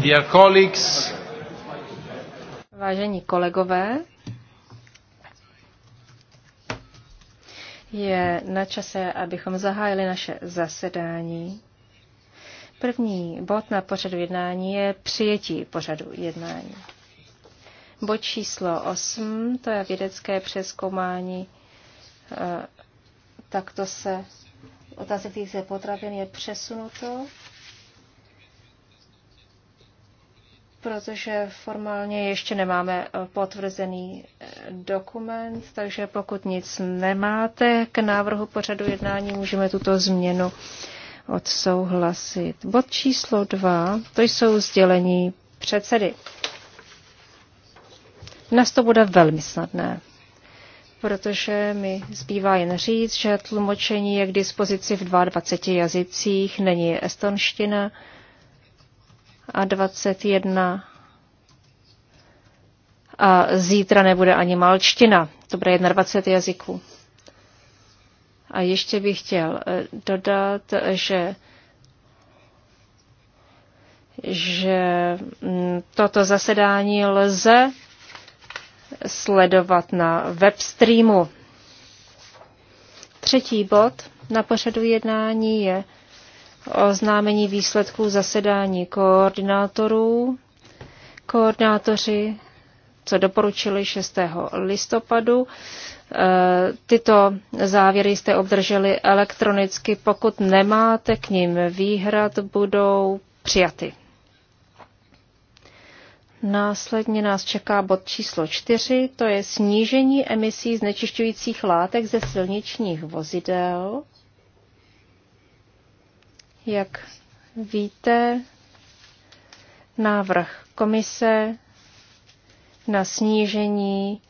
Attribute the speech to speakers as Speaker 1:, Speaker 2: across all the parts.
Speaker 1: Dear colleagues, Vážení kolegové, je na čase, abychom zahájili naše zasedání. První bod na pořadu jednání je přijetí pořadu jednání. Bod číslo 8, to je vědecké přeskoumání, eh, takto se otázek se potravin je přesunuto. protože formálně ještě nemáme eh, potvrzený eh, dokument, takže pokud nic nemáte k návrhu pořadu jednání, můžeme tuto změnu odsouhlasit. Bod číslo dva, to jsou sdělení předsedy. Dnes to bude velmi snadné, protože mi zbývá jen říct, že tlumočení je k dispozici v 22 jazycích, není estonština, a 21. A zítra nebude ani malčtina, to bude 21 jazyků. A ještě bych chtěl eh, dodat, že že mm, toto zasedání lze sledovat na webstreamu. Třetí bod na pořadu jednání je oznámení výsledků zasedání koordinátorů. Koordinátoři, co doporučili 6. listopadu, eh, tyto závěry jste obdrželi elektronicky. Pokud nemáte k ním výhrad, budou přijaty. Následně nás čeká bod číslo 4, to je snížení emisí znečišťujících látek ze silničních vozidel. Jak víte, návrh komise na snížení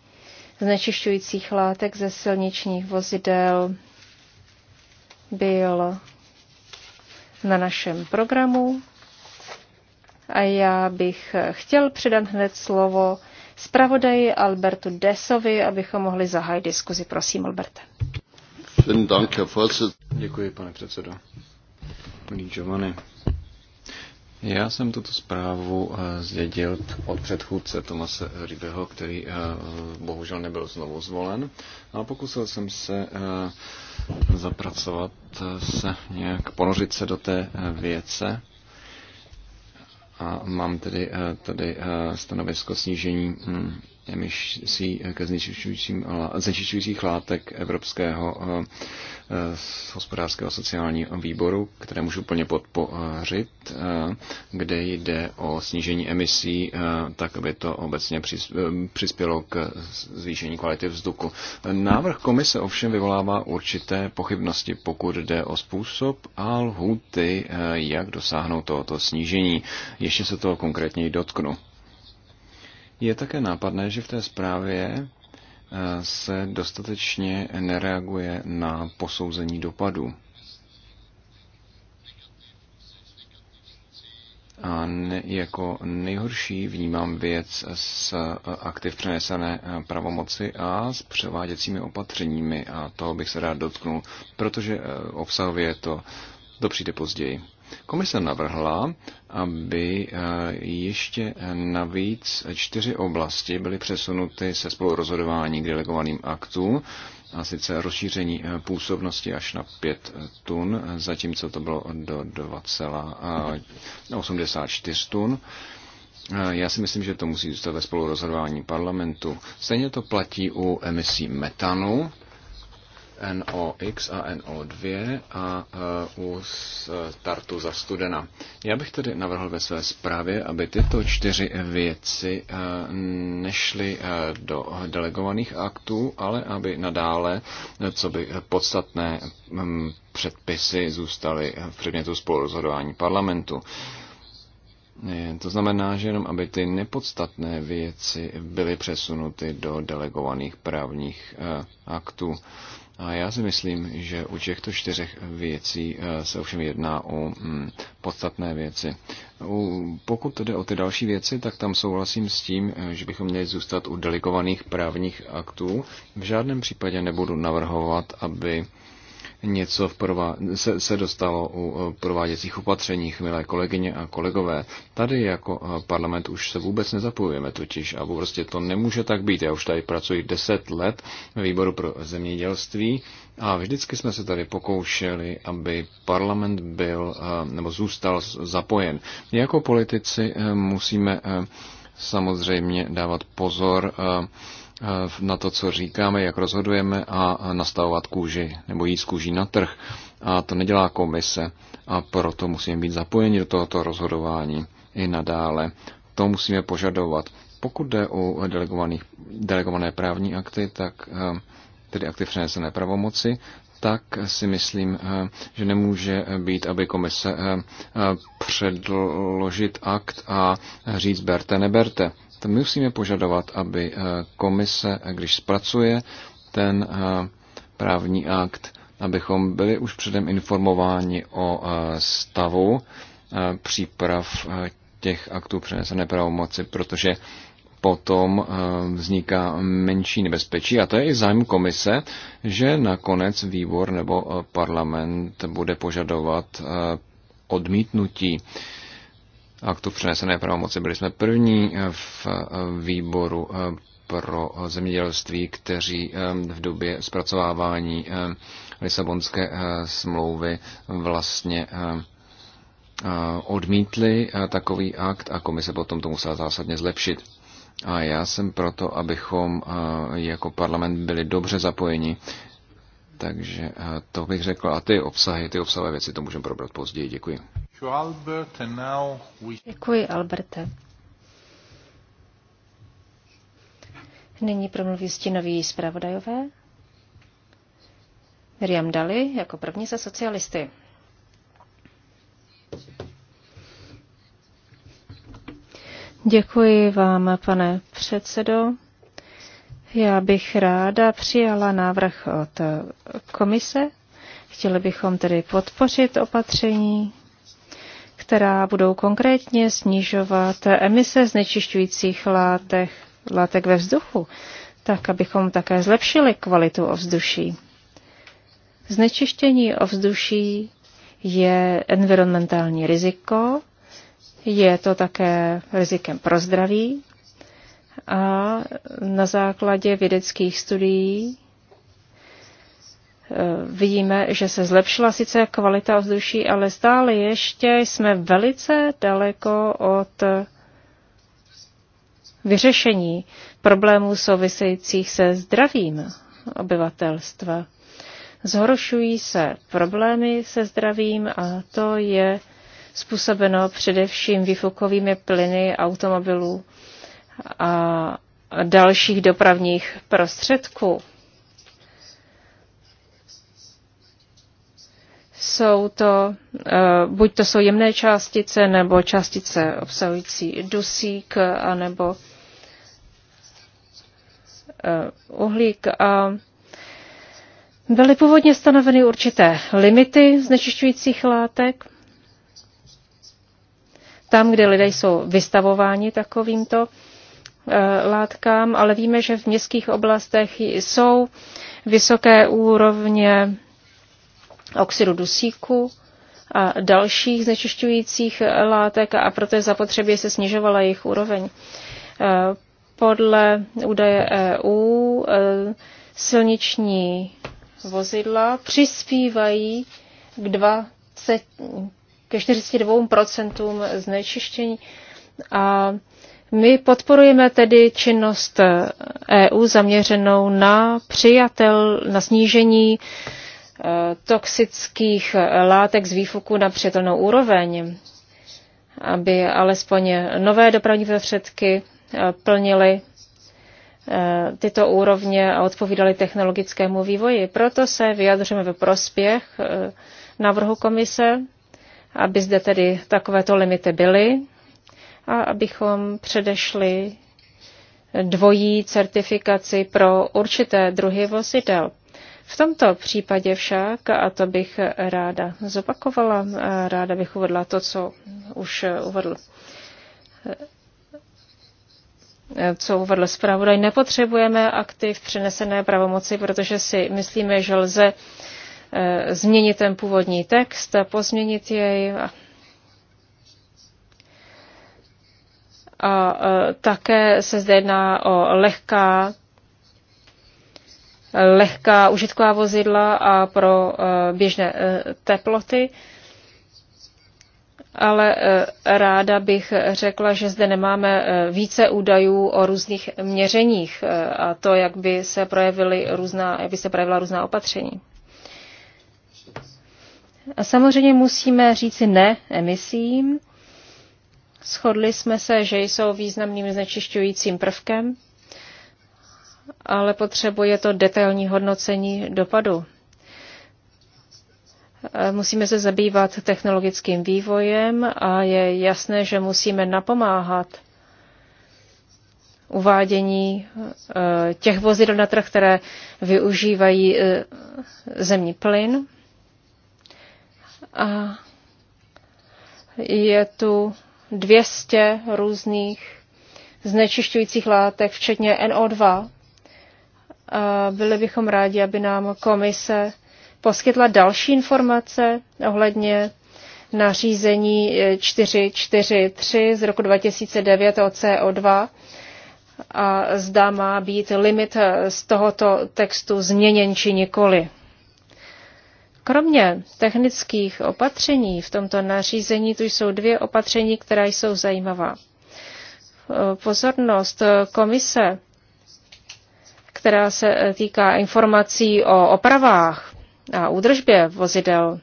Speaker 1: znečišťujících látek ze silničních vozidel byl na našem programu a já bych chtěl předat hned slovo zpravodaji Albertu Desovi, abychom mohli zahájit diskuzi. Prosím, Alberte.
Speaker 2: Děkuji, pane předsedo. Milý Giovanni, já jsem tuto zprávu eh, zdědil od předchůdce Tomase Rybeho, který eh, bohužel nebyl znovu zvolen. A pokusil jsem se eh, zapracovat se nějak, ponořit se do té věce. A mám tedy tady stanovisko snížení hm, emisí eh, ke znečišťujících látek Evropského eh, hospodářského sociálního výboru, které můžu plně podpořit, eh, kde jde o snížení emisí, tak aby to obecně přispělo k zvýšení kvality vzduchu. Návrh komise ovšem vyvolává určité pochybnosti, pokud jde o způsob a lhuty, jak dosáhnout tohoto snížení. Ještě se toho konkrétně dotknu. Je také nápadné, že v té zprávě eh, se dostatečně nereaguje na posouzení dopadu. A ne, jako nejhorší vnímám věc s eh, aktiv přenesené eh, pravomoci a s převáděcími opatřeními a toho bych se rád dotknul, protože obsahově to to přijde později. Komise navrhla, aby eh, ještě navíc čtyři oblasti byly přesunuty se spolurozhodování k delegovaným aktům, a sice rozšíření eh, působnosti až na 5 eh, tun, zatímco to bylo do 2,84 no, tun. Já si myslím, že to musí zůstat ve spolurozhodování parlamentu. Stejně to platí u emisí metanu, NOx a NO2 a e, u e, startu za studena. Já bych tedy navrhl ve své zprávě, aby tyto čtyři věci e, nešly do delegovaných aktů, ale aby nadále, co by podstatné předpisy zůstaly v předmětu spolurozhodování parlamentu. To znamená, že jenom aby ty nepodstatné věci byly přesunuty do delegovaných právních aktů. A já si myslím, že u těchto čtyřech věcí eh, se ovšem jedná o mm, podstatné věci. pokud jde o ty další věci, tak tam souhlasím s tím, eh, že bychom měli zůstat u delikovaných právních aktů. V žádném případě nebudu navrhovat, aby něco v prová- se, se dostalo u prováděcích opatřeních, milé kolegyně a kolegové. Tady jako eh, parlament už se vůbec nezapojujeme totiž a prostě to nemůže tak být. Já už tady pracuji deset let ve výboru pro zemědělství a vždycky jsme se tady pokoušeli, aby parlament byl eh, nebo zůstal zapojen. My jako politici eh, musíme samozřejmě dávat pozor na to, co říkáme, jak rozhodujeme a nastavovat kůži nebo jít z kůží na trh. A to nedělá komise a proto musíme být zapojeni do tohoto rozhodování i nadále. To musíme požadovat. Pokud jde o delegované právní akty, tak eh, tedy akty přenesené pravomoci, tak si myslím, eh, že nemůže být, aby komise eh, předložit akt a říct berte, neberte my musíme požadovat, aby eh, komise, když zpracuje ten eh, právní akt, abychom byli už předem informováni o eh, stavu příprav těch aktů přenesené pravomoci, protože potom vzniká menší nebezpečí. A to je i zájem komise, že nakonec výbor nebo parlament bude požadovat odmítnutí aktu přenesené pravomoci. Byli jsme první eh, v eh, výboru eh, pro zemědělství, kteří v době zpracovávání Lisabonské smlouvy vlastně odmítli takový akt a komise potom to musela zásadně zlepšit. A já jsem proto, abychom jako parlament byli dobře zapojeni, takže to bych řekl. A ty obsahy, ty obsahové věci, to můžeme probrat později. Děkuji.
Speaker 1: Děkuji, Alberte. Nyní promluví stinoví zpravodajové. Miriam Dali jako první za socialisty. Děkuji vám, pane předsedo. Já bych ráda přijala návrh od komise. Chtěli bychom tedy podpořit opatření, která budou konkrétně snižovat emise znečišťujících látek, látek ve vzduchu, tak abychom také zlepšili kvalitu ovzduší. Znečištění ovzduší je environmentální riziko, je to také rizikem pro zdraví a na základě vědeckých studií Eh, vidíme, že se zlepšila sice kvalita ovzduší, ale stále ještě jsme velice daleko od vyřešení problémů souvisejících se zdravím obyvatelstva. Zhoršují se problémy se zdravím a to je způsobeno především výfukovými plyny automobilů a dalších dopravních prostředků. Jsou to, eh, buď to jsou jemné částice, nebo částice obsahující dusík, anebo eh, uhlík. A byly původně stanoveny určité limity znečišťujících látek. Tam, kde lidé jsou vystavováni takovýmto eh, látkám, ale víme, že v městských oblastech jsou vysoké úrovně oxidu dusíku a dalších znečišťujících látek a proto je zapotřebí se snižovala jejich úroveň. E, podle údaje EU e, silniční vozidla přispívají k 20, ke 42% znečištění a my podporujeme tedy činnost EU zaměřenou na přijatel, na snížení Eh, toxických eh, látek z výfuku na přijatelnou úroveň, aby alespoň nové dopravní prostředky eh, plnily tyto úrovně a odpovídaly technologickému vývoji. Proto se vyjadřujeme ve prospěch návrhu komise, aby zde tedy takovéto limity byly a abychom předešli dvojí certifikaci pro určité druhy vozidel. V tomto případě však, a to bych ráda zopakovala, ráda bych uvedla to, co už uvedl co uvedl zpravodaj, nepotřebujeme aktiv přenesené pravomoci, protože si myslíme, že lze e, změnit ten původní text, pozměnit jej a, a e, také se zde jedná o lehká lehká užitková vozidla a pro eh, běžné eh, teploty. Ale eh, ráda bych řekla, že zde nemáme více údajů o různých měřeních a to, jak by se, projevily různá, jak by se projevila různá opatření. A samozřejmě musíme říci ne emisím. Shodli jsme se, že jsou významným znečišťujícím prvkem ale potřebuje to detailní hodnocení dopadu. Musíme se zabývat technologickým vývojem a je jasné, že musíme napomáhat uvádění eh, těch vozidel na trh, které využívají eh, zemní plyn. A je tu 200 různých znečišťujících látek, včetně NO2, byli bychom rádi, aby nám komise poskytla další informace ohledně nařízení 443 z roku 2009 o CO2 a zda má být limit z tohoto textu změněn či nikoli. Kromě technických opatření v tomto nařízení tu jsou dvě opatření, která jsou zajímavá. Pozornost komise která se týká informací o opravách a údržbě vozidel,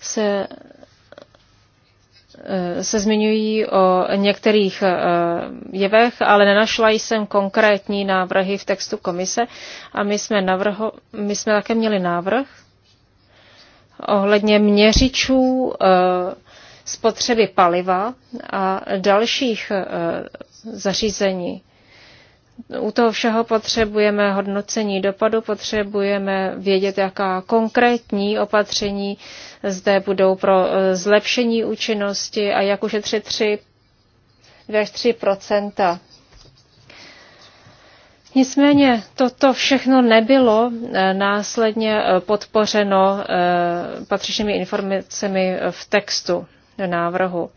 Speaker 1: se, eh, se zmiňují o některých eh, jevech, ale nenašla jsem konkrétní návrhy v textu komise a my jsme, navrho, my jsme také měli návrh ohledně měřičů eh, spotřeby paliva a dalších zařízení u toho všeho potřebujeme hodnocení dopadu, potřebujeme vědět, jaká konkrétní opatření zde budou pro eh, zlepšení účinnosti a jak ušetřit 3, 2 až 3 Nicméně toto všechno nebylo eh, následně eh, podpořeno patřičnými informacemi v textu návrhu.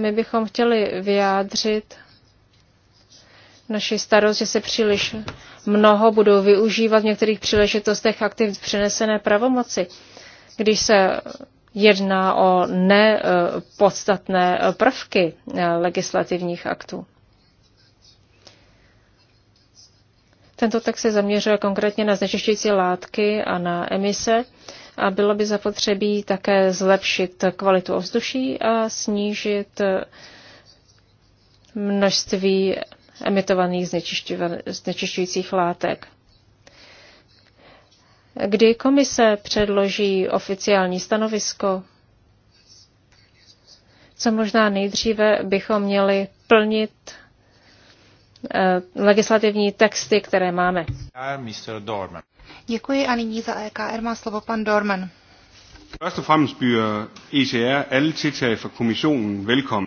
Speaker 1: My bychom chtěli vyjádřit naši starost, že se příliš mnoho budou využívat v některých příležitostech aktiv přenesené pravomoci, když se jedná o nepodstatné prvky legislativních aktů. Tento text se zaměřuje konkrétně na znečišťující látky a na emise a bylo by zapotřebí také zlepšit kvalitu ovzduší a snížit množství emitovaných znečišťujících látek. Kdy komise předloží oficiální stanovisko, co možná nejdříve bychom měli plnit eh, legislativní texty, které máme.
Speaker 3: Mr. Dorman.
Speaker 4: Děkuji a nyní za EKR má slovo pan Dorman.
Speaker 3: Først og fremmest byder ECR alle tiltag fra kommissionen velkommen.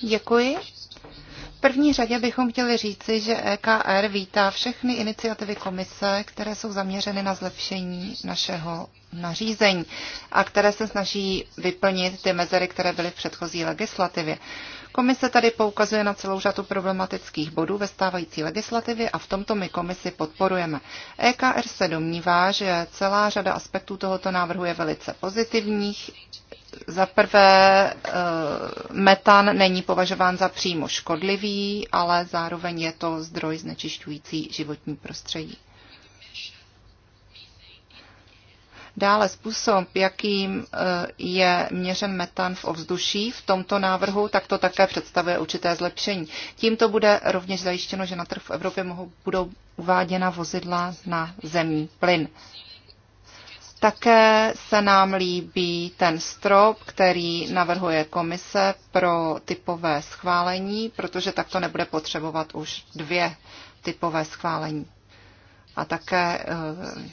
Speaker 4: Děkuji. V první řadě bychom chtěli říci, že EKR vítá všechny iniciativy komise, které jsou zaměřeny na zlepšení našeho nařízení a které se snaží vyplnit ty mezery, které byly v předchozí legislativě. Komise tady poukazuje na celou řadu problematických bodů ve stávající legislativě a v tomto my komisi podporujeme. EKR se domnívá, že celá řada aspektů tohoto návrhu je velice pozitivních. Za prvé, eh, metan není považován za přímo škodlivý, ale zároveň je to zdroj znečišťující životní prostředí. Dále způsob, jakým eh, je měřen metan v ovzduší v tomto návrhu, tak to také představuje určité zlepšení. Tímto bude rovněž zajištěno, že na trh v Evropě mohou, budou uváděna vozidla na zemní plyn. Také se nám líbí ten strop, který navrhuje komise pro typové schválení, protože takto nebude potřebovat už dvě typové schválení. A také eh,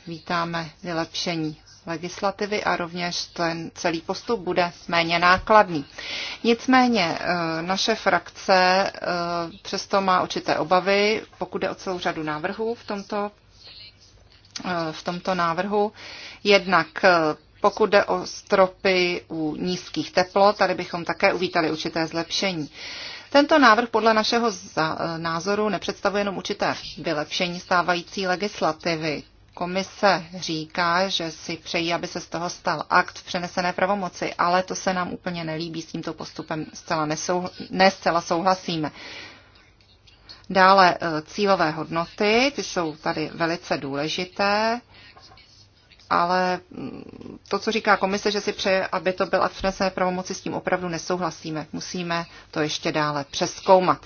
Speaker 4: vítáme vylepšení legislativy a rovněž ten celý postup bude méně nákladný. Nicméně eh, naše frakce eh, přesto má určité obavy, pokud jde o celou řadu návrhů v tomto, eh, v tomto návrhu. Jednak pokud jde o stropy u nízkých teplot, tady bychom také uvítali určité zlepšení. Tento návrh podle našeho názoru nepředstavuje jenom určité vylepšení stávající legislativy. Komise říká, že si přejí, aby se z toho stal akt v přenesené pravomoci, ale to se nám úplně nelíbí, s tímto postupem zcela nesou, ne zcela souhlasíme. Dále eh, cílové hodnoty, ty jsou tady velice důležité, ale mm, to, co říká komise, že si přeje, aby to byl akt přenesené pravomoci, s tím opravdu nesouhlasíme. Musíme to ještě dále přeskoumat.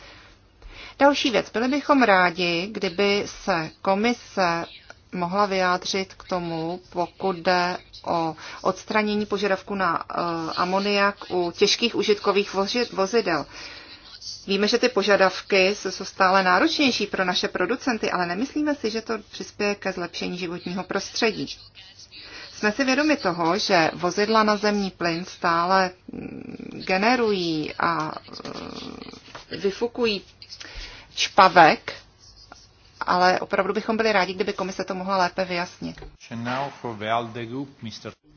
Speaker 4: Další věc. Byli bychom rádi, kdyby se komise mohla vyjádřit k tomu, pokud jde o odstranění požadavku na eh, amoniak u těžkých užitkových vozidel. Víme, že ty požadavky jsou stále náročnější pro naše producenty, ale nemyslíme si, že to přispěje ke zlepšení životního prostředí. Jsme si vědomi toho, že vozidla na zemní plyn stále mm, generují a eh, vyfukují čpavek, ale opravdu bychom byli rádi, kdyby komise to mohla lépe vyjasnit.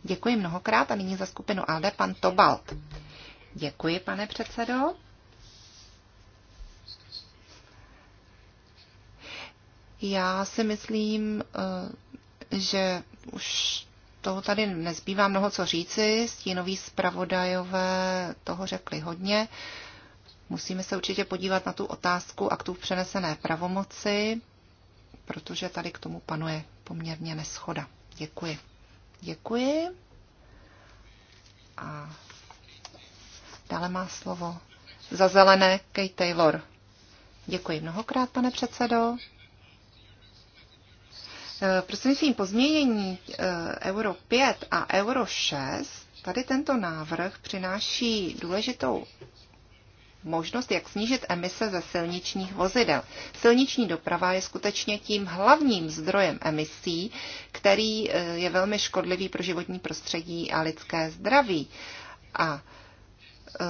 Speaker 4: Děkuji mnohokrát a nyní za skupinu ALDE pan Tobalt. Děkuji, pane předsedo. Já si myslím, eh, že už toho tady nezbývá mnoho co říci. Stínoví zpravodajové toho řekli hodně. Musíme se určitě podívat na tu otázku aktů v přenesené pravomoci protože tady k tomu panuje poměrně neschoda. Děkuji. Děkuji. A dále má slovo za zelené Kate Taylor. Děkuji mnohokrát, pane předsedo. Eh, svým pozměnění eh, Euro 5 a Euro 6 tady tento návrh přináší důležitou možnost, jak snížit emise ze silničních vozidel. Silniční doprava je skutečně tím hlavním zdrojem emisí, který eh, je velmi škodlivý pro životní prostředí a lidské zdraví. A eh,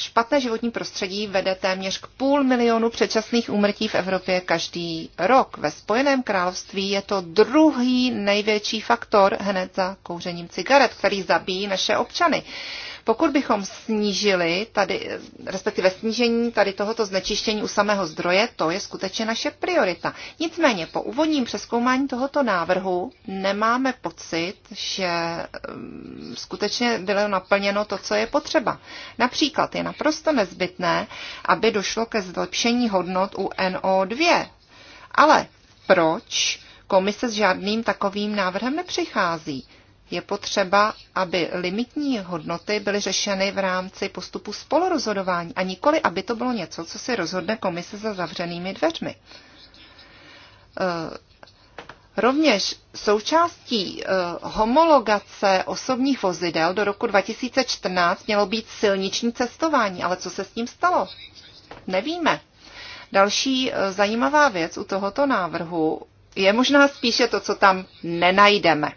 Speaker 4: špatné životní prostředí vede téměř k půl milionu předčasných úmrtí v Evropě každý rok. Ve Spojeném království je to druhý největší faktor hned za kouřením cigaret, který zabíjí naše občany. Pokud bychom snížili tady, respektive snížení tady tohoto znečištění u samého zdroje, to je skutečně naše priorita. Nicméně po úvodním přeskoumání tohoto návrhu nemáme pocit, že um, skutečně bylo naplněno to, co je potřeba. Například je naprosto nezbytné, aby došlo ke zlepšení hodnot u NO2. Ale proč komise s žádným takovým návrhem nepřichází? je potřeba, aby limitní hodnoty byly řešeny v rámci postupu spolorozhodování a nikoli, aby to bylo něco, co si rozhodne komise za zavřenými dveřmi. Eh, rovněž součástí eh, homologace osobních vozidel do roku 2014 mělo být silniční cestování, ale co se s tím stalo? Nevíme. Další eh, zajímavá věc u tohoto návrhu je možná spíše to, co tam nenajdeme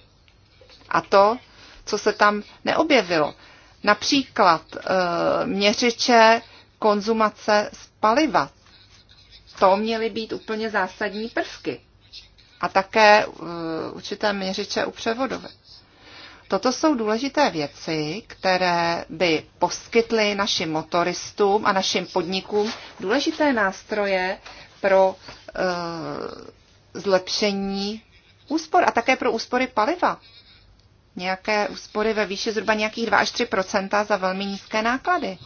Speaker 4: a to, co se tam neobjevilo. Například eh, měřiče konzumace z paliva. To měly být úplně zásadní prvky. A také eh, určité měřiče u převodové. Toto jsou důležité věci, které by poskytly našim motoristům a našim podnikům důležité nástroje pro e, zlepšení úspor a také pro úspory paliva nějaké úspory ve výši zhruba nějakých 2 až 3 za velmi nízké náklady.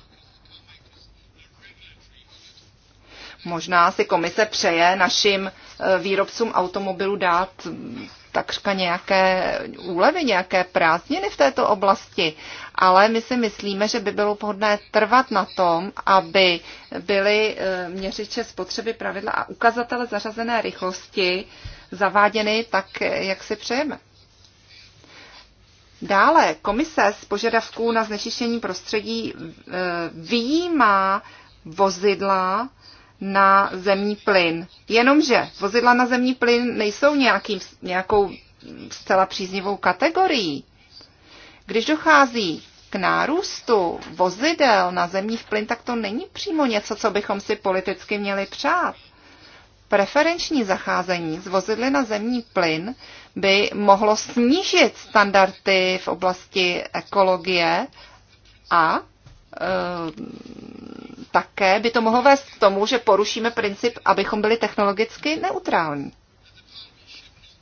Speaker 4: Možná si komise přeje našim e, výrobcům automobilů dát mm, takřka nějaké úlevy, nějaké prázdniny v této oblasti, ale my si myslíme, že by bylo vhodné trvat na tom, aby byly e, měřiče spotřeby pravidla a ukazatele zařazené rychlosti zaváděny tak, e, jak si přejeme. Dále komise z požadavků na znečištění prostředí e, vyjímá vozidla na zemní plyn. Jenomže vozidla na zemní plyn nejsou nějakým, nějakou zcela příznivou kategorií. Když dochází k nárůstu vozidel na zemních plyn, tak to není přímo něco, co bychom si politicky měli přát. Preferenční zacházení s vozidly na zemní plyn by mohlo snížit standardy v oblasti ekologie a e, také by to mohlo vést k tomu, že porušíme princip, abychom byli technologicky neutrální.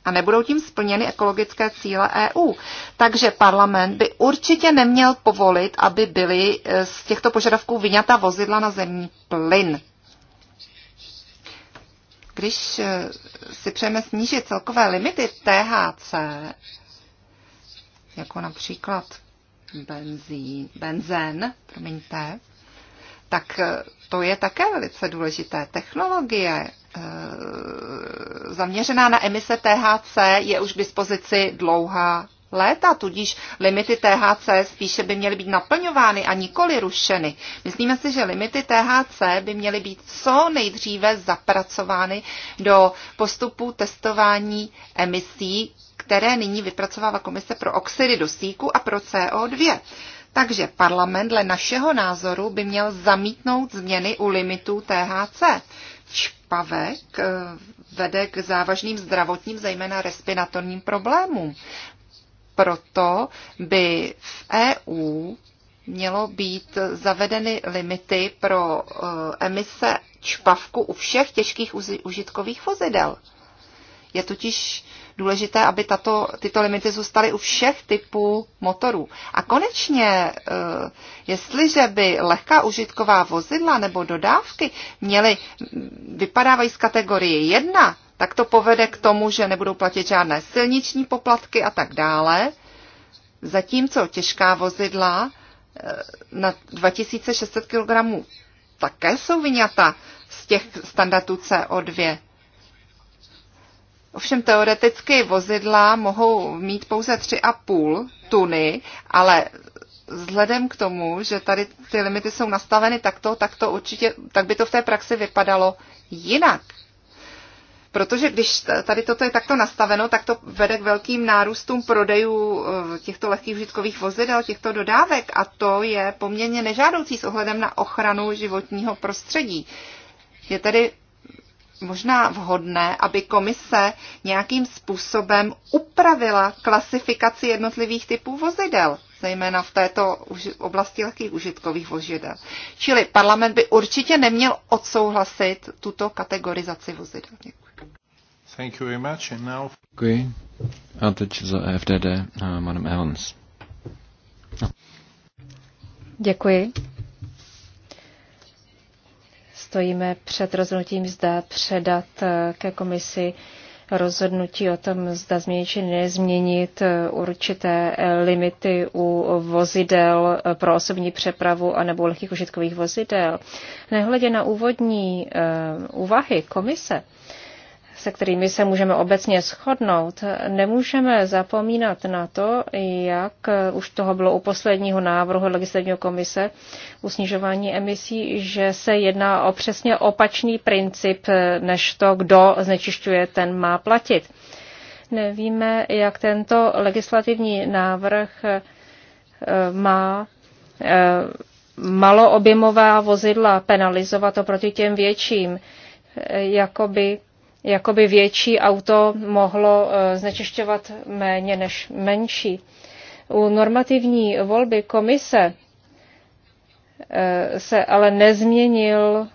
Speaker 4: A nebudou tím splněny ekologické cíle EU. Takže parlament by určitě neměl povolit, aby byly e, z těchto požadavků vyňata vozidla na zemní plyn. Když eh, si přejeme snížit celkové limity THC, jako například benzín, benzen, promiňte, tak eh, to je také velice důležité. Technologie eh, zaměřená na emise THC je už k dispozici dlouhá léta, tudíž limity THC spíše by měly být naplňovány a nikoli rušeny. Myslíme si, že limity THC by měly být co nejdříve zapracovány do postupu testování emisí, které nyní vypracovává Komise pro oxidy dusíku a pro CO2. Takže parlament dle našeho názoru by měl zamítnout změny u limitů THC. čpavek eh, vede k závažným zdravotním, zejména respiratorním problémům proto by v EU mělo být zavedeny limity pro eh, emise čpavku u všech těžkých užitkových vozidel. Je totiž důležité, aby tato, tyto limity zůstaly u všech typů motorů. A konečně, eh, jestliže by lehká užitková vozidla nebo dodávky měly, vypadávají z kategorie 1, tak to povede k tomu, že nebudou platit žádné silniční poplatky a tak dále. Zatímco těžká vozidla eh, na 2600 kg také jsou vyňata z těch standardů CO2. Ovšem teoreticky vozidla mohou mít pouze 3,5 tuny, ale vzhledem k tomu, že tady ty limity jsou nastaveny takto, tak, to určitě, tak by to v té praxi vypadalo jinak. Protože když tady toto je takto nastaveno, tak to vede k velkým nárůstům prodejů eh, těchto lehkých užitkových vozidel, těchto dodávek a to je poměrně nežádoucí s ohledem na ochranu životního prostředí. Je tedy možná vhodné, aby komise nějakým způsobem upravila klasifikaci jednotlivých typů vozidel, zejména v této oblasti lehkých užitkových vozidel. Čili parlament by určitě neměl odsouhlasit tuto kategorizaci vozidel. Děkuji.
Speaker 3: Thank you very much. And now...
Speaker 2: Děkuji. A teď za FDD, eh, madam Evans. No.
Speaker 1: Děkuji. Stojíme před rozhodnutím, zda předat eh, ke komisi rozhodnutí o tom, zda změnit či nezměnit eh, určité limity u vozidel pro osobní přepravu anebo lehkých užitkových vozidel. Nehledě na úvodní úvahy komise, se kterými se můžeme obecně shodnout, nemůžeme zapomínat na to, jak už toho bylo u posledního návrhu legislativního komise u snižování emisí, že se jedná o přesně opačný princip, než to, kdo znečišťuje, ten má platit. Nevíme, jak tento legislativní návrh eh, má eh, maloobjemová vozidla penalizovat oproti těm větším eh, jakoby jakoby větší auto mohlo eh, znečišťovat méně než menší. U normativní volby komise eh, se ale nezměnil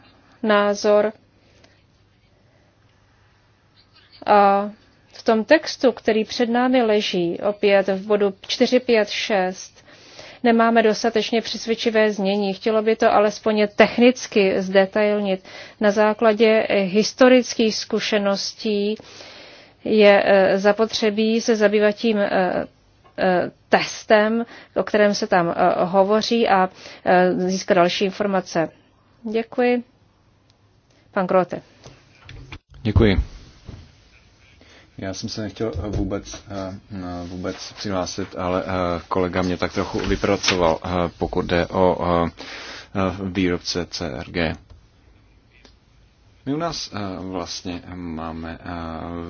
Speaker 1: názor. A v tom textu, který před námi leží, opět v bodu 456, nemáme dostatečně přesvědčivé znění. Chtělo by to alespoň technicky zdetailnit. Na základě eh, historických zkušeností je eh, zapotřebí se zabývat tím eh, testem, o kterém se tam hovoří a získat další informace. Děkuji. Pan Grote.
Speaker 2: Děkuji. Já jsem se nechtěl eh, vůbec, eh, vůbec přihlásit, ale eh, kolega mě tak trochu vypracoval, pokud jde o výrobce CRG. My u nás vlastně máme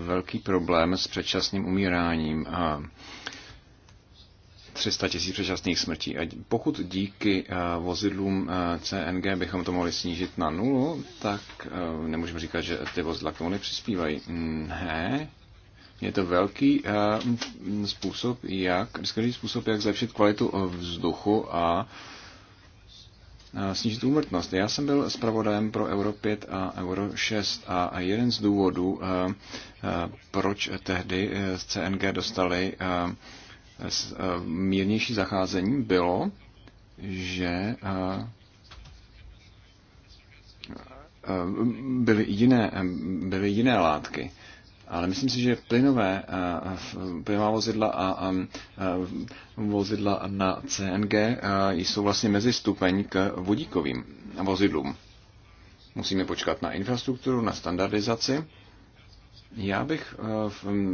Speaker 2: velký problém s předčasným umíráním. 300 tisíc předčasných smrtí. A pokud díky vozidlům CNG bychom to mohli snížit na nulu, tak nemůžeme říkat, že ty vozidla k tomu nepřispívají. Ne, je to velký eh, způsob, jak, skvělý způsob, jak zlepšit kvalitu eh, vzduchu a eh, snížit úmrtnost. Já jsem byl zpravodajem pro Euro 5 a Euro 6 a jeden z důvodů, proč tehdy z CNG dostali mírnější zacházení, bylo, že byly jiné, byly jiné látky. Ale myslím si, že plynové, eh, plynová vozidla a eh, vozidla na CNG eh, jsou vlastně stupeň k vodíkovým vozidlům. Musíme počkat na infrastrukturu, na standardizaci. Já bych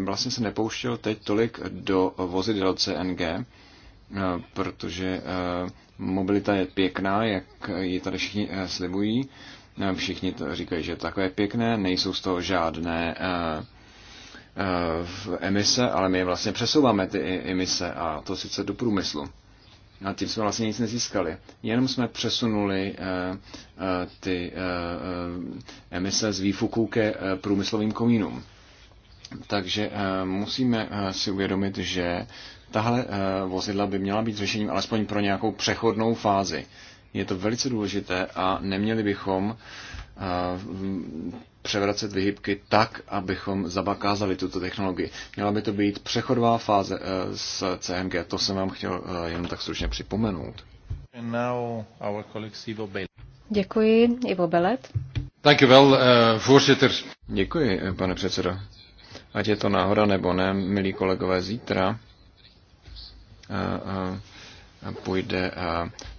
Speaker 2: vlastně se nepouštěl teď tolik do vozidel CNG, protože mobilita je pěkná, jak ji tady všichni slibují. Všichni to říkají, že takové pěkné, nejsou z toho žádné Eh, v emise, ale my vlastně přesouváme ty emise a to sice do průmyslu. A tím jsme vlastně nic nezískali. Jenom jsme přesunuli eh, eh, ty emise z výfuků ke průmyslovým komínům. Takže musíme si uvědomit, že tahle vozidla by měla být řešením alespoň pro nějakou přechodnou fázi. Je to velice důležité a neměli bychom převracet vyhybky tak, abychom zabakázali tuto technologii. Měla by to být přechodová fáze eh, s CMG, to jsem vám chtěl eh, jenom tak stručně připomenout.
Speaker 1: Děkuji, Ivo Belet.
Speaker 2: Dank u eh, Děkuji, pane předsedo. Ať je to náhoda nebo ne, milí kolegové, zítra půjde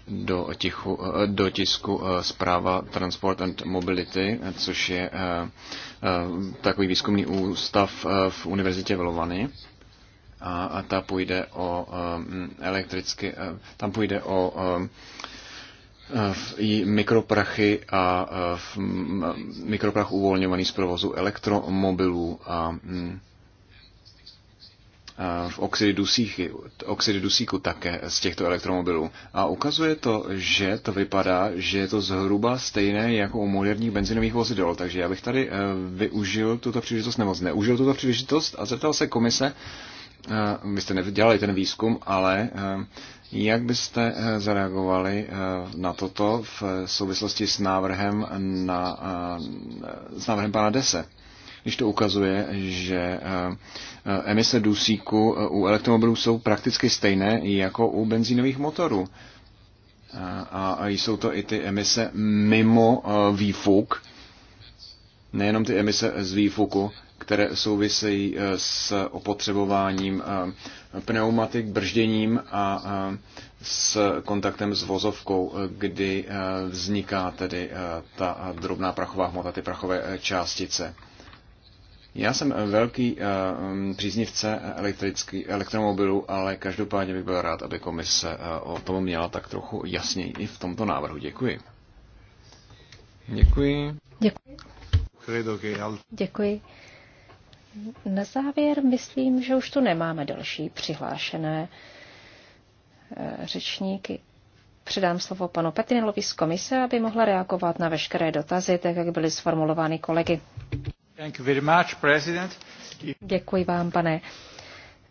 Speaker 2: do, tichu, do tisku eh, zpráva Transport and Mobility, což je eh, eh, takový výzkumný ústav v Univerzitě v Lovany. A, a ta půjde o elektricky, tam půjde o i mikroprachy a mikroprach uvolňovaný z provozu elektromobilů a mm, v oxidy dusíky, oxidy dusíku také z těchto elektromobilů. A ukazuje to, že to vypadá, že je to zhruba stejné jako u moderních benzinových vozidel. Takže já bych tady eh, využil tuto příležitost, nebo zneužil tuto příležitost a zeptal se komise, eh, vy jste nedělali ten výzkum, ale eh, jak byste zareagovali na toto v souvislosti s návrhem, na, s návrhem pana Dese? když to ukazuje, že eh, eh, emise dusíku eh, u elektromobilů jsou prakticky stejné jako u benzínových motorů. A jsou to i ty emise mimo výfuk, nejenom ty emise z výfuku, které souvisejí s opotřebováním pneumatik, bržděním a s kontaktem s vozovkou, kdy vzniká tedy ta drobná prachová hmota, ty prachové částice. Já jsem eh, velký eh, mm, příznivce eh, elektromobilů, ale každopádně bych byl rád, aby komise o tom měla tak trochu jasněji i v tomto návrhu. Děkuji. Děkuji. Děkuji.
Speaker 1: Děkuji. Na závěr myslím, že už tu nemáme další přihlášené řečníky. Předám slovo panu Petrinelovi z komise, aby mohla reagovat na veškeré dotazy, tak jak byly sformulovány kolegy. Děkuji vám, pane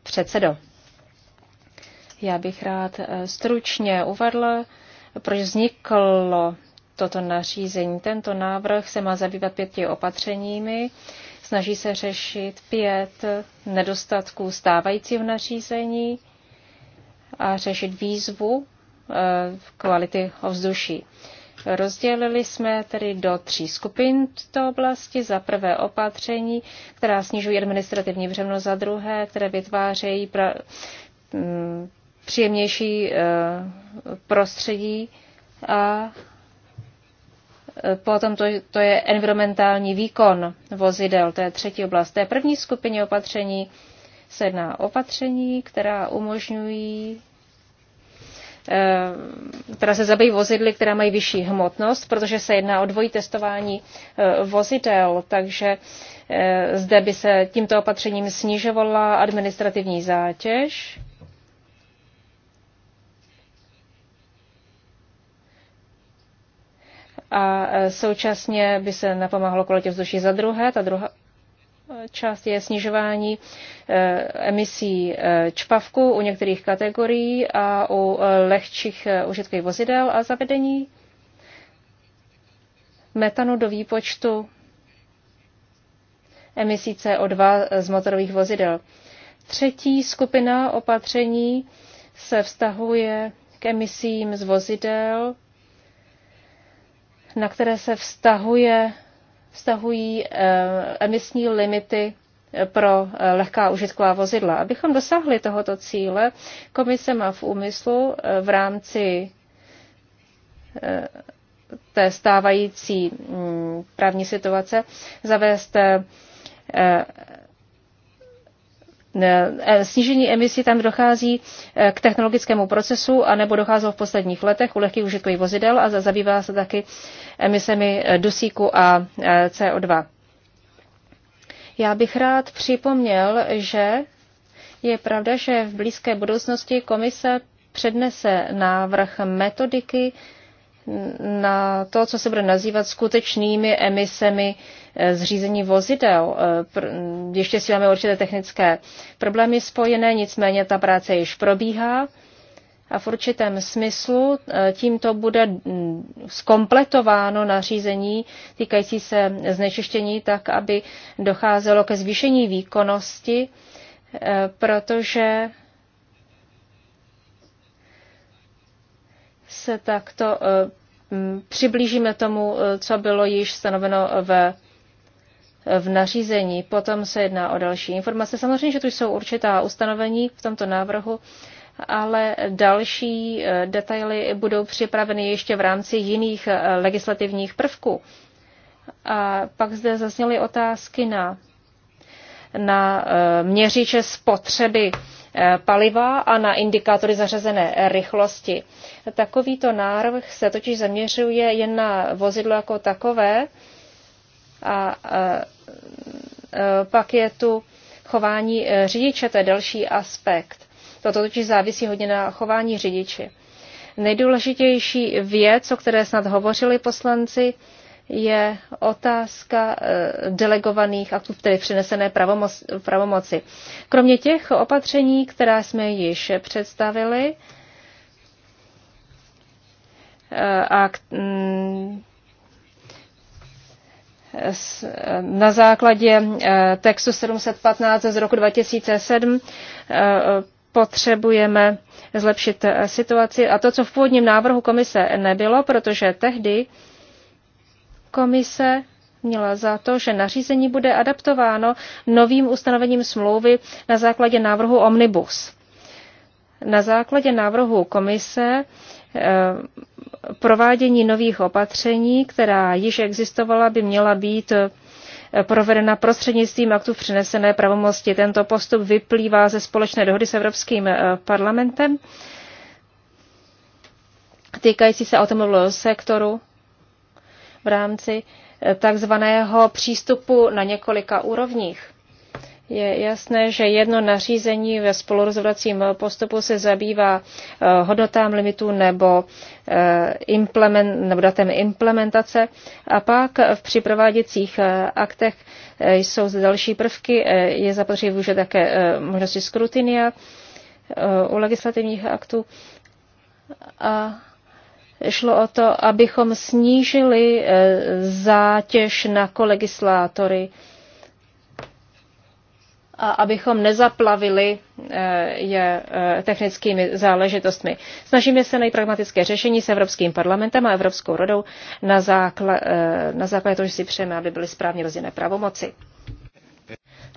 Speaker 1: předsedo. Já bych rád eh, stručně uvedl, proč vzniklo toto nařízení. Tento návrh se má zabývat pěti opatřeními. Snaží se řešit pět nedostatků stávajícího nařízení a řešit výzvu eh, kvality ovzduší. Rozdělili jsme tedy do tří skupin to oblasti. Za prvé opatření, která snižují administrativní břemno, za druhé, které vytvářejí pra, m, mm, příjemnější e, prostředí a eh, Potom to, to je environmentální výkon vozidel, to je třetí oblast. Té první skupině opatření se jedná opatření, která umožňují která eh, se zabývají vozidly, která mají vyšší hmotnost, protože se jedná o dvojí testování eh, vozidel, takže eh, zde by se tímto opatřením snižovala administrativní zátěž. a současně by se napomáhalo kvalitě vzduší za druhé. Ta druhá, část je snižování eh, emisí eh, čpavku u některých kategorií a u eh, lehčích užitkových vozidel a zavedení metanu do výpočtu emisí CO2 z motorových vozidel. Třetí skupina opatření se vztahuje k emisím z vozidel, na které se vztahuje vztahují eh, emisní limity eh, pro eh, lehká užitková vozidla. Abychom dosáhli tohoto cíle, komise má v úmyslu v rámci té stávající mm, právní situace zavést Eh, eh, snížení emisí tam dochází eh, k technologickému procesu, anebo docházelo v posledních letech u lehkých užitkových vozidel a zabývá se taky emisemi dusíku a CO2. Já bych rád připomněl, že je pravda, že v blízké budoucnosti komise přednese návrh metodiky na to, co se bude nazývat skutečnými emisemi eh, zřízení vozidel. Eh, ještě si máme určité technické problémy spojené, nicméně ta práce již probíhá a v určitém smyslu eh, tímto bude skompletováno mm, nařízení týkající se znečištění tak, aby docházelo ke zvýšení výkonnosti, protože se takto eh, mm, přiblížíme tomu, eh, co bylo již stanoveno ve v nařízení. Potom se jedná o další informace. Samozřejmě, že tu jsou určitá ustanovení v tomto návrhu, ale další eh, detaily budou připraveny ještě v rámci jiných legislativních prvků. A pak zde zazněly otázky na na eh, měřiče spotřeby eh, paliva a na indikátory zařazené rychlosti. Takovýto návrh se totiž zaměřuje jen na vozidlo jako takové a eh, pak je tu chování řidiče, to je další aspekt. Toto totiž závisí hodně na chování řidiče. Nejdůležitější věc, o které snad hovořili poslanci, je otázka eh, delegovaných aktů, tedy přenesené pravomoci. Kromě těch opatření, která jsme již představili, eh, a mm, eh, na základě textu 715 z roku 2007 potřebujeme zlepšit situaci. A to, co v původním návrhu komise nebylo, protože tehdy Komise měla za to, že nařízení bude adaptováno novým ustanovením smlouvy na základě návrhu Omnibus. Na základě návrhu komise eh, provádění nových opatření, která již existovala, by měla být eh, provedena prostřednictvím aktu přinesené pravomosti. Tento postup vyplývá ze společné dohody s Evropským eh, parlamentem týkající se automobilového sektoru v rámci eh, takzvaného přístupu na několika úrovních. Je jasné, že jedno nařízení ve spolurozhodovacím postupu se zabývá eh, hodnotám limitů nebo, eh, implement, nebo datem implementace a pak v připrováděcích aktech jsou zde další prvky, je zapotřebí že také možnosti skrutinia u legislativních aktů a Šlo o to, abychom snížili eh, zátěž na kolegislátory a abychom nezaplavili eh, je eh, technickými záležitostmi. Snažíme se najít pragmatické řešení s Evropským parlamentem a Evropskou rodou na, zákla, na základě toho, že si přejeme, aby byly správně rozdělené pravomoci.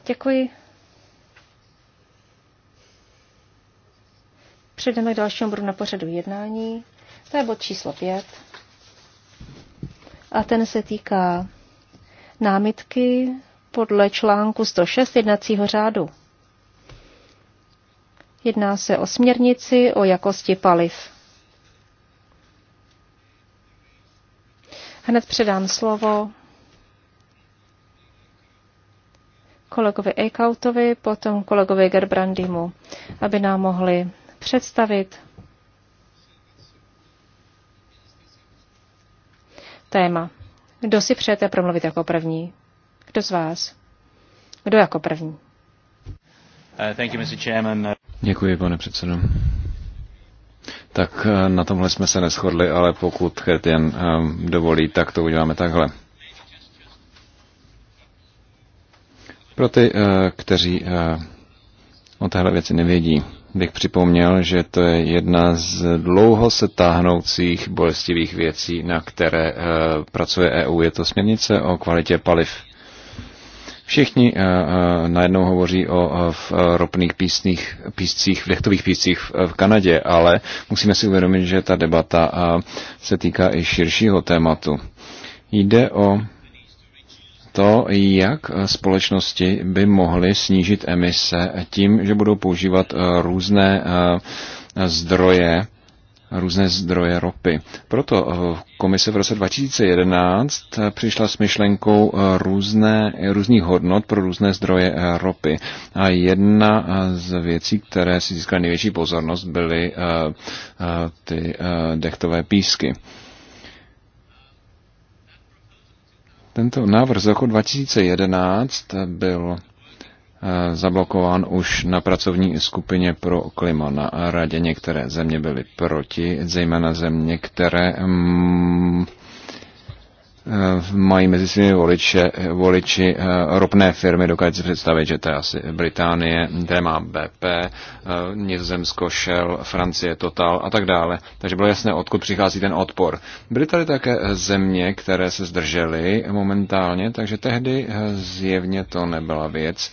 Speaker 1: Děkuji. Přejdeme k dalšímu bodu na pořadu jednání. To je bod číslo pět. A ten se týká námitky podle článku 106 jednacího řádu. Jedná se o směrnici o jakosti paliv. Hned předám slovo kolegovi Eikautovi, potom kolegovi Gerbrandimu, aby nám mohli představit téma. Kdo si přejete promluvit jako první? Kdo z vás? Kdo jako první?
Speaker 3: Uh,
Speaker 2: Děkuji, pane předsedo. Tak eh, na tomhle jsme se neschodli, ale pokud Chretien eh, dovolí, tak to uděláme takhle. Pro ty, eh, kteří o téhle věci nevědí, bych připomněl, že to je jedna z dlouho se táhnoucích bolestivých věcí, na které eh, pracuje EU. Je to směrnice o kvalitě paliv. Všichni eh, eh, najednou hovoří o ropných písních, píscích, v dechtových píscích v Kanadě, ale musíme si uvědomit, že ta debata se týká i širšího tématu. Jde o to, jak společnosti by mohly snížit emise tím, že budou používat eh, různé eh, zdroje, různé zdroje ropy. Proto eh, komise v roce 2011 přišla s myšlenkou různé, různých hodnot pro různé zdroje ropy. A jedna z věcí, které si získaly největší pozornost, byly ty dechtové písky. Tento návrh z roku 2011 byl eh, zablokován už na pracovní skupině pro klima na radě. Některé země byly proti, zejména země, které mm, Eh, mají mezi svými voliče, eh, voliči eh, ropné firmy, dokážete si představit, že to je asi Británie, které má BP, Nizozemsko, Shell, Francie, Total a tak dále. Takže bylo jasné, odkud přichází ten odpor. Byly tady také země, které se zdržely momentálně, takže tehdy zjevně to nebyla věc,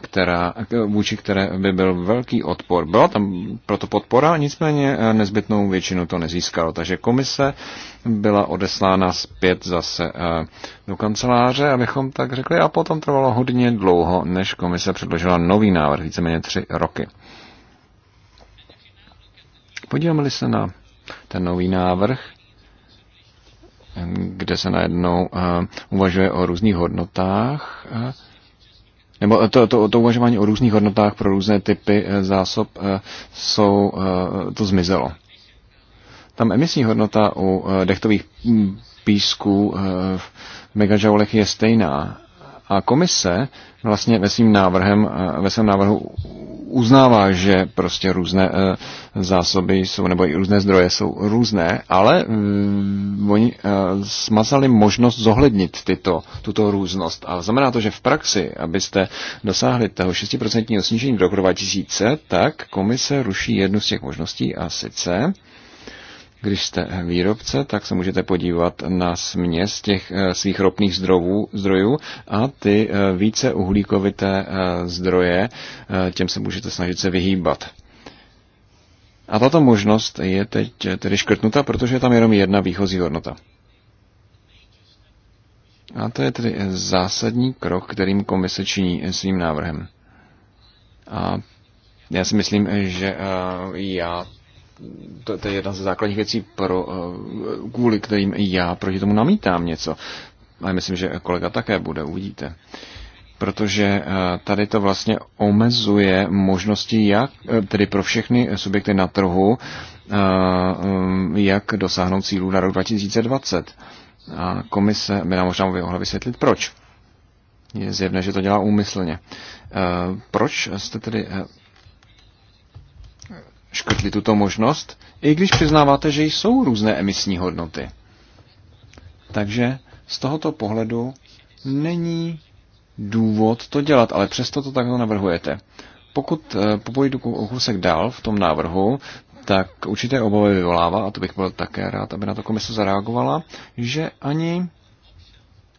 Speaker 2: která, vůči které by byl velký odpor. Byla tam proto podpora, nicméně eh, nezbytnou většinu to nezískalo. Takže komise byla odeslána zpět zase eh, do kanceláře, abychom tak řekli, a potom trvalo hodně dlouho, než komise předložila nový návrh, víceméně tři roky. Podíváme-li se na ten nový návrh, eh, kde se najednou uvažuje o různých hodnotách, nebo to, to, to uvažování o různých hodnotách pro různé typy eh, zásob eh, jsou, eh, to zmizelo. Tam emisní hodnota u dechtových hm, písků v megajoulech je stejná. A komise vlastně ve ve svém návrhu uznává, že prostě různé eh, zásoby jsou, nebo i různé zdroje jsou různé, ale mm, oni eh, smazali možnost zohlednit tyto, tuto různost. A znamená to, že v praxi, abyste dosáhli toho 6% snížení do roku 2000, tak komise ruší jednu z těch možností a sice když jste výrobce, tak se můžete podívat na směs těch eh, svých ropných zdrojů, zdrojů a ty eh, více uhlíkovité eh, zdroje, těm se můžete snažit se vyhýbat. A tato možnost je teď tedy škrtnuta, protože je tam jenom jedna výchozí hodnota. A to je tedy zásadní krok, kterým komise činí svým návrhem. A já si myslím, že já to, to je jedna ze základních věcí, pro, eh, kvůli kterým já proti tomu namítám něco. Ale myslím, že kolega také bude, uvidíte. Protože eh, tady to vlastně omezuje možnosti, jak eh, tedy pro všechny subjekty na trhu, jak dosáhnout cílů na rok 2020. A komise by nám možná mohla vysvětlit, proč. Je zjevné, že to dělá úmyslně. Proč jste tedy škrtli tuto možnost, i když přiznáváte, že jsou různé emisní hodnoty. Takže z tohoto pohledu není důvod to dělat, ale přesto to takto navrhujete. Pokud eh, popojdu kousek dál v tom návrhu, tak určité obavy vyvolává, a to bych byl také rád, aby na to komise zareagovala, že ani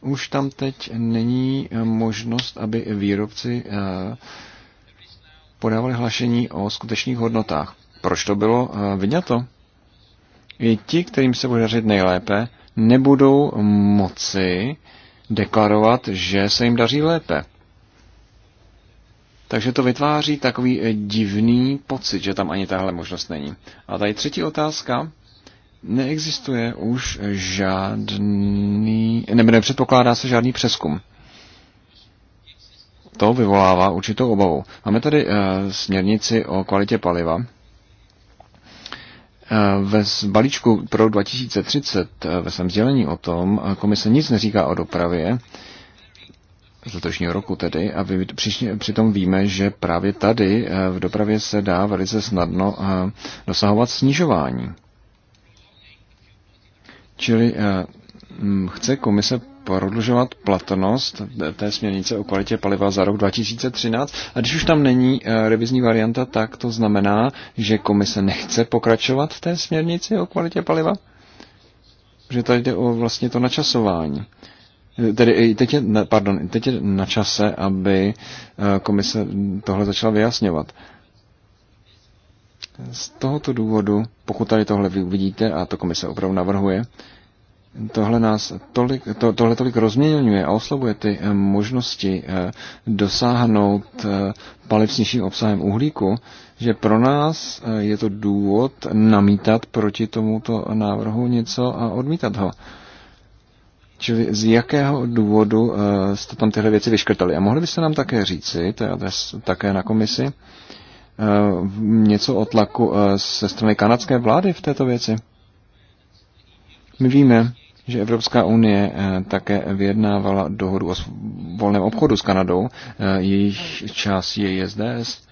Speaker 2: už tam teď není eh, možnost, aby výrobci eh, podávali hlašení o skutečných hodnotách. Proč to bylo eh, vyňato? I ti, kterým se bude dařit nejlépe, nebudou moci deklarovat, že se jim daří lépe. Takže to vytváří takový eh, divný pocit, že tam ani tahle možnost není. A tady třetí otázka. Neexistuje už žádný, nebo nepředpokládá se žádný přeskum. To vyvolává určitou obavu. Máme tady uh, směrnici o kvalitě paliva, Eh, ve balíčku pro 2030 eh, ve svém sdělení o tom eh, komise nic neříká o dopravě, z letošního roku tedy, a vy, přitom víme, že právě tady v dopravě se dá velice snadno dosahovat snižování. Čili chce komise prodlužovat platnost té směrnice o kvalitě paliva za rok 2013. A když už tam není eh, revizní varianta, tak to znamená, že komise nechce pokračovat v té směrnici o kvalitě paliva? Že tady jde o vlastně to načasování. Eh, tedy teď je, pardon, teď je na čase, aby eh, komise tohle začala vyjasňovat. Z tohoto důvodu, pokud tady tohle vy uvidíte, a to komise opravdu navrhuje, tohle nás tolik, to, tohle tolik rozměňuje a oslabuje ty eh, možnosti eh, dosáhnout eh, paliv s nižším obsahem uhlíku, že pro nás je to důvod namítat proti tomuto návrhu něco a odmítat ho. Čili z jakého důvodu jste tam tyhle věci vyškrtali? A mohli byste nám také říci, to je adres také na komisi, něco o tlaku ze strany kanadské vlády v této věci? My víme, že Evropská unie eh, také vyjednávala dohodu o volném obchodu s Kanadou, eh, jejich část je SDS.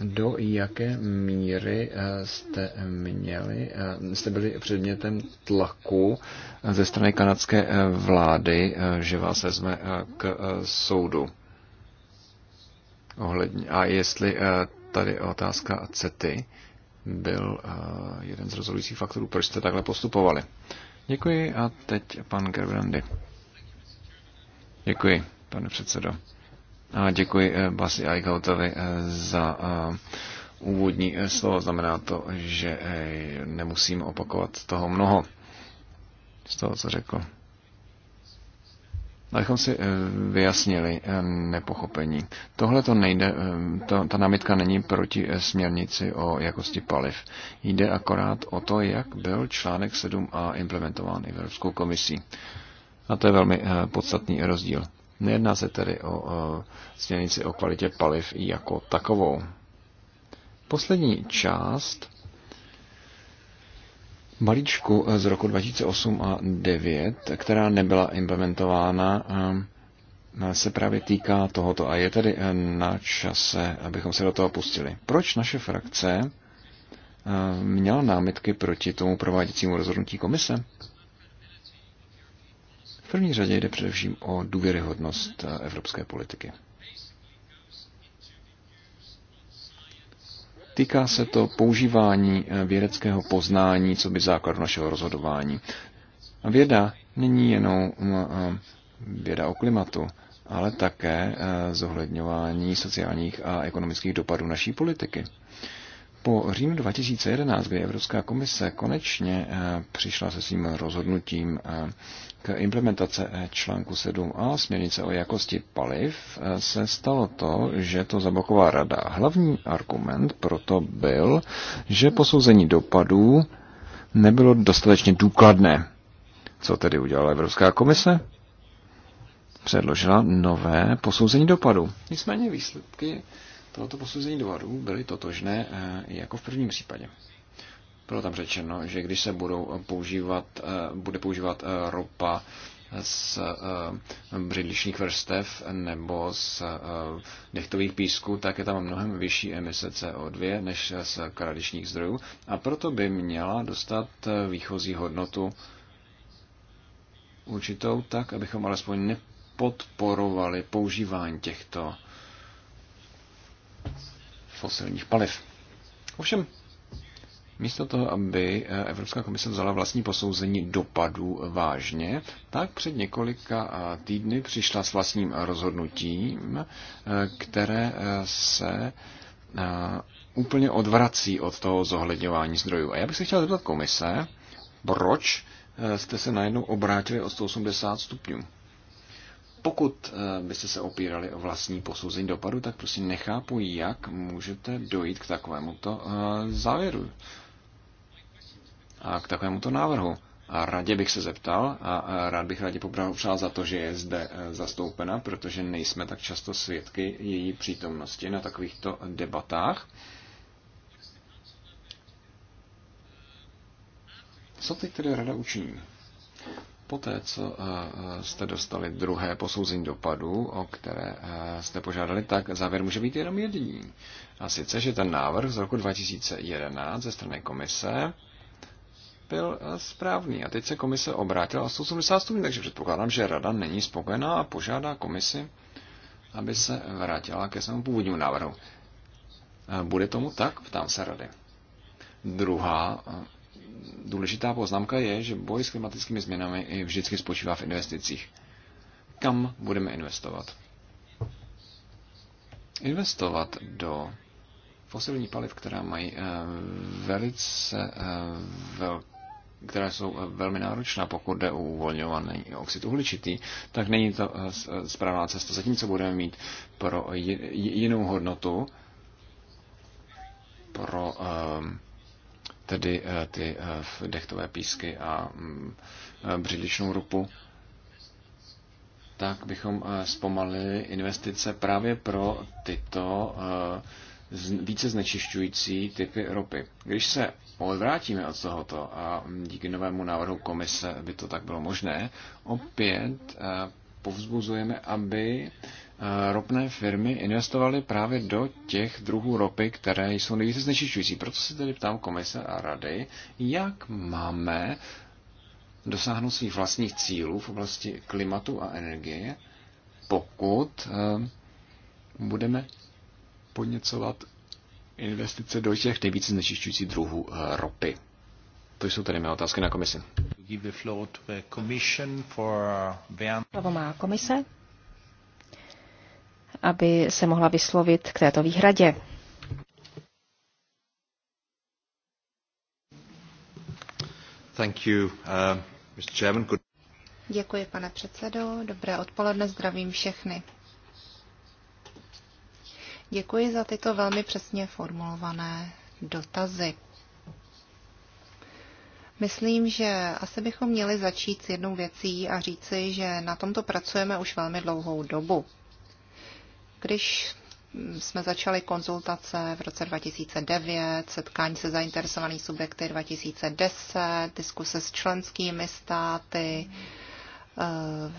Speaker 2: Do jaké míry eh, jste, měli, jste byli předmětem tlaku ze strany kanadské vlády, že vás vezme k soudu? Ohledně, a jestli tady otázka CETY, byl eh, jeden z rozhodujících faktorů, proč jste takhle postupovali. Děkuji a teď pan Gerbrandy. Děkuji, pane předsedo. A děkuji eh, Basi Eichhoutovi eh, za úvodní slovo. Znamená to, že nemusím opakovat toho mnoho z toho, co řekl abychom si eh, vyjasnili eh, nepochopení. Tohle to nejde, eh, to, ta námitka není proti směrnici o jakosti paliv. Jde akorát o to, jak byl článek 7a implementován Evropskou komisí. A to je velmi podstatný rozdíl. Nejedná se tedy o směrnici o kvalitě paliv jako takovou. Poslední část balíčku z roku 2008 a 2009, která nebyla implementována, se právě týká tohoto a je tedy e, na čase, abychom se do toho pustili. Proč naše frakce e, měla námitky proti tomu prováděcímu rozhodnutí komise? V první řadě jde především o důvěryhodnost e, evropské politiky. Týká se to používání eh, vědeckého poznání, co by základ našeho rozhodování. Věda není jenom eh, věda o klimatu, ale také eh, zohledňování sociálních a ekonomických dopadů naší politiky. Po říjnu 2011, kdy Evropská komise konečně eh, přišla se svým rozhodnutím eh, k implementace eh, článku 7a směrnice o jakosti paliv, se stalo to, že to zablokovala rada. Hlavní argument proto byl, že posouzení dopadů nebylo dostatečně důkladné. Co tedy udělala Evropská komise? Předložila nové posouzení dopadu. Nicméně výsledky tohoto posouzení dovodů byly totožné eh, jako v prvním případě. Bylo tam řečeno, že když se budou používat, eh, bude používat eh, ropa z břidličných vrstev nebo z dechtových písků, tak je tam mnohem vyšší emise CO2 než z kradičních zdrojů a proto by měla dostat výchozí hodnotu určitou tak, abychom alespoň nepodporovali používání těchto fosilních paliv. Ovšem, místo toho, aby eh, Evropská komise vzala vlastní posouzení dopadů vážně, tak před několika eh, týdny přišla s vlastním rozhodnutím, eh, které se úplně odvrací od toho zohledňování zdrojů. A já bych se chtěl zeptat komise, proč jste se najednou obrátili o 180 stupňů? pokud eh, byste se opírali o vlastní posouzení dopadu, tak prostě nechápu, jak můžete dojít k takovémuto eh, závěru a k takovémuto návrhu. A radě bych se zeptal a rád bych radě popřál za to, že je zde eh, zastoupena, protože nejsme tak často svědky její přítomnosti na takovýchto debatách. Co teď tedy rada učiní? Poté, co eh, eh, jste dostali druhé posouzení dopadů, o které eh, jste požádali, tak závěr může být jenom jediný. A sice, že ten návrh z roku 2011 ze strany komise byl správný. A teď se komise obrátila o 180 stupňů, takže předpokládám, že rada není spokojená a požádá komisi, aby se vrátila ke svému původnímu návrhu. Bude tomu tak? Ptám se rady. Druhá důležitá poznámka je, že boj s klimatickými změnami vždycky spočívá v investicích. Kam budeme investovat? Investovat do fosilní paliv, která mají eh, velice eh, velké které jsou eh, velmi náročná, pokud jde o uvolňovaný oxid uhličitý, tak není to správná cesta. Zatímco budeme mít pro jinou hodnotu, pro tedy eh, ty eh, dechtové písky a mm, eh, břidličnou rupu, tak bychom zpomalili investice právě pro tyto více znečišťující typy ropy. Když se odvrátíme od tohoto a díky novému návrhu komise by to tak bylo možné, opět povzbuzujeme, aby eh, ropné firmy investovaly právě do těch druhů ropy, které jsou nejvíce znečišťující. Proto se tedy ptám komise a rady, jak máme dosáhnout svých vlastních cílů v oblasti klimatu a energie, pokud eh, budeme podněcovat investice do těch nejvíce znečišťujících druhů eh, ropy. To jsou tedy mé otázky na komisi
Speaker 3: give the floor to the commission for Bernd. Uh,
Speaker 1: Slovo má komise, aby se mohla vyslovit k této výhradě.
Speaker 3: Thank you, uh, Mr. Chairman. Good...
Speaker 4: Děkuji, pane předsedo. Dobré odpoledne, zdravím všechny. Děkuji za tyto velmi přesně formulované dotazy. Myslím, že asi bychom měli začít s jednou věcí a říci, že na tomto pracujeme už velmi dlouhou dobu. Když jsme začali konzultace v roce 2009, setkání se zainteresovanými subjekty 2010, diskuse s členskými státy eh,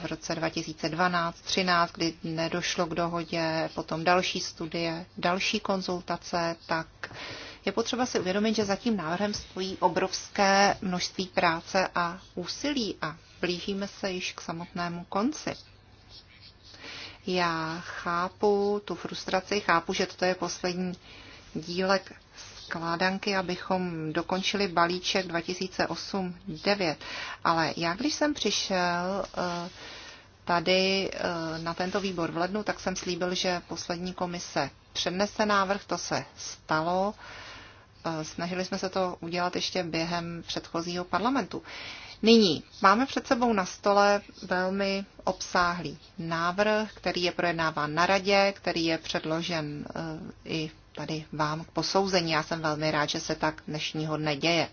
Speaker 4: v roce 2012-13, kdy nedošlo k dohodě, potom další studie, další konzultace, tak je potřeba si uvědomit, že za tím návrhem stojí obrovské množství práce a úsilí a blížíme se již k samotnému konci. Já chápu tu frustraci, chápu, že toto je poslední dílek skládanky, abychom dokončili balíček 2008-9. Ale já, když jsem přišel eh, tady eh, na tento výbor v lednu, tak jsem slíbil, že poslední komise přednese návrh, to se stalo. Snažili jsme se to udělat ještě během předchozího parlamentu. Nyní máme před sebou na stole velmi obsáhlý návrh, který je projednáván na radě, který je předložen e, i tady vám k posouzení. Já jsem velmi rád, že se tak dnešního dne děje.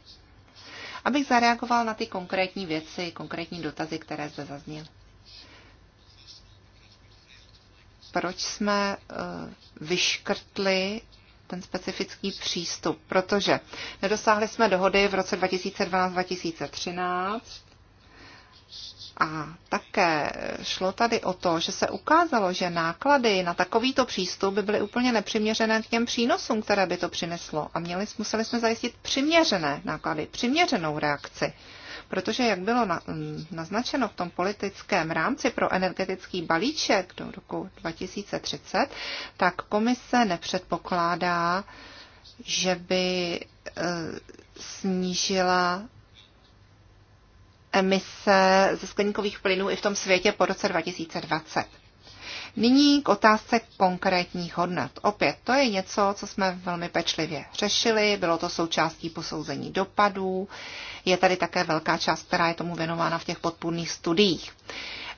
Speaker 4: Abych zareagoval na ty konkrétní věci, konkrétní dotazy, které zde zazněly. Proč jsme e, vyškrtli ten specifický přístup, protože nedosáhli jsme dohody v roce 2012-2013 a také šlo tady o to, že se ukázalo, že náklady na takovýto přístup by byly úplně nepřiměřené k těm přínosům, které by to přineslo. A měli, museli jsme zajistit přiměřené náklady, přiměřenou reakci. Protože, jak bylo na, mm, naznačeno v tom politickém rámci pro energetický balíček do roku 2030, tak komise nepředpokládá, že by e, snížila emise ze skleníkových plynů i v tom světě po roce 2020. Nyní k otázce konkrétních hodnot. Opět, to je něco, co jsme velmi pečlivě řešili, bylo to součástí posouzení dopadů, je tady také velká část, která je tomu věnována v těch podpůrných studiích.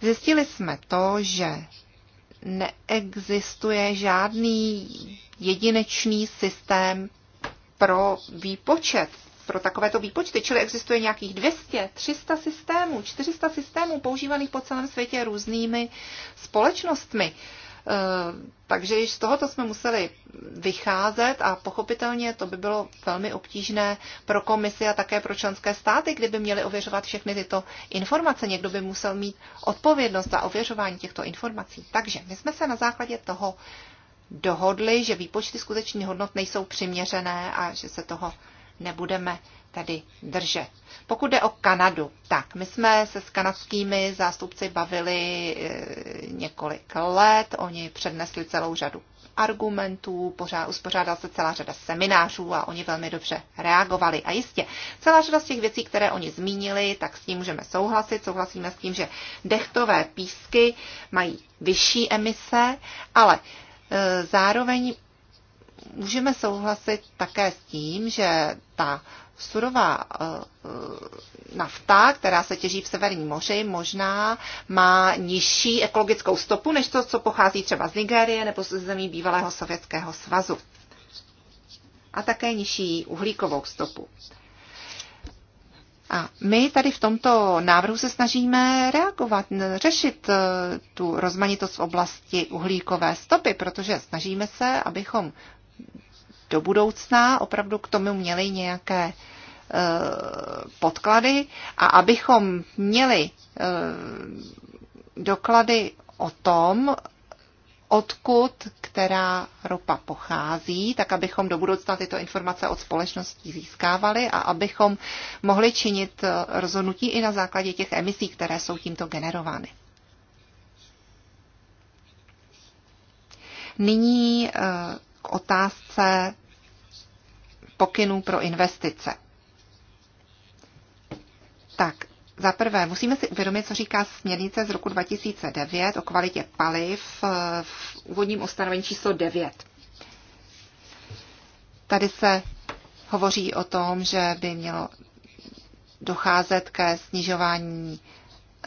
Speaker 4: Zjistili jsme to, že neexistuje žádný jedinečný systém pro výpočet pro takovéto výpočty, čili existuje nějakých 200, 300 systémů, 400 systémů používaných po celém světě různými společnostmi. E, takže již z tohoto jsme museli vycházet a pochopitelně to by bylo velmi obtížné pro komisi a také pro členské státy, kdyby měli ověřovat všechny tyto informace. Někdo by musel mít odpovědnost za ověřování těchto informací. Takže my jsme se na základě toho dohodli, že výpočty skutečných hodnot nejsou přiměřené a že se toho nebudeme tady držet. Pokud jde o Kanadu, tak my jsme se s kanadskými zástupci bavili eh, několik let, oni přednesli celou řadu argumentů, pořád, uspořádal se celá řada seminářů a oni velmi dobře reagovali. A jistě, celá řada z těch věcí, které oni zmínili, tak s tím můžeme souhlasit. Souhlasíme s tím, že dechtové písky mají vyšší emise, ale eh, zároveň můžeme souhlasit také s tím, že ta surová eh, nafta, která se těží v Severním moři, možná má nižší ekologickou stopu než to, co pochází třeba z Nigérie nebo ze zemí bývalého Sovětského svazu. A také nižší uhlíkovou stopu. A my tady v tomto návrhu se snažíme reagovat, řešit eh, tu rozmanitost v oblasti uhlíkové stopy, protože snažíme se, abychom do budoucna opravdu k tomu měli nějaké e, podklady a abychom měli e, doklady o tom, odkud která ropa pochází, tak abychom do budoucna tyto informace od společností získávali a abychom mohli činit e, rozhodnutí i na základě těch emisí, které jsou tímto generovány. Nyní k otázce pokynů pro investice. Tak, za prvé, musíme si uvědomit, co říká směrnice z roku 2009 o kvalitě paliv eh, v úvodním ustanovení číslo 9. Tady se hovoří o tom, že by mělo docházet ke snižování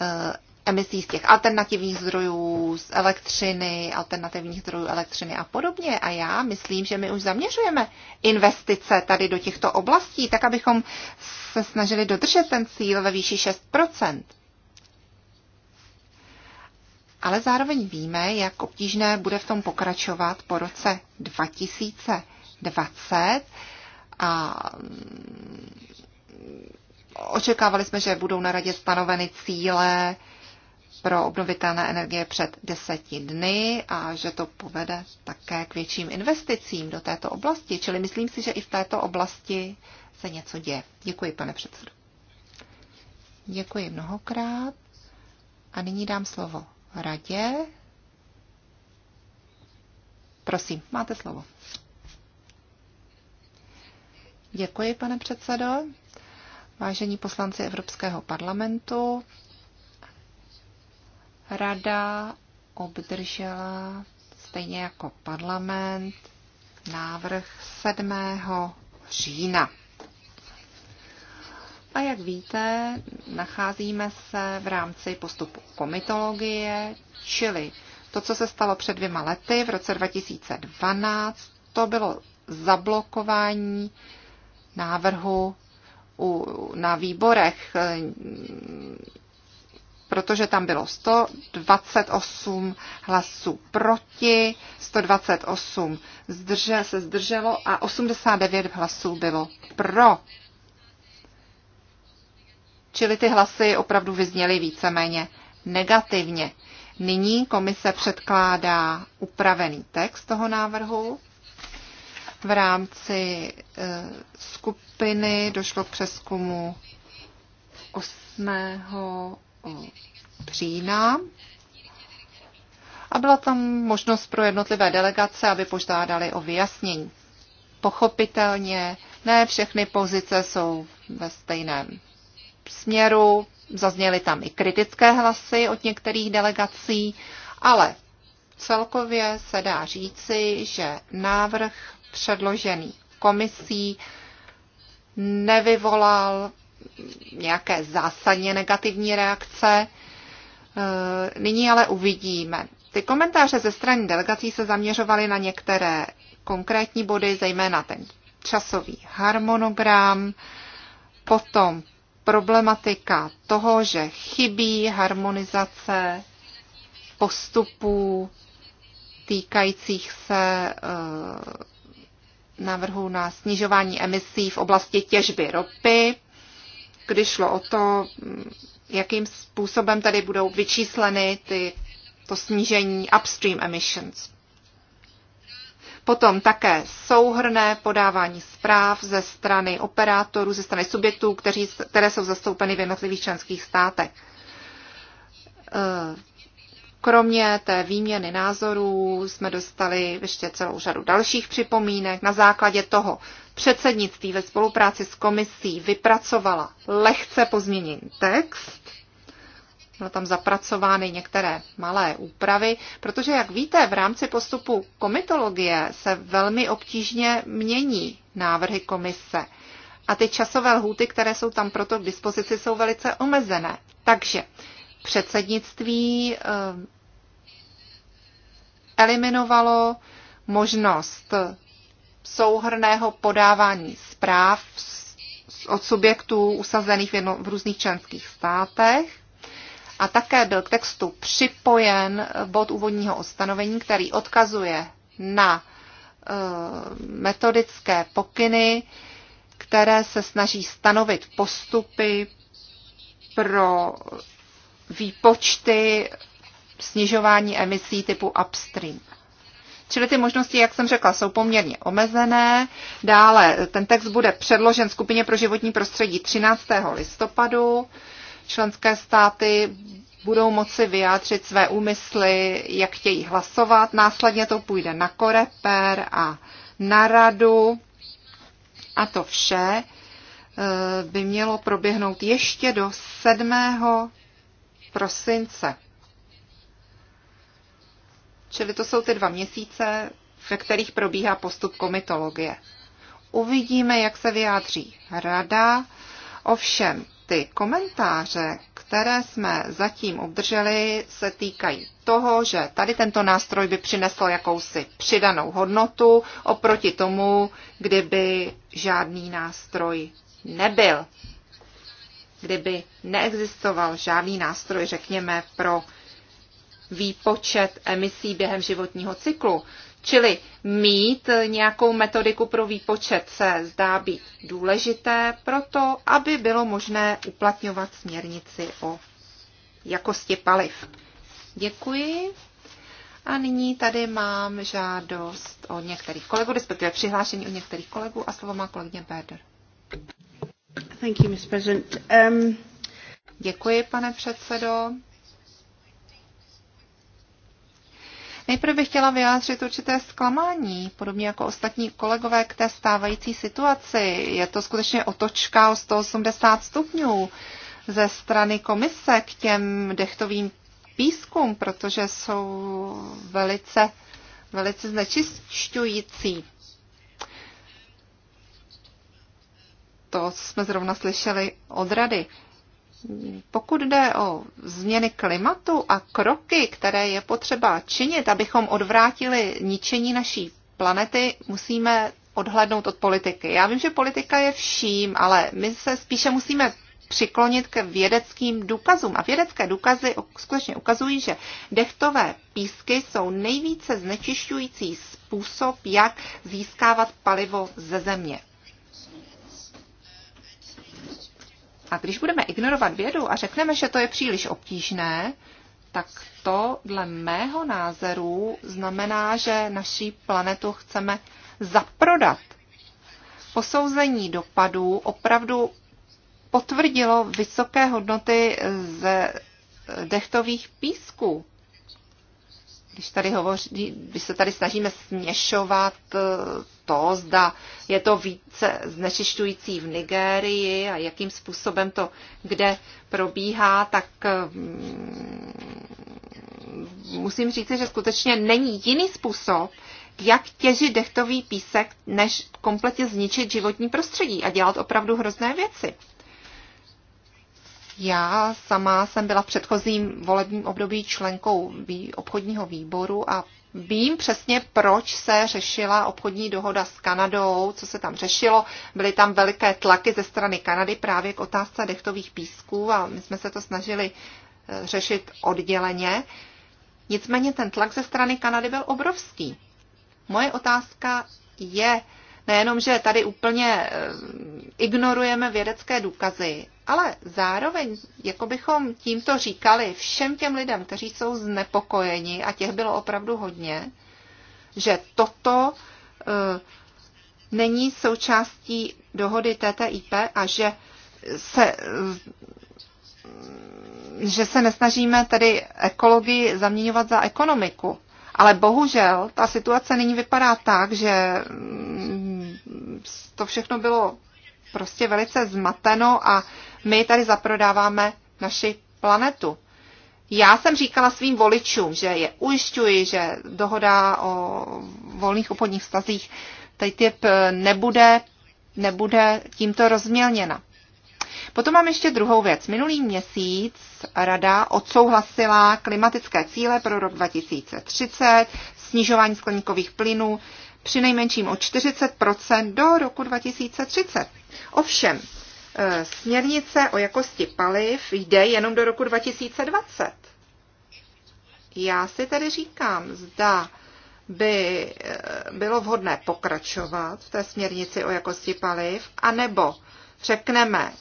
Speaker 4: eh, emisí z těch alternativních zdrojů, z elektřiny, alternativních zdrojů elektřiny a podobně. A já myslím, že my už zaměřujeme investice tady do těchto oblastí, tak abychom se snažili dodržet ten cíl ve výši 6%. Ale zároveň víme, jak obtížné bude v tom pokračovat po roce 2020 a mm, očekávali jsme, že budou na radě stanoveny cíle, pro obnovitelné energie před deseti dny a že to povede také k větším investicím do této oblasti. Čili myslím si, že i v této oblasti se něco děje. Děkuji, pane předsedo. Děkuji mnohokrát. A nyní dám slovo radě. Prosím, máte slovo. Děkuji, pane předsedo. Vážení poslanci Evropského parlamentu, Rada obdržela, stejně jako parlament, návrh 7. října. A jak víte, nacházíme se v rámci postupu komitologie, čili to, co se stalo před dvěma lety v roce 2012, to bylo zablokování návrhu u, na výborech protože tam bylo 128 hlasů proti, 128 zdrže, se zdrželo a 89 hlasů bylo pro. Čili ty hlasy opravdu vyzněly víceméně negativně. Nyní komise předkládá upravený text toho návrhu. V rámci e, skupiny došlo k přeskumu 8 října a byla tam možnost pro jednotlivé delegace, aby požádali o vyjasnění. Pochopitelně ne všechny pozice jsou ve stejném směru, zazněly tam i kritické hlasy od některých delegací, ale celkově se dá říci, že návrh předložený komisí nevyvolal nějaké zásadně negativní reakce. E, nyní ale uvidíme. Ty komentáře ze strany delegací se zaměřovaly na některé konkrétní body, zejména ten časový harmonogram, potom problematika toho, že chybí harmonizace postupů týkajících se e, návrhu na snižování emisí v oblasti těžby ropy když šlo o to, jakým způsobem tady budou vyčísleny ty, to snížení upstream emissions. Potom také souhrné podávání zpráv ze strany operátorů, ze strany subjektů, kteří, které jsou zastoupeny v jednotlivých členských státech. Eh, kromě té výměny názorů jsme dostali ještě celou řadu dalších připomínek. Na základě toho Předsednictví ve spolupráci s komisí vypracovala lehce pozměněný text, byly tam zapracovány některé malé úpravy, protože, jak víte, v rámci postupu komitologie se velmi obtížně mění návrhy komise. A ty časové lhůty, které jsou tam proto k dispozici, jsou velice omezené. Takže předsednictví eh, eliminovalo možnost souhrného podávání zpráv od subjektů usazených v, jedno, v různých členských státech. A také byl k textu připojen bod úvodního ustanovení, který odkazuje na e, metodické pokyny, které se snaží stanovit postupy pro výpočty snižování emisí typu upstream. Čili ty možnosti, jak jsem řekla, jsou poměrně omezené. Dále ten text bude předložen skupině pro životní prostředí 13. listopadu. Členské státy budou moci vyjádřit své úmysly, jak chtějí hlasovat. Následně to půjde na koreper a na radu. A to vše e, by mělo proběhnout ještě do 7. prosince. Čili to jsou ty dva měsíce, ve kterých probíhá postup komitologie. Uvidíme, jak se vyjádří rada. Ovšem, ty komentáře, které jsme zatím obdrželi, se týkají toho, že tady tento nástroj by přinesl jakousi přidanou hodnotu oproti tomu, kdyby žádný nástroj nebyl. Kdyby neexistoval žádný nástroj, řekněme, pro výpočet emisí během životního cyklu. Čili mít nějakou metodiku pro výpočet se zdá být důležité proto, aby bylo možné uplatňovat směrnici o jakosti paliv. Děkuji. A nyní tady mám žádost o některých kolegů, respektive přihlášení od některých kolegů a slovo má kolegyně Berder. Thank you, Ms. President. Um... Děkuji, pane předsedo. Nejprve bych chtěla vyjádřit určité zklamání, podobně jako ostatní kolegové k té stávající situaci. Je to skutečně otočka o 180 stupňů ze strany komise k těm dechtovým pískům, protože jsou velice, velice znečišťující. To jsme zrovna slyšeli od rady. Pokud jde o změny klimatu a kroky, které je potřeba činit, abychom odvrátili ničení naší planety, musíme odhlednout od politiky. Já vím, že politika je vším, ale my se spíše musíme přiklonit ke vědeckým důkazům. A vědecké důkazy skutečně ukazují, že dechtové písky jsou nejvíce znečišťující způsob, jak získávat palivo ze země. A když budeme ignorovat vědu a řekneme, že to je příliš obtížné, tak to dle mého názoru znamená, že naší planetu chceme zaprodat. Posouzení dopadů opravdu potvrdilo vysoké hodnoty ze dechtových písků. Když, tady hovoří, když se tady snažíme směšovat eh, to, zda je to více znečišťující v Nigérii a jakým způsobem to kde probíhá, tak mm, musím říct, že skutečně není jiný způsob, jak těžit dechtový písek, než kompletně zničit životní prostředí a dělat opravdu hrozné věci. Já sama jsem byla v předchozím volebním období členkou obchodního výboru a Vím přesně, proč se řešila obchodní dohoda s Kanadou, co se tam řešilo. Byly tam veliké tlaky ze strany Kanady právě k otázce dechtových písků a my jsme se to snažili eh, řešit odděleně. Nicméně ten tlak ze strany Kanady byl obrovský. Moje otázka je, nejenom, že tady úplně eh, ignorujeme vědecké důkazy, ale zároveň, jako bychom tímto říkali všem těm lidem, kteří jsou znepokojeni, a těch bylo opravdu hodně, že toto eh, není součástí dohody TTIP a že se eh, že se nesnažíme tedy ekologii zaměňovat za ekonomiku. Ale bohužel ta situace nyní vypadá tak, že mm, to všechno bylo prostě velice zmateno a my tady zaprodáváme naši planetu. Já jsem říkala svým voličům, že je ujišťuji, že dohoda o volných obchodních stazích typ eh, nebude, nebude tímto rozmělněna. Potom mám ještě druhou věc. Minulý měsíc Rada odsouhlasila klimatické cíle pro rok 2030, snižování skleníkových plynů, při nejmenším o 40 do roku 2030. Ovšem, e, směrnice o jakosti paliv jde jenom do roku 2020. Já si tedy říkám, zda by e, bylo vhodné pokračovat v té směrnici o jakosti paliv, anebo řekneme, e,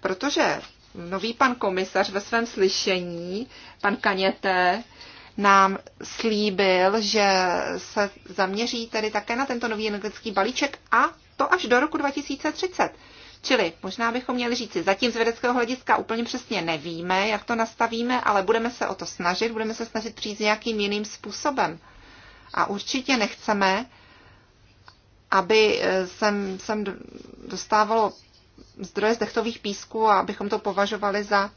Speaker 4: protože nový pan komisař ve svém slyšení, pan Kaněte, nám slíbil, že se zaměří tedy také na tento nový energetický balíček a to až do roku 2030. Čili možná bychom měli říci, zatím z vědeckého hlediska úplně přesně nevíme, jak to nastavíme, ale budeme se o to snažit, budeme se snažit přijít nějakým jiným způsobem. A určitě nechceme, aby eh, sem, sem dostávalo zdroje z dechtových písků a abychom to považovali za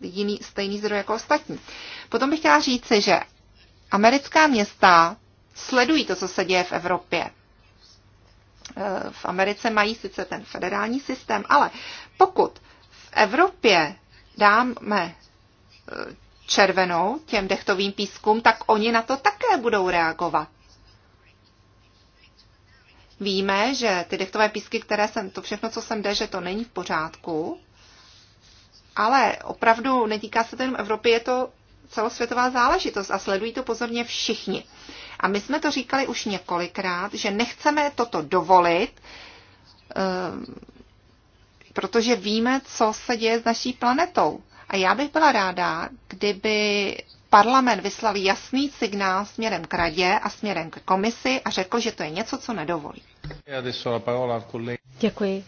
Speaker 4: jiný, stejný zdroj jako ostatní. Potom bych chtěla říci, že americká města sledují to, co se děje v Evropě. E, v Americe mají sice ten federální systém, ale pokud v Evropě dáme e, červenou těm dechtovým pískům, tak oni na to také budou reagovat. Víme, že ty dechtové písky, které jsem, to všechno, co sem jde, že to není v pořádku, ale opravdu netýká se to jenom Evropy, je to celosvětová záležitost a sledují to pozorně všichni. A my jsme to říkali už několikrát, že nechceme toto dovolit, ehm, protože víme, co se děje s naší planetou. A já bych byla ráda, kdyby parlament vyslal jasný signál směrem k radě a směrem k komisi a řekl, že to je něco, co nedovolí. Děkuji.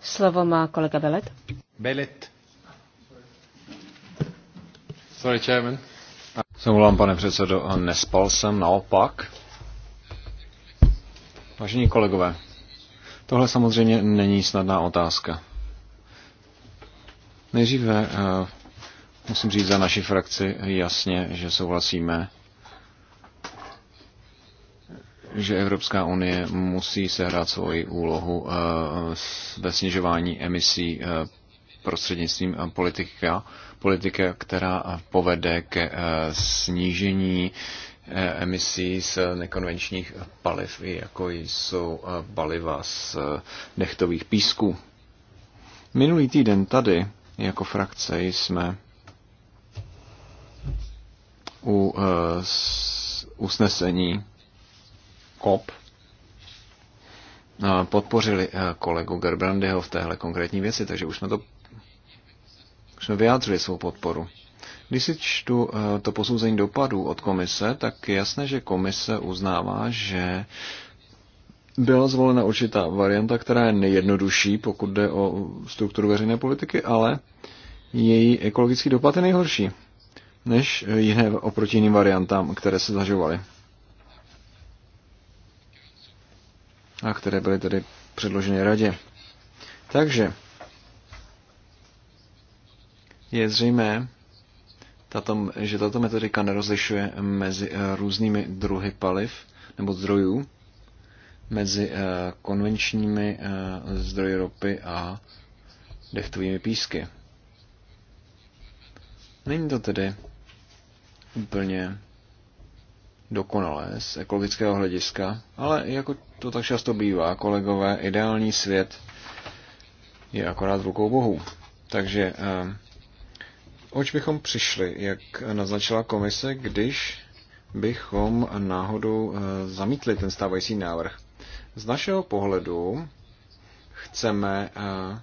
Speaker 1: Slovo má kolega Belet.
Speaker 3: Belet. Sorry, Chairman.
Speaker 2: pane předsedo, nespal jsem, naopak. Vážení kolegové, tohle samozřejmě není snadná otázka. Nejdříve uh, musím říct za naši frakci jasně, že souhlasíme, že Evropská unie musí sehrát svoji úlohu uh, ve snižování emisí uh, prostřednictvím politika politika, která povede k eh, snížení eh, emisí z nekonvenčních paliv, jako jsou eh, paliva z nechtových písků. Minulý týden tady jako frakce jsme u usnesení COP podpořili kolegu Gerbrandyho v téhle konkrétní věci, takže už jsme to vyjádřili svou podporu. Když si čtu eh, to posouzení dopadů od komise, tak je jasné, že komise uznává, že byla zvolena určitá varianta, která je nejjednodušší, pokud jde o strukturu veřejné politiky, ale její ekologický dopad je nejhorší než jiné oproti jiným variantám, které se zažovaly. A které byly tedy předloženy radě. Takže je zřejmé, tato, že tato metodika nerozlišuje mezi eh, různými druhy paliv nebo zdrojů, mezi eh, konvenčními eh, zdroji ropy a dechtovými písky. Není to tedy úplně dokonalé z ekologického hlediska, ale jako to tak často bývá, kolegové, ideální svět je akorát v rukou Bohu. Takže oč bychom přišli, jak naznačila komise, když bychom náhodou eh, zamítli ten stávající návrh. Z našeho pohledu chceme eh,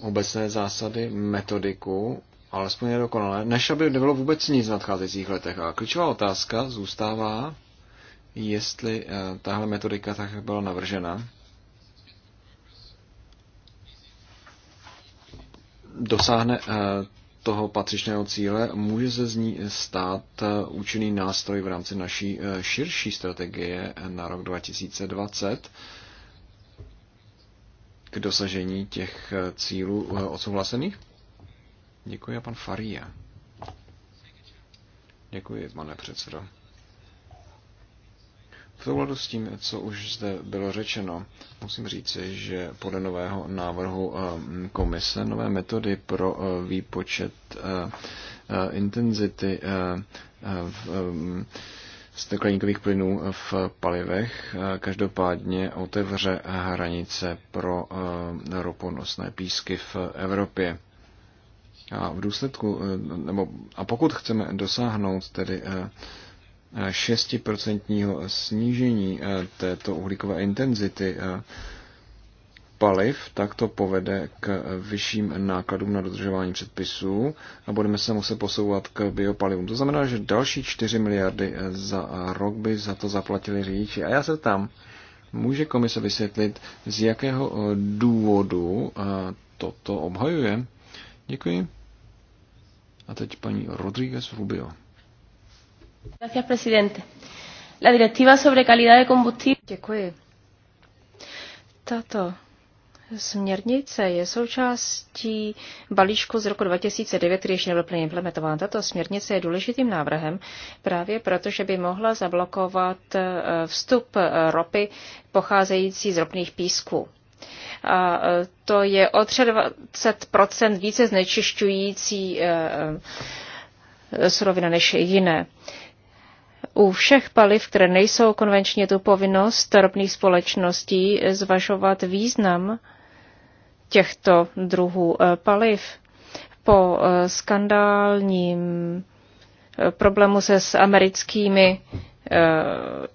Speaker 2: obecné zásady, metodiku, alespoň nedokonalé, než aby nebylo vůbec nic v nadcházejících letech. A klíčová otázka zůstává, jestli eh, tahle metodika tak byla navržena, dosáhne eh, toho patřičného cíle, může se z ní stát eh, účinný nástroj v rámci naší eh, širší strategie na rok 2020 k dosažení těch cílů odsouhlasených? Děkuji, pan Faria. Děkuji, pane předsedo. V souladu s tím, co už zde bylo řečeno, musím říci, že podle nového návrhu eh, komise nové metody pro eh, výpočet eh, intenzity v stekleníkových plynů v palivech každopádně otevře hranice pro roponosné písky v Evropě. A v důsledku, nebo, a pokud chceme dosáhnout tedy 6% snížení eh, této uhlíkové intenzity eh, paliv, tak to povede k vyšším nákladům na dodržování předpisů a budeme se muset posouvat k biopalivům. To znamená, že další 4 miliardy eh, za rok by za to zaplatili řidiči. A já se tam může komise vysvětlit, z jakého důvodu toto obhajuje? Děkuji. A teď paní Rodríguez Rubio.
Speaker 1: La directiva sobre calidad de combustible. Děkuji. Tato směrnice je součástí balíčku z roku 2009, který ještě nebyl plně implementován. Tato směrnice je důležitým návrhem právě proto, že by mohla zablokovat eh, vstup eh, ropy pocházející z ropných písků. A eh, to je o 23 více znečišťující surovina než jiné. U všech paliv, které nejsou konvenčně tu povinnost ropných společností zvažovat význam těchto druhů eh, paliv. Po eh, skandálním eh, problému se s americkými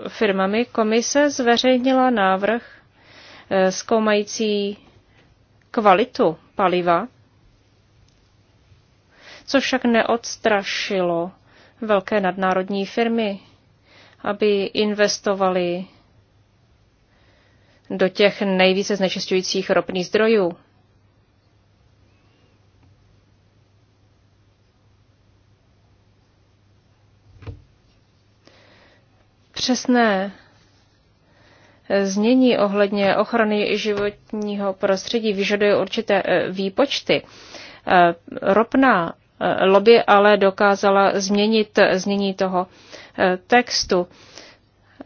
Speaker 1: firmami komise zveřejnila návrh zkoumající kvalitu paliva, co však neodstrašilo velké nadnárodní firmy aby investovali do těch nejvíce znečišťujících ropných zdrojů. Přesné znění ohledně ochrany životního prostředí vyžaduje určité eh, výpočty. Eh, ropná eh, lobby ale dokázala změnit znění toho Eh, textu.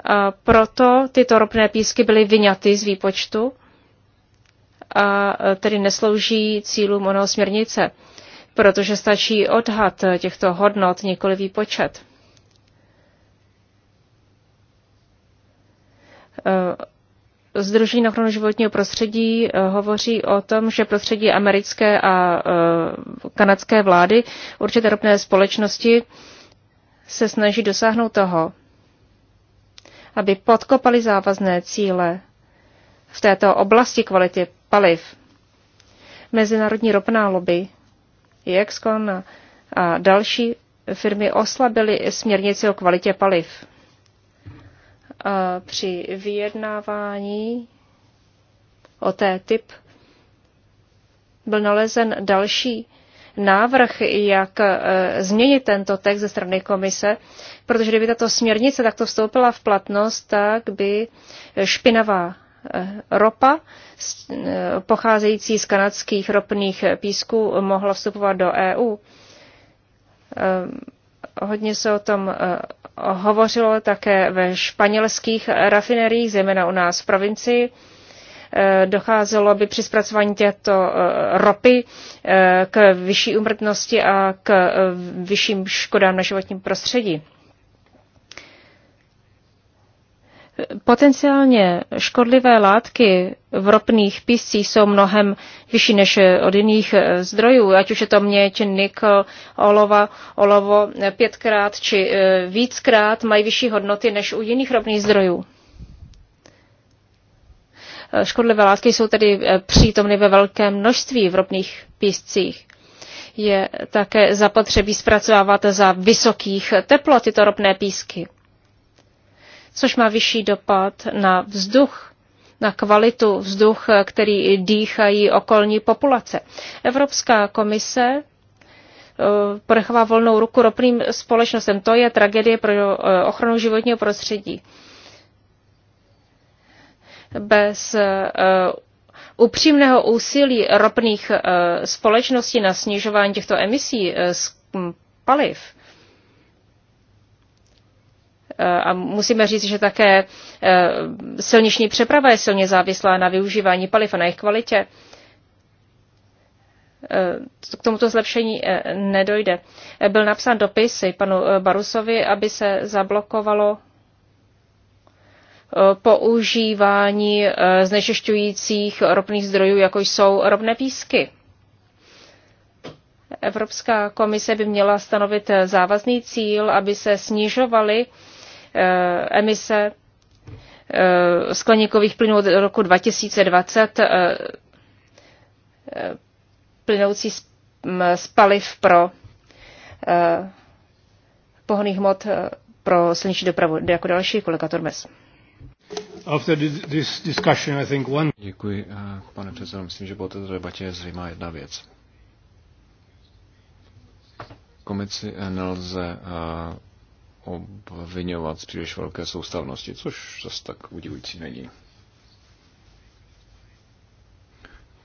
Speaker 1: A proto tyto ropné písky byly vyňaty z výpočtu a eh, tedy neslouží cílům onoho směrnice, protože stačí odhad eh, těchto hodnot, nikoli výpočet. Združení na ochranu životního prostředí hovoří o tom, že prostředí americké a kanadské vlády určité ropné společnosti se snaží dosáhnout toho, aby podkopali závazné cíle v této oblasti kvality paliv. Mezinárodní ropná lobby, Exxon a další firmy oslabily směrnici o kvalitě paliv. A při vyjednávání o té typ byl nalezen další návrh, jak e, změnit tento text ze strany komise, protože kdyby tato směrnice takto vstoupila v platnost, tak by špinavá e, ropa e, pocházející z kanadských ropných písků mohla vstupovat do EU. Hodně se o tom hovořilo také ve španělských rafineriích, zejména u nás v provincii Eh, docházelo by při zpracování této eh, ropy eh, k vyšší umrtnosti a k vyšším škodám na životním prostředí. Potenciálně škodlivé látky v ropných píscích jsou mnohem vyšší než od jiných zdrojů, ať už je to měď, nikl, olova, olovo pětkrát či víckrát mají vyšší hodnoty než u jiných ropných zdrojů. Škodlivé látky jsou tedy eh, přítomny ve velkém množství v ropných píscích. Je také zapotřebí zpracovávat za vysokých teplot tyto ropné písky, což má vyšší dopad na vzduch na kvalitu vzduch, který dýchají okolní populace. Evropská komise eh, porechová volnou ruku ropným společnostem. To je tragédie pro eh, ochranu životního prostředí bez eh, upřímného úsilí ropných eh, společností na snižování těchto emisí eh, z paliv, a musíme říct, že také silniční přeprava je silně závislá na využívání paliv a na jejich kvalitě. K tomuto zlepšení nedojde. Byl napsán dopis panu Barusovi, aby se zablokovalo používání eh, znečišťujících ropných zdrojů, jako jsou ropné písky. Evropská komise by měla stanovit závazný cíl, aby se snižovaly eh, emise eh, skleníkových plynů od roku 2020 plynoucí z paliv pro pohonných hmot pro silniční dopravu. Jako další kolega Tormes.
Speaker 2: After this discussion, I think one... Děkuji, eh, pane předsedo. Myslím, že po této debatě je zřejmá jedna věc. Komici eh, nelze eh, obvinovat z příliš velké soustavnosti, což zase tak udivující není.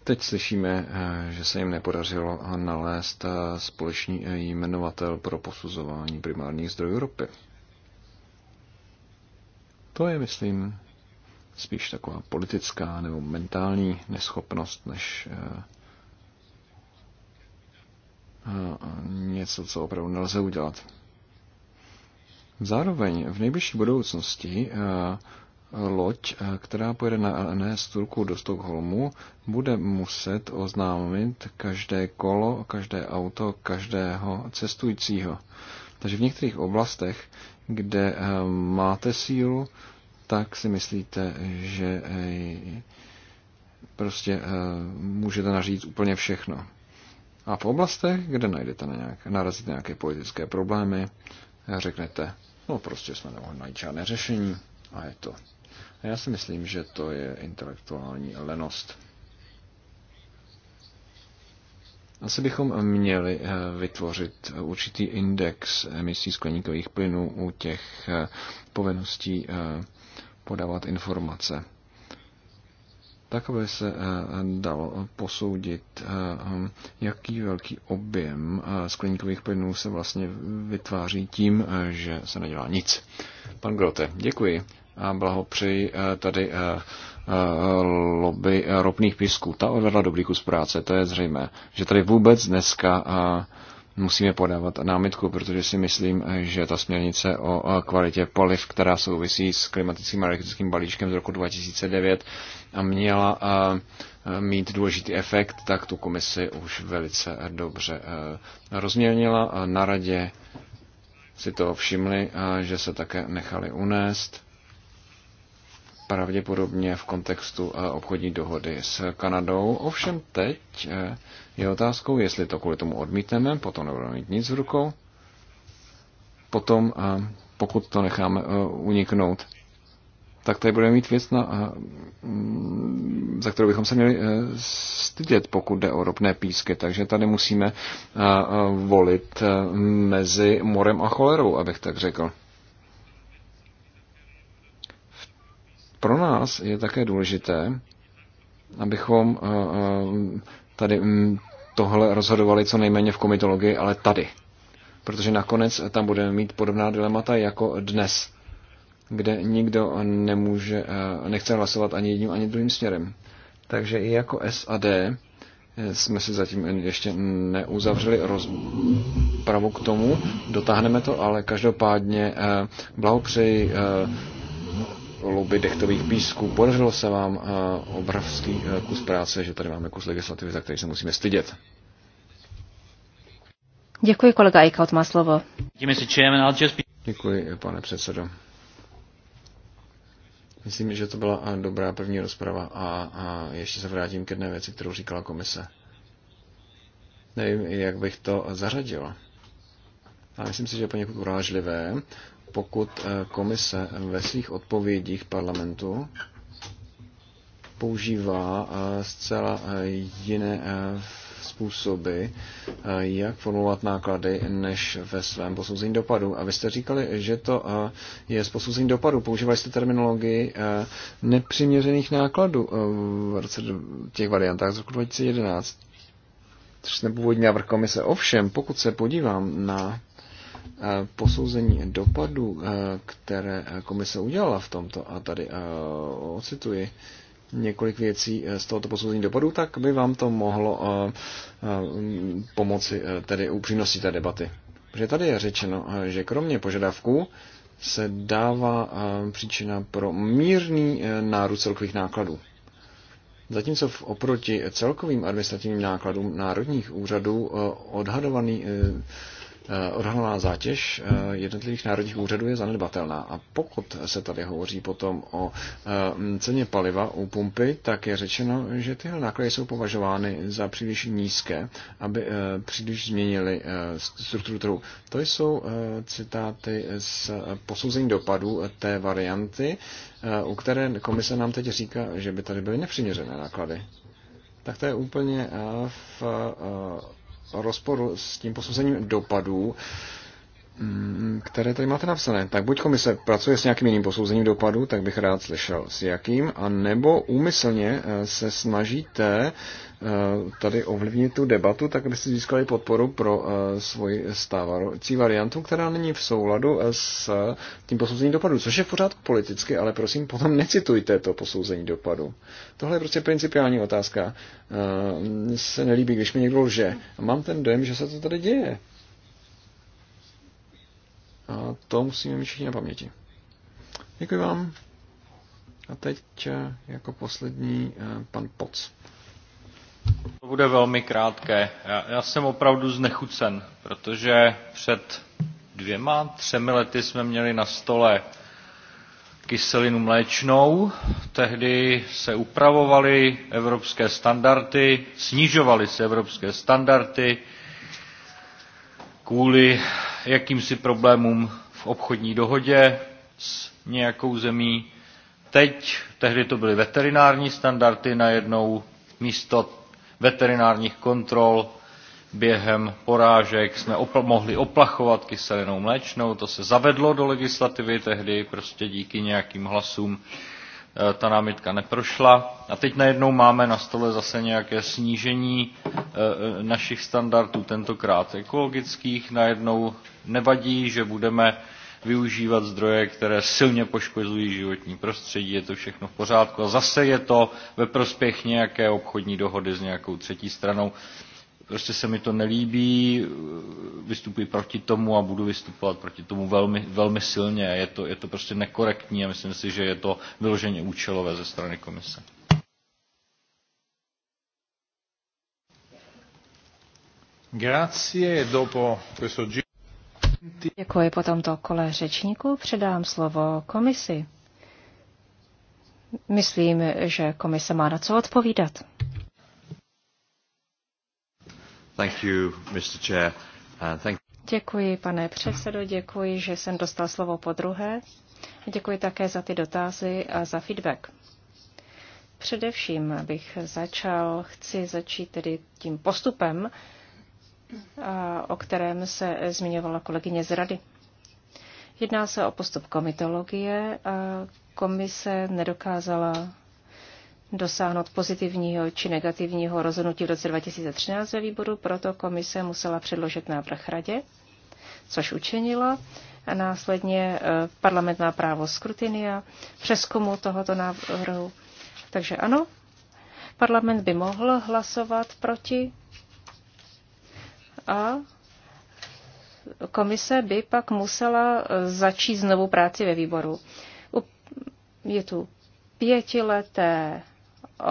Speaker 2: Teď slyšíme, že se jim nepodařilo nalézt společný jmenovatel pro posuzování primárních zdrojů ropy. To je, myslím, spíš taková politická nebo mentální neschopnost, než eh, eh, něco, co opravdu nelze udělat. Zároveň v nejbližší budoucnosti eh, loď, která pojede na LNS Turku do Stockholmu, bude muset oznámit každé kolo, každé auto, každého cestujícího. Takže v některých oblastech, kde máte sílu, tak si myslíte, že eh, prostě eh, můžete nařídit úplně všechno. A v oblastech, kde najdete na nějak, narazíte nějaké politické problémy, řeknete, no prostě jsme nemohli najít žádné řešení a je to. A já si myslím, že to je intelektuální lenost. Asi bychom měli eh, vytvořit určitý index emisí skleníkových plynů u těch povinností podávat informace. Tak, aby se eh, dalo posoudit, eh, jaký velký objem eh, skleníkových plynů se vlastně vytváří tím, že se nedělá nic. Pan Grote, děkuji a blahopřeji tady lobby ropných písků. Ta odvedla dobrý kus práce, to je zřejmé, že tady vůbec dneska musíme podávat námitku, protože si myslím, že ta směrnice o kvalitě poliv, která souvisí s klimatickým a elektrickým balíčkem z roku 2009 a měla mít důležitý efekt, tak tu komisi už velice dobře rozměnila. Na radě si to všimli, že se také nechali unést pravděpodobně v kontextu eh, obchodní dohody s Kanadou. Ovšem teď eh, je otázkou, jestli to kvůli tomu odmítneme, potom nebudeme mít nic v rukou, potom eh, pokud to necháme uniknout, tak tady budeme mít věc, na, za kterou bychom se měli stydět, pokud jde o ropné písky. Takže tady musíme volit mezi morem a cholerou, abych tak řekl. Pro nás je také důležité, abychom eh, eh, tady mm, tohle rozhodovali co nejméně v komitologii, ale tady. Protože nakonec tam budeme mít podobná dilemata jako dnes, kde nikdo nemůže, eh, nechce hlasovat ani jedním, ani druhým směrem. Takže i jako SAD jsme si zatím ještě neuzavřeli rozpravu k tomu. Dotáhneme to, ale každopádně blahopřeji lobby dechtových písků. Podařilo se vám eh, obrovský eh, kus práce, že tady máme kus legislativy, za který se musíme stydět.
Speaker 1: Děkuji, kolega Eichhout má slovo.
Speaker 2: Děkuji, pane předsedo. Myslím, že to byla eh, dobrá první rozprava a, a ještě se vrátím k jedné věci, kterou říkala komise. Nevím, jak bych to zařadil. A myslím si, že je poněkud urážlivé pokud eh, komise ve svých odpovědích parlamentu používá eh, zcela eh, jiné způsoby, jak formulovat náklady, než ve svém posouzení dopadu. A vy jste říkali, že to je z posouzení dopadu. Používali jste terminologii nepřiměřených nákladů v těch variantách z roku 2011 což jsme původní návrh komise. Ovšem, pokud se podívám na Eh, posouzení dopadů, eh, které eh, komise udělala v tomto, a tady ocituji několik věcí z tohoto posouzení dopadů, tak by vám to mohlo pomoci tedy u přínosí té debaty. Protože tady je řečeno, že kromě požadavků se dává příčina pro mírný nárůst celkových nákladů. Zatímco v oproti celkovým administrativním nákladům národních úřadů odhadovaný Eh, odhadovaná zátěž eh, jednotlivých národních úřadů je zanedbatelná. A pokud se tady hovoří potom o eh, ceně paliva u pumpy, tak je řečeno, že tyhle náklady jsou považovány za příliš nízké, aby příliš změnili strukturu trhu. To jsou citáty z posouzení dopadů té varianty, u které komise nám teď říká, že by tady byly nepřiměřené náklady. Tak to je úplně v rozporu s tím posouzením dopadů, mm, které tady máte napsané. Tak buď komise pracuje s nějakým jiným posouzením dopadů, tak bych rád slyšel s jakým, a nebo úmyslně eh, se snažíte Eh, tady ovlivnit tu debatu, tak aby si získali podporu pro eh, svoji stávající variantu, která není v souladu eh, s tím posouzením dopadu, což je v pořádku politicky, ale prosím, potom necitujte to posouzení dopadu. Tohle je prostě principiální otázka. Mně se nelíbí, když mi někdo lže. mám ten dojem, že se to tady děje. A to musíme mít všichni na paměti. Děkuji vám. A teď jako poslední pan Poc.
Speaker 3: To bude velmi krátké. Já, já jsem opravdu znechucen, protože před dvěma, třemi lety jsme měli na stole kyselinu mléčnou. Tehdy se upravovaly evropské standardy, snižovaly se evropské standardy kvůli jakýmsi problémům v obchodní dohodě s nějakou zemí. Teď, tehdy to byly veterinární standardy, najednou místo veterinárních kontrol během porážek jsme opl- mohli oplachovat kyselinou mléčnou, to se zavedlo do legislativy tehdy, prostě díky nějakým hlasům eh, ta námitka neprošla. A teď najednou máme na stole zase nějaké snížení eh, našich standardů, tentokrát ekologických. Najednou nevadí, že budeme využívat zdroje, které silně poškozují životní prostředí, je to všechno v pořádku. A zase je to ve prospěch nějaké obchodní dohody s nějakou třetí stranou. Prostě se mi to nelíbí, vystupuji proti tomu a budu vystupovat proti tomu velmi, velmi silně. Je to, je to prostě nekorektní a myslím si, že je to vyloženě účelové ze strany komise. Grazie, e dopo questo giro.
Speaker 1: Děkuji po tomto kole řečníku. Předám slovo komisi. Myslím, že komise má na co odpovídat.
Speaker 3: Thank you, Mr. Chair. Uh, thank
Speaker 1: děkuji, pane předsedo, děkuji, že jsem dostal slovo po druhé. Děkuji také za ty dotazy a za feedback. Především, abych začal, chci začít tedy tím postupem, o kterém se zmiňovala kolegyně z Rady. Jedná se o postup komitologie a komise nedokázala dosáhnout pozitivního či negativního rozhodnutí v roce 2013 ve výboru, proto komise musela předložit návrh radě, což učinila, a následně e, parlament má právo skrutinia, přeskumu tohoto návrhu. Takže ano, parlament by mohl hlasovat proti a komise by pak musela e, začít znovu práci ve výboru. Je tu pětileté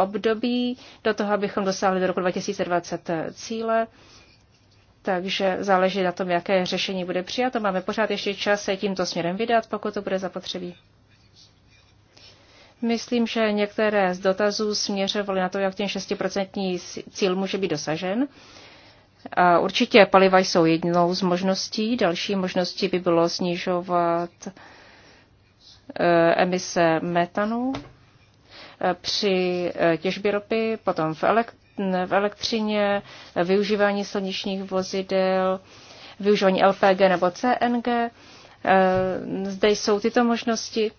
Speaker 1: období do toho, abychom dosáhli do roku 2020 e, cíle, takže záleží na tom, jaké řešení bude přijato. Máme pořád ještě čas se tímto směrem vydat, pokud to bude zapotřebí. Myslím, že některé z dotazů směřovaly na to, jak ten 6% cíl může být dosažen určitě paliva jsou jednou z možností. Další možností by bylo snižovat e, emise metanu e, při e, těžbě ropy, potom v, elekt- v elektřině, využívání slunečních vozidel, využívání LPG nebo CNG. Zde jsou tyto možnosti.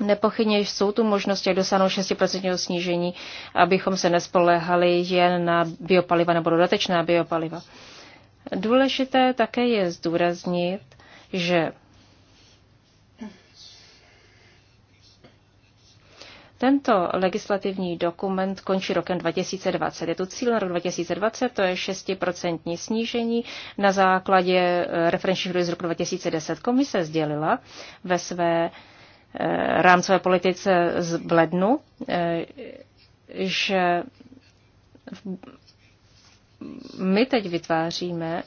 Speaker 1: Nepochybně jsou tu možnosti, jak dosáhnout 6% snížení, abychom se nespoléhali jen na biopaliva nebo dodatečná biopaliva. Důležité také je zdůraznit, že Tento legislativní dokument končí rokem 2020. Je tu cíl na rok 2020, to je 6% snížení na základě referenčních z roku 2010. Komise sdělila ve své Eh, rámcové politice z Blednu, eh, že my teď vytváříme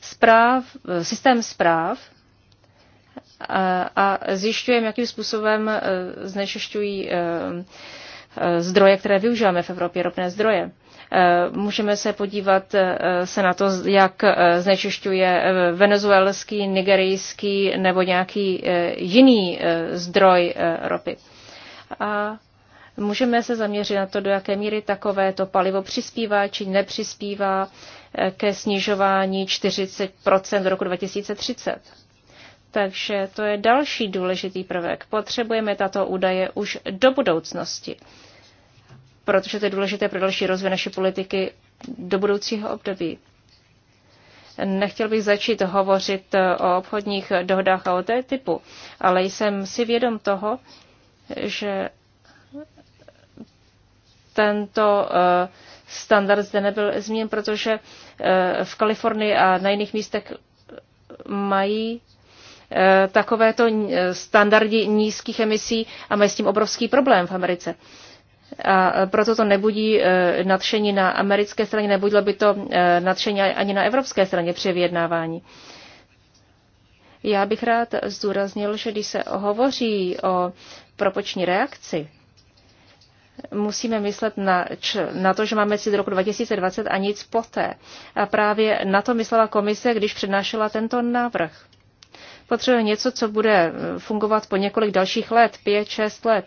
Speaker 1: zpráv, eh, systém zpráv a zjišťujeme, jakým způsobem znečišťují zdroje, které využíváme v Evropě, ropné zdroje. Eh, můžeme se podívat eh, se na to, jak eh, znečišťuje venezuelský, nigerijský nebo nějaký jiný zdroj ropy. A můžeme se zaměřit na to, do jaké míry takové to palivo přispívá či nepřispívá ke snižování 40 do roku 2030. Takže to je další důležitý prvek. Potřebujeme tato údaje už do budoucnosti protože to je důležité pro další rozvoj naší politiky do budoucího období. Nechtěl bych začít hovořit eh, o obchodních dohodách a o té typu, ale jsem si vědom toho, že tento eh, standard zde nebyl změn, protože eh, v Kalifornii a na jiných místech mají takovéto standardy nízkých emisí a mají s tím obrovský problém v Americe a e, proto to nebudí e, nadšení na americké straně, nebudilo by to e, nadšení ani na evropské straně při vyjednávání. Já bych rád zdůraznil, že když se hovoří o propoční reakci, musíme myslet na, č, na to, že máme cít roku 2020 a nic poté. A právě na to myslela komise, když přednášela tento návrh. Potřebuje něco, co bude fungovat po několik dalších let, pět, šest let.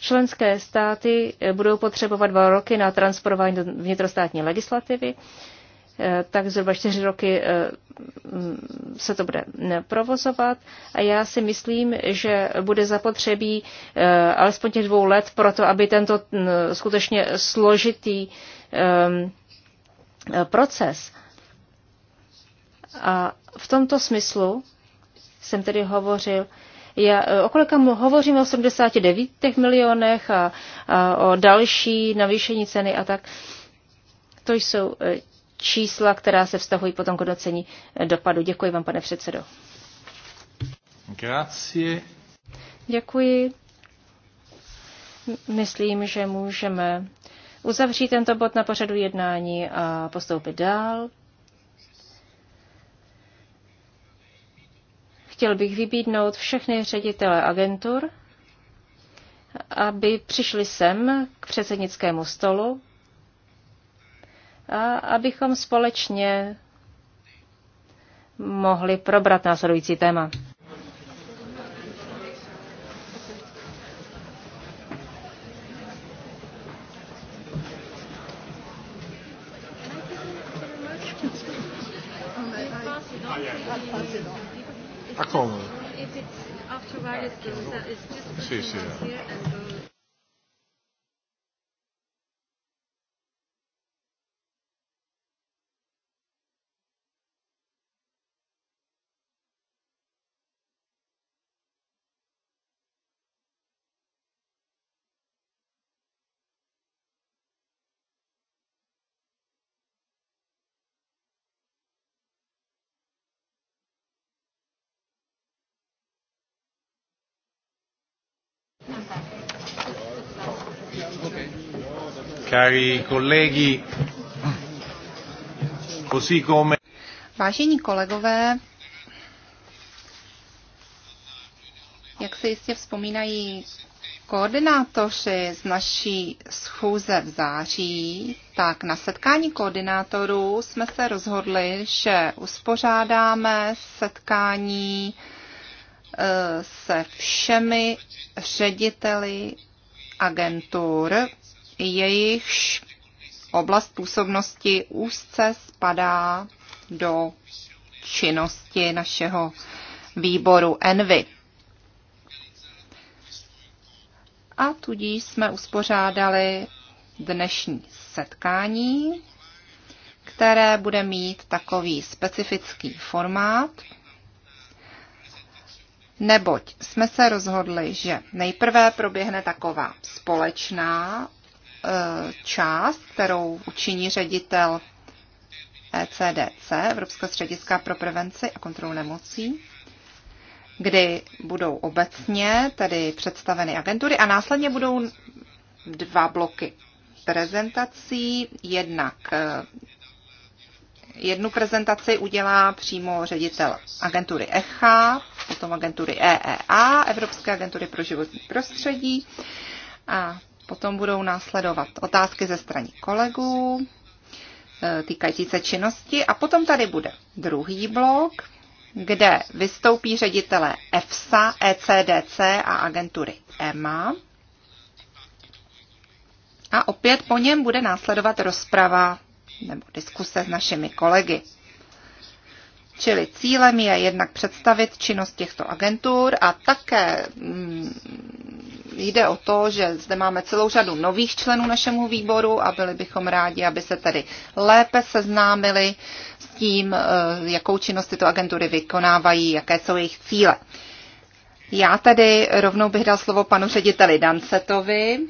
Speaker 1: Členské státy eh, budou potřebovat dva roky na transporování do vnitrostátní legislativy, eh, tak zhruba čtyři roky eh, mm, se to bude mm, provozovat a já si myslím, že bude zapotřebí alespoň těch dvou let pro to, aby tento mm, skutečně složitý ehm, proces a v tomto smyslu jsem tedy hovořil já, e, o kolika hovoříme o 79 milionech a, a o další navýšení ceny a tak. To jsou e, čísla, která se vztahují potom k hodnocení e, dopadu. Děkuji vám, pane předsedo.
Speaker 3: Grazie.
Speaker 1: Děkuji. Myslím, že můžeme uzavřít tento bod na pořadu jednání a postoupit dál. Chtěl bych vybídnout všechny ředitele agentur, aby přišli sem k předsednickému stolu a abychom společně mohli probrat následující téma.
Speaker 3: Sì, sì. Cari colleghi, così come...
Speaker 4: Vážení kolegové, jak se jistě vzpomínají koordinátoři z naší schůze v září, tak na setkání koordinátorů jsme se rozhodli, že uspořádáme setkání se všemi řediteli agentur, jejichž oblast působnosti úzce spadá do činnosti našeho výboru Envy. A tudíž jsme uspořádali dnešní setkání, které bude mít takový specifický formát, Neboť jsme se rozhodli, že nejprve proběhne taková společná e, část, kterou učiní ředitel ECDC, Evropského střediska pro prevenci a kontrolu nemocí, kdy budou obecně tedy představeny agentury a následně budou dva bloky prezentací, jednak eh, Jednu prezentaci udělá přímo ředitel agentury ECHA, potom agentury EEA, Evropské agentury pro životní prostředí a potom budou následovat otázky ze strany kolegů e, týkající se činnosti a potom tady bude druhý blok, kde vystoupí ředitelé EFSA, ECDC a agentury EMA. A opět po něm bude následovat rozprava nebo diskuse s našimi kolegy. Čili cílem je jednak představit činnost těchto agentur a také mm, jde o to, že zde máme celou řadu nových členů našemu výboru a byli bychom rádi, aby se tedy lépe seznámili s tím, eh, jakou činnost tyto agentury vykonávají, jaké jsou jejich cíle. Já tedy rovnou bych dal slovo panu řediteli Dancetovi,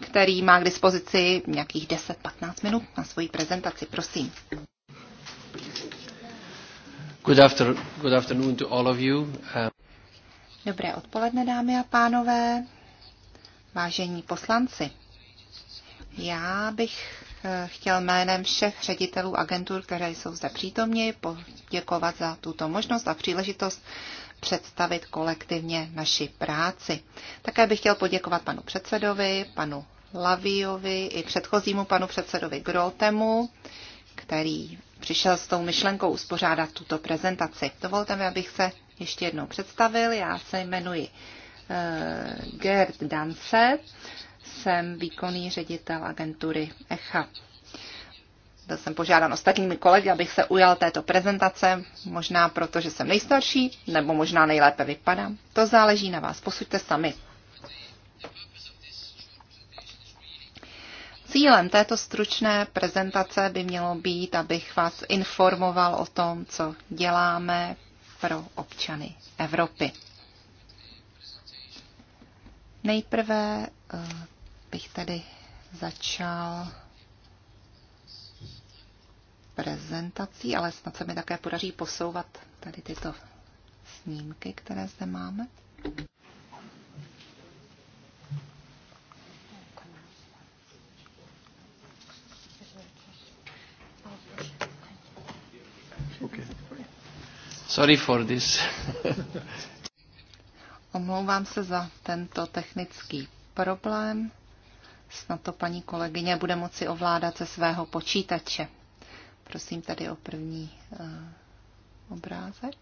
Speaker 4: který má k dispozici nějakých 10-15 minut na svoji prezentaci. Prosím.
Speaker 3: Good, after, good afternoon to all of you. Um...
Speaker 4: Dobré odpoledne, dámy a pánové, vážení poslanci. Já bych eh, chtěl jménem všech ředitelů agentur, které jsou zde přítomni, poděkovat za tuto možnost a příležitost představit kolektivně naši práci. Také bych chtěl poděkovat panu předsedovi, panu Laviovi i předchozímu panu předsedovi Grotemu, který přišel s tou myšlenkou uspořádat tuto prezentaci. Dovolte mi, abych se ještě jednou představil. Já se jmenuji eh, Gerd Dance, jsem výkonný ředitel agentury ECHA byl jsem požádán ostatními kolegy, abych se ujal této prezentace, možná proto, že jsem nejstarší, nebo možná nejlépe vypadám. To záleží na vás, posuďte sami. Cílem této stručné prezentace by mělo být, abych vás informoval o tom, co děláme pro občany Evropy. Nejprve eh, bych tedy začal prezentací, ale snad se mi také podaří posouvat tady tyto snímky, které zde máme. Okay. Sorry for this. Omlouvám se za tento technický problém. Snad to paní kolegyně bude moci ovládat ze svého počítače prosím tady o první uh, obrázek.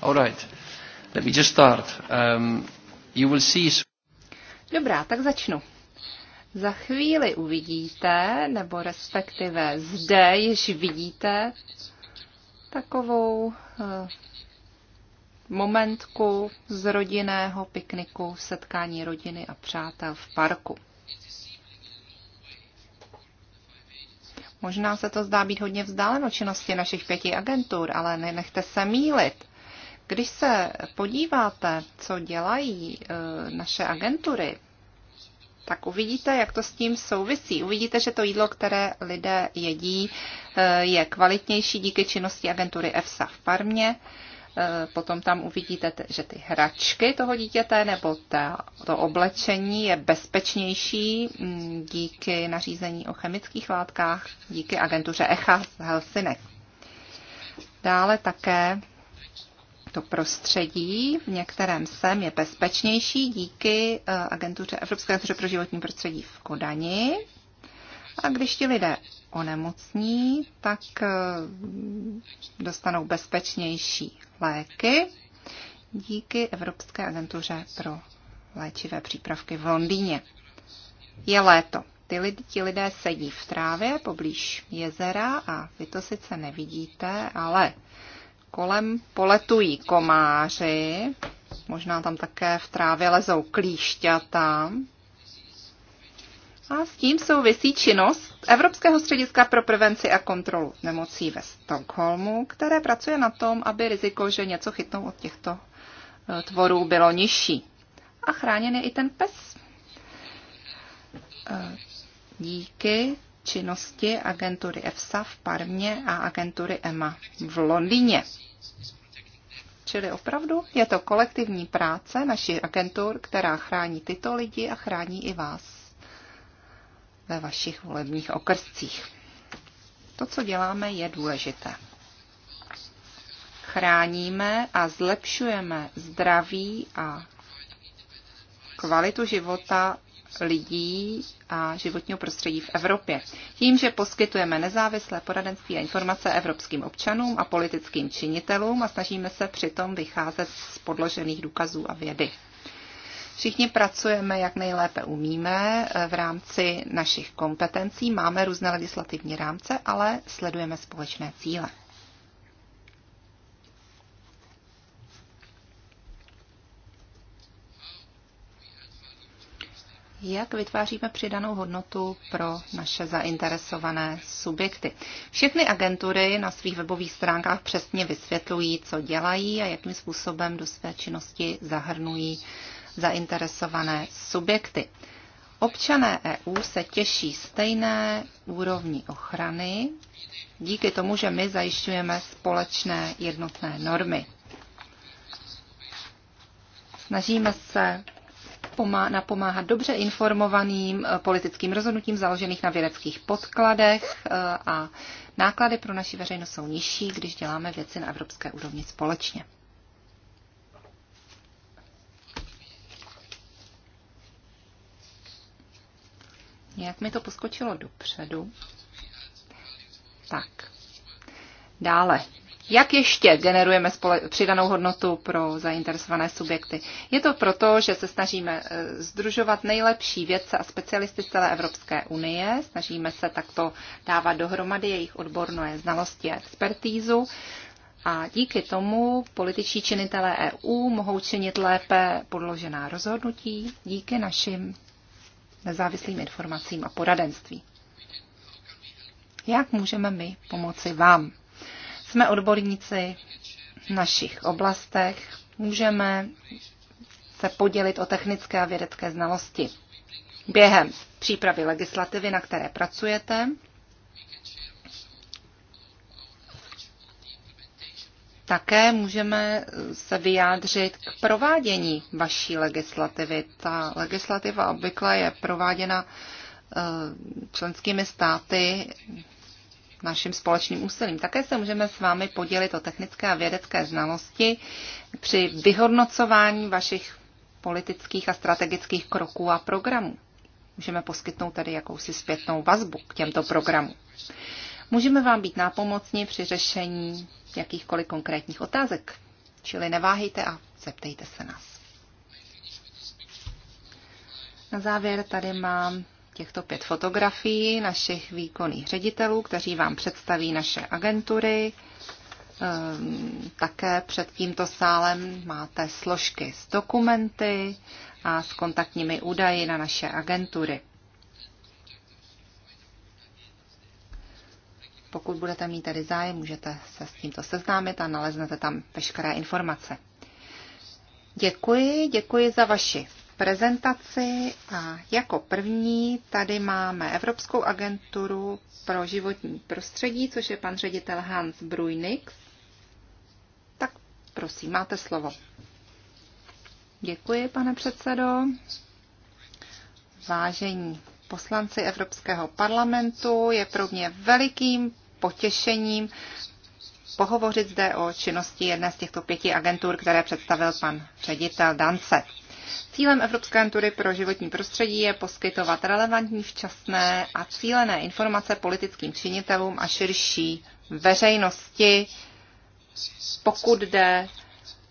Speaker 3: All right. Let me just start. Um, you will see...
Speaker 4: Dobrá, tak začnu. Za chvíli uvidíte, nebo respektive zde již vidíte takovou uh, momentku z rodinného pikniku, setkání rodiny a přátel v parku. Možná se to zdá být hodně vzdáleno činnosti našich pěti agentur, ale nenechte se mílit. Když se podíváte, co dělají e, naše agentury, tak uvidíte, jak to s tím souvisí. Uvidíte, že to jídlo, které lidé jedí, e, je kvalitnější díky činnosti agentury EFSA v Parmě. E, E, potom tam uvidíte, že ty hračky toho dítěte nebo ta, to oblečení je bezpečnější mm, díky nařízení o chemických látkách, díky agentuře ECHA z Helsinek. Dále také to prostředí, v některém sem je bezpečnější díky e, agentuře Evropské agentuře pro životní prostředí v Kodani. A když ti lidé onemocní, tak eh, dostanou bezpečnější léky díky Evropské agentuře pro léčivé přípravky v Londýně. Je léto. Ty lidi, ti lidé sedí v trávě poblíž jezera a vy to sice nevidíte, ale kolem poletují komáři, možná tam také v trávě lezou klíšťata, a s tím souvisí činnost Evropského střediska pro prevenci a kontrolu nemocí ve Stockholmu, které pracuje na tom, aby riziko, že něco chytnou od těchto e, tvorů, bylo nižší. A chráněn je i ten pes. E, díky činnosti agentury EFSA v Parmě a agentury EMA v Londýně. Čili opravdu je to kolektivní práce našich agentur, která chrání tyto lidi a chrání i vás ve vašich volebních okrscích. To, co děláme, je důležité. Chráníme a zlepšujeme zdraví a kvalitu života lidí a životního prostředí v Evropě. Tím, že poskytujeme nezávislé poradenství a informace evropským občanům a politickým činitelům a snažíme se přitom vycházet z podložených důkazů a vědy. Všichni pracujeme, jak nejlépe umíme, eh, v rámci našich kompetencí. Máme různé legislativní rámce, ale sledujeme společné cíle. jak vytváříme přidanou hodnotu pro naše zainteresované subjekty. Všechny agentury na svých webových stránkách přesně vysvětlují, co dělají a jakým způsobem do své činnosti zahrnují zainteresované subjekty. Občané EU se těší stejné úrovni ochrany díky tomu, že my zajišťujeme společné jednotné normy. Snažíme se napomáhat dobře informovaným eh, politickým rozhodnutím založených na vědeckých podkladech eh, a náklady pro naši veřejnost jsou nižší, když děláme věci na evropské úrovni společně. Jak mi to poskočilo dopředu. Tak. Dále. Jak ještě generujeme spole- přidanou hodnotu pro zainteresované subjekty? Je to proto, že se snažíme eh, združovat nejlepší vědce a specialisty z celé Evropské unie, snažíme se takto dávat dohromady jejich odborné znalosti a expertízu a díky tomu političní činitelé EU mohou činit lépe podložená rozhodnutí díky našim nezávislým informacím a poradenství. Jak můžeme my pomoci vám? Jsme odborníci v našich oblastech, můžeme se podělit o technické a vědecké znalosti. Během přípravy legislativy, na které pracujete, Také můžeme se vyjádřit k provádění vaší legislativy. Ta legislativa obvykle je prováděna eh, členskými státy naším společným úsilím. Také se můžeme s vámi podělit o technické a vědecké znalosti při vyhodnocování vašich politických a strategických kroků a programů. Můžeme poskytnout tady jakousi zpětnou vazbu k těmto programům. Můžeme vám být nápomocní při řešení jakýchkoliv konkrétních otázek. Čili neváhejte a zeptejte se nás. Na závěr tady mám těchto pět fotografií našich výkonných ředitelů, kteří vám představí naše agentury. Ehm, také před tímto sálem máte složky s dokumenty a s kontaktními údaji na naše agentury. Pokud budete mít tady zájem, můžete se s tímto seznámit a naleznete tam veškeré informace. Děkuji, děkuji za vaši prezentaci a jako první tady máme Evropskou agenturu pro životní prostředí, což je pan ředitel Hans Brujnix. Tak prosím, máte slovo. Děkuji, pane předsedo. Vážení poslanci Evropského parlamentu, je pro mě velikým potěšením pohovořit zde o činnosti jedné z těchto pěti agentur, které představil pan ředitel Dance. Cílem Evropské agentury pro životní prostředí je poskytovat relevantní, včasné a cílené informace politickým činitelům a širší veřejnosti, pokud jde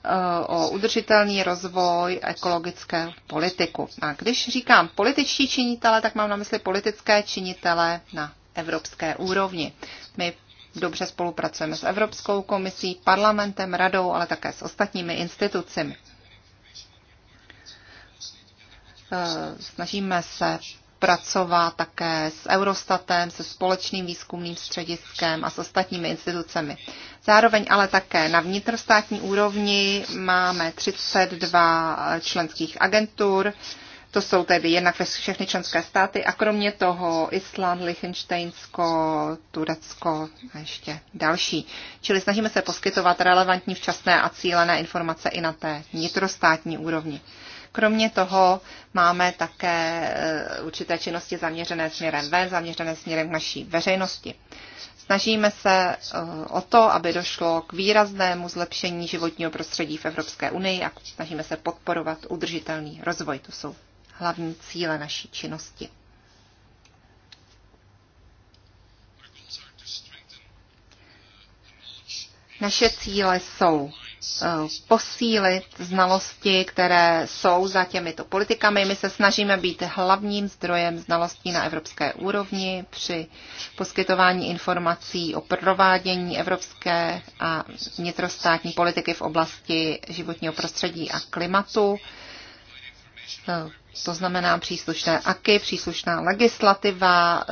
Speaker 4: eh, o udržitelný rozvoj ekologické politiku. A když říkám političtí činitele, tak mám na mysli politické činitele na evropské úrovni. My dobře spolupracujeme s Evropskou komisí, parlamentem, radou, ale také s ostatními institucemi. Eh, snažíme se pracovat také s Eurostatem, se společným výzkumným střediskem a s ostatními institucemi. Zároveň ale také na vnitrostátní úrovni máme 32 členských agentur, to jsou tedy jednak všechny členské státy a kromě toho Island, Liechtensteinsko, Turecko a ještě další. Čili snažíme se poskytovat relevantní, včasné a cílené informace i na té vnitrostátní úrovni. Kromě toho máme také eh, určité činnosti zaměřené směrem ven, zaměřené směrem k naší veřejnosti. Snažíme se eh, o to, aby došlo k výraznému zlepšení životního prostředí v Evropské unii a snažíme se podporovat udržitelný rozvoj. To jsou hlavní cíle naší činnosti. Naše cíle jsou eh, posílit znalosti, které jsou za těmito politikami. My se snažíme být hlavním zdrojem znalostí na evropské úrovni při poskytování informací o provádění evropské a vnitrostátní politiky v oblasti životního prostředí a klimatu. Eh, to znamená příslušné aky, příslušná legislativa,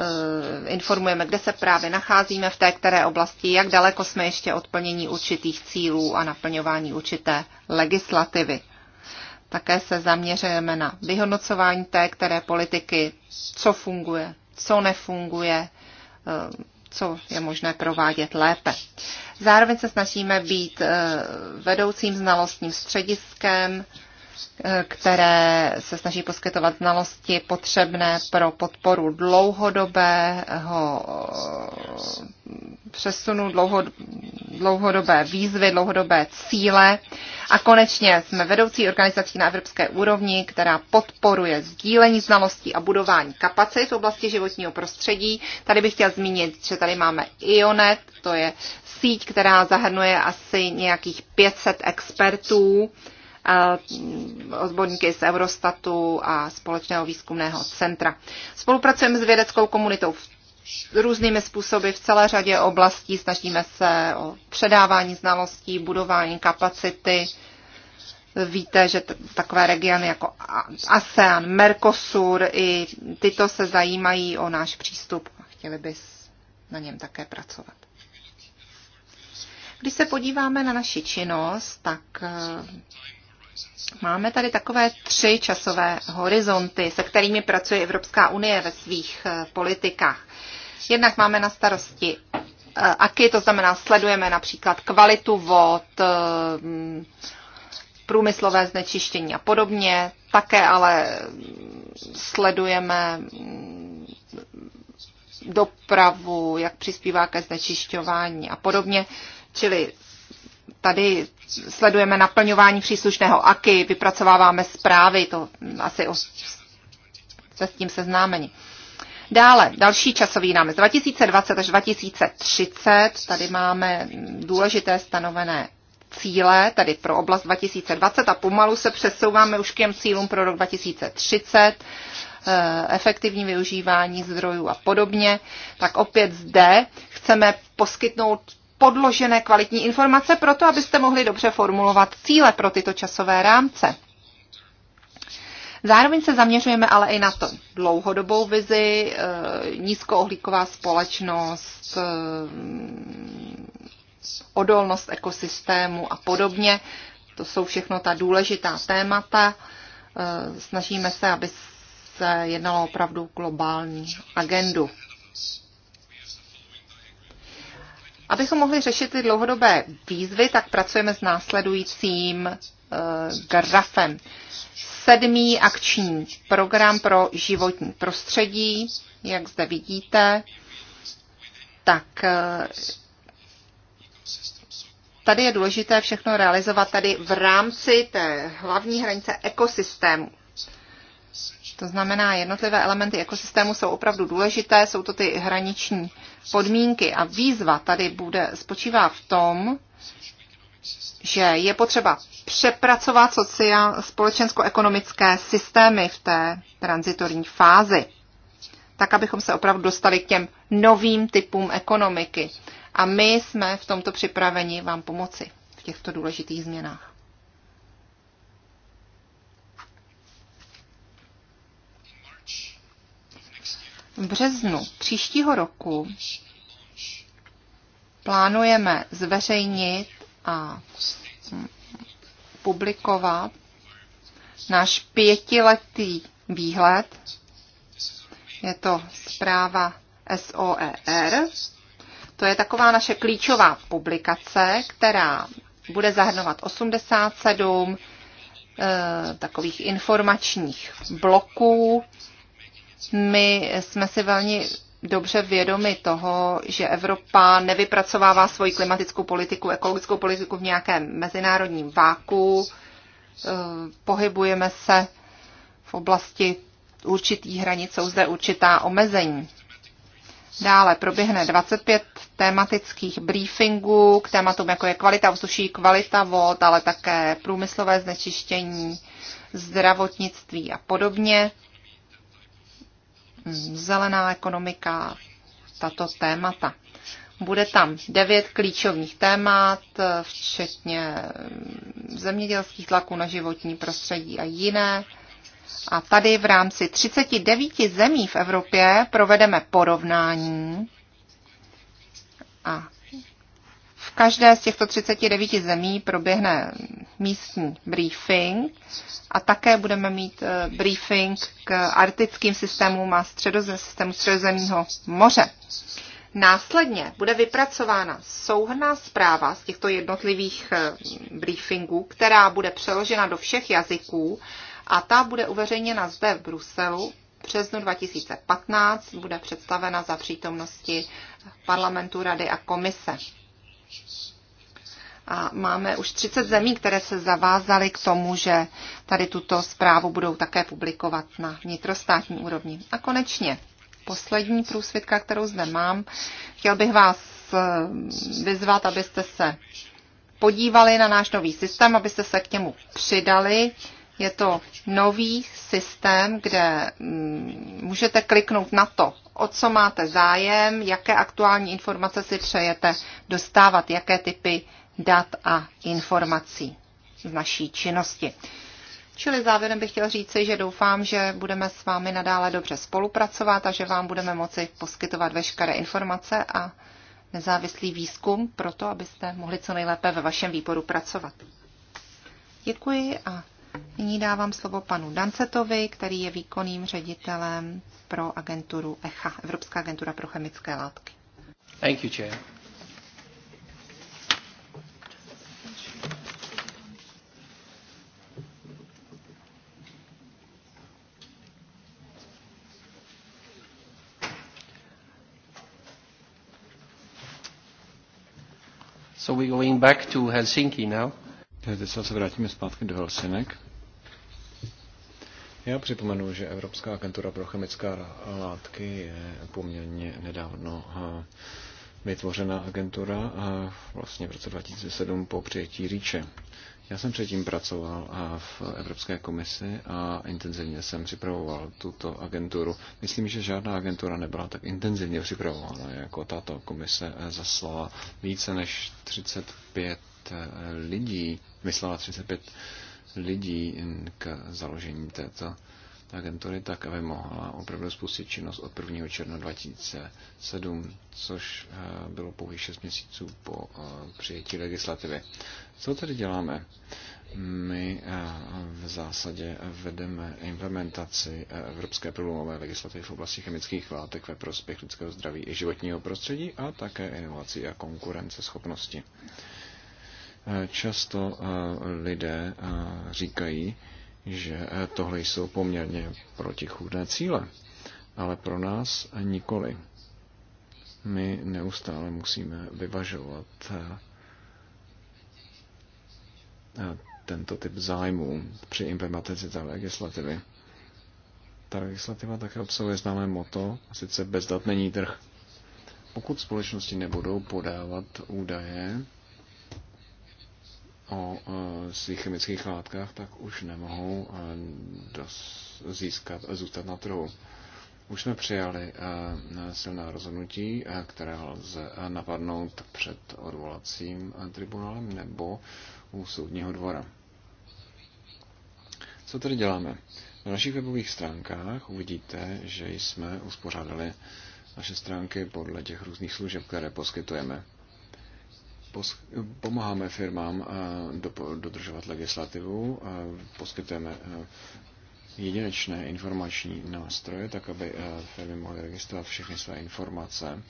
Speaker 4: eh, informujeme, kde se právě nacházíme v té které oblasti, jak daleko jsme ještě od plnění určitých cílů a naplňování určité legislativy. Také se zaměřujeme na vyhodnocování té které politiky, co funguje, co nefunguje, eh, co je možné provádět lépe. Zároveň se snažíme být eh, vedoucím znalostním střediskem, které se snaží poskytovat znalosti potřebné pro podporu dlouhodobého eh, přesunu, dlouhodobé výzvy, dlouhodobé cíle. A konečně jsme vedoucí organizací na evropské úrovni, která podporuje sdílení znalostí a budování kapacit v oblasti životního prostředí. Tady bych chtěl zmínit, že tady máme IONET, to je síť, která zahrnuje asi nějakých 500 expertů, Mm, odborníky z Eurostatu a Společného výzkumného centra. Spolupracujeme s vědeckou komunitou v různými způsoby v celé řadě oblastí. Snažíme se o předávání znalostí, budování kapacity. Víte, že takové regiony jako ASEAN, Mercosur, i tyto se zajímají o náš přístup a chtěli by na něm také pracovat. Když se podíváme na naši činnost, tak Máme tady takové tři časové horizonty, se kterými pracuje Evropská unie ve svých eh, politikách. Jednak máme na starosti eh, aky, to znamená, sledujeme například kvalitu vod, eh, mm, průmyslové znečištění a podobně. Také ale sledujeme mm, dopravu, jak přispívá ke znečišťování a podobně. Čili tady sledujeme naplňování příslušného AKY, vypracováváme zprávy, to asi o, se s tím seznámení. Dále, další časový námec, 2020 až 2030. Tady máme důležité stanovené cíle, tedy pro oblast 2020 a pomalu se přesouváme už k těm cílům pro rok 2030 eh, efektivní využívání zdrojů a podobně, tak opět zde chceme poskytnout podložené kvalitní informace pro to, abyste mohli dobře formulovat cíle pro tyto časové rámce. Zároveň se zaměřujeme ale i na to dlouhodobou vizi, eh, nízkouhlíková společnost, eh, odolnost ekosystému a podobně. To jsou všechno ta důležitá témata. Eh, snažíme se, aby se jednalo opravdu globální agendu. Abychom mohli řešit ty dlouhodobé výzvy, tak pracujeme s následujícím uh, grafem. Sedmý akční program pro životní prostředí, jak zde vidíte, tak eh, tady je důležité všechno realizovat tady v rámci té hlavní hranice ekosystému. To znamená, jednotlivé elementy ekosystému jsou opravdu důležité, jsou to ty hraniční podmínky. A výzva tady bude spočívá v tom, že je potřeba přepracovat sociál, společensko-ekonomické systémy v té transitorní fázi, tak abychom se opravdu dostali k těm novým typům ekonomiky. A my jsme v tomto připraveni vám pomoci v těchto důležitých změnách. V březnu příštího roku plánujeme zveřejnit a publikovat náš pětiletý výhled. Je to zpráva SOER. To je taková naše klíčová publikace, která bude zahrnovat 87 e, eh, takových informačních bloků, my jsme si velmi dobře vědomi toho, že Evropa nevypracovává svoji klimatickou politiku, ekologickou politiku v nějakém mezinárodním váku. Eh, pohybujeme se v oblasti určitých hranic, jsou zde určitá omezení. Dále proběhne 25 tematických briefingů k tématům, jako je kvalita vzduší, kvalita vod, ale také průmyslové znečištění, zdravotnictví a podobně zelená ekonomika, tato témata. Bude tam devět klíčových témat, včetně zemědělských tlaků na životní prostředí a jiné. A tady v rámci 39 zemí v Evropě provedeme porovnání a každé z těchto 39 zemí proběhne místní briefing a také budeme mít eh, briefing k arktickým systémům a středoze, systému středozemního moře. Následně bude vypracována souhrná zpráva z těchto jednotlivých eh, briefingů, která bude přeložena do všech jazyků a ta bude uveřejněna zde v Bruselu březnu 2015, bude představena za přítomnosti parlamentu, rady a komise. A máme už 30 zemí, které se zavázaly k tomu, že tady tuto zprávu budou také publikovat na vnitrostátní úrovni. A konečně poslední průsvitka, kterou zde mám. Chtěl bych vás eh, vyzvat, abyste se podívali na náš nový systém, abyste se k němu přidali. Je to nový systém, kde mm, můžete kliknout na to, o co máte zájem, jaké aktuální informace si přejete dostávat, jaké typy dat a informací z naší činnosti. Čili závěrem bych chtěl říci, že doufám, že budeme s vámi nadále dobře spolupracovat a že vám budeme moci poskytovat veškeré informace a nezávislý výzkum pro to, abyste mohli co nejlépe ve vašem výboru pracovat. Děkuji a Nyní dávám slovo panu Dancetovi, který je výkonným ředitelem pro agenturu ECHA, Evropská agentura pro chemické látky.
Speaker 3: Thank you, Chair.
Speaker 2: So we're going back to Helsinki now. Teď se vrátíme zpátky do Helsinek. Já připomenu, že Evropská agentura pro chemické látky je poměrně nedávno eh, vytvořena agentura eh, vlastně v roce 2007 po přijetí Říče. Já jsem předtím pracoval eh, v Evropské komisi a intenzivně jsem připravoval tuto agenturu. Myslím, že žádná agentura nebyla tak intenzivně připravována, jako tato komise zaslala více než 35 lidí, vyslala 35 lidí k založení této agentury, tak aby mohla opravdu spustit činnost od 1. června 2007, což eh, bylo pouhých 6 měsíců po eh, přijetí legislativy. Co tedy děláme? My eh, v zásadě vedeme implementaci evropské průlomové legislativy v oblasti chemických látek ve prospěch lidského zdraví i životního prostředí a také inovací a konkurenceschopnosti. schopnosti. Často eh, lidé eh, říkají, že eh, tohle jsou poměrně protichůdné cíle, ale pro nás nikoli. My neustále musíme vyvažovat tento typ zájmů při implementaci té legislativy. Ta legislativa také obsahuje známé moto, a sice bezdat není trh. Pokud společnosti nebudou podávat údaje, o svých chemických látkách, tak už nemohou e, dos- získat, zůstat na trhu. Už jsme přijali e, silná rozhodnutí, e, které lze napadnout před odvolacím tribunálem nebo u soudního dvora. Co tedy děláme? Na našich webových stránkách uvidíte, že jsme uspořádali naše stránky podle těch různých služeb, které poskytujeme pomáháme firmám eh, dodržovat legislativu, eh, poskytujeme eh, jedinečné informační nástroje, tak aby firmy mohly registrovat všechny své informace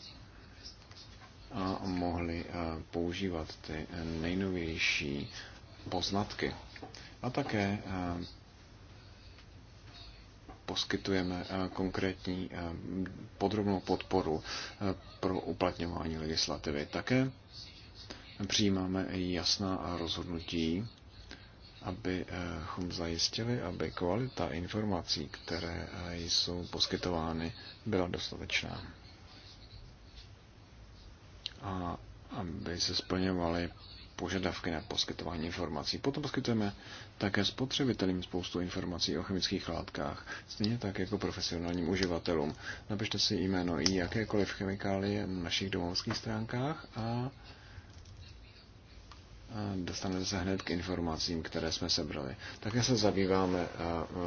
Speaker 2: a mohly používat ty nejnovější poznatky. A také poskytujeme konkrétní podrobnou podporu pro uplatňování legislativy. Také přijímáme jasná rozhodnutí, abychom zajistili, aby kvalita informací, které jsou poskytovány, byla dostatečná. A aby se splňovaly požadavky na poskytování informací. Potom poskytujeme také spotřebitelům spoustu informací o chemických látkách, stejně tak jako profesionálním uživatelům. Napište si jméno i jakékoliv chemikálie na našich domovských stránkách a dostanete se hned k informacím, které jsme sebrali. Také se zabýváme eh,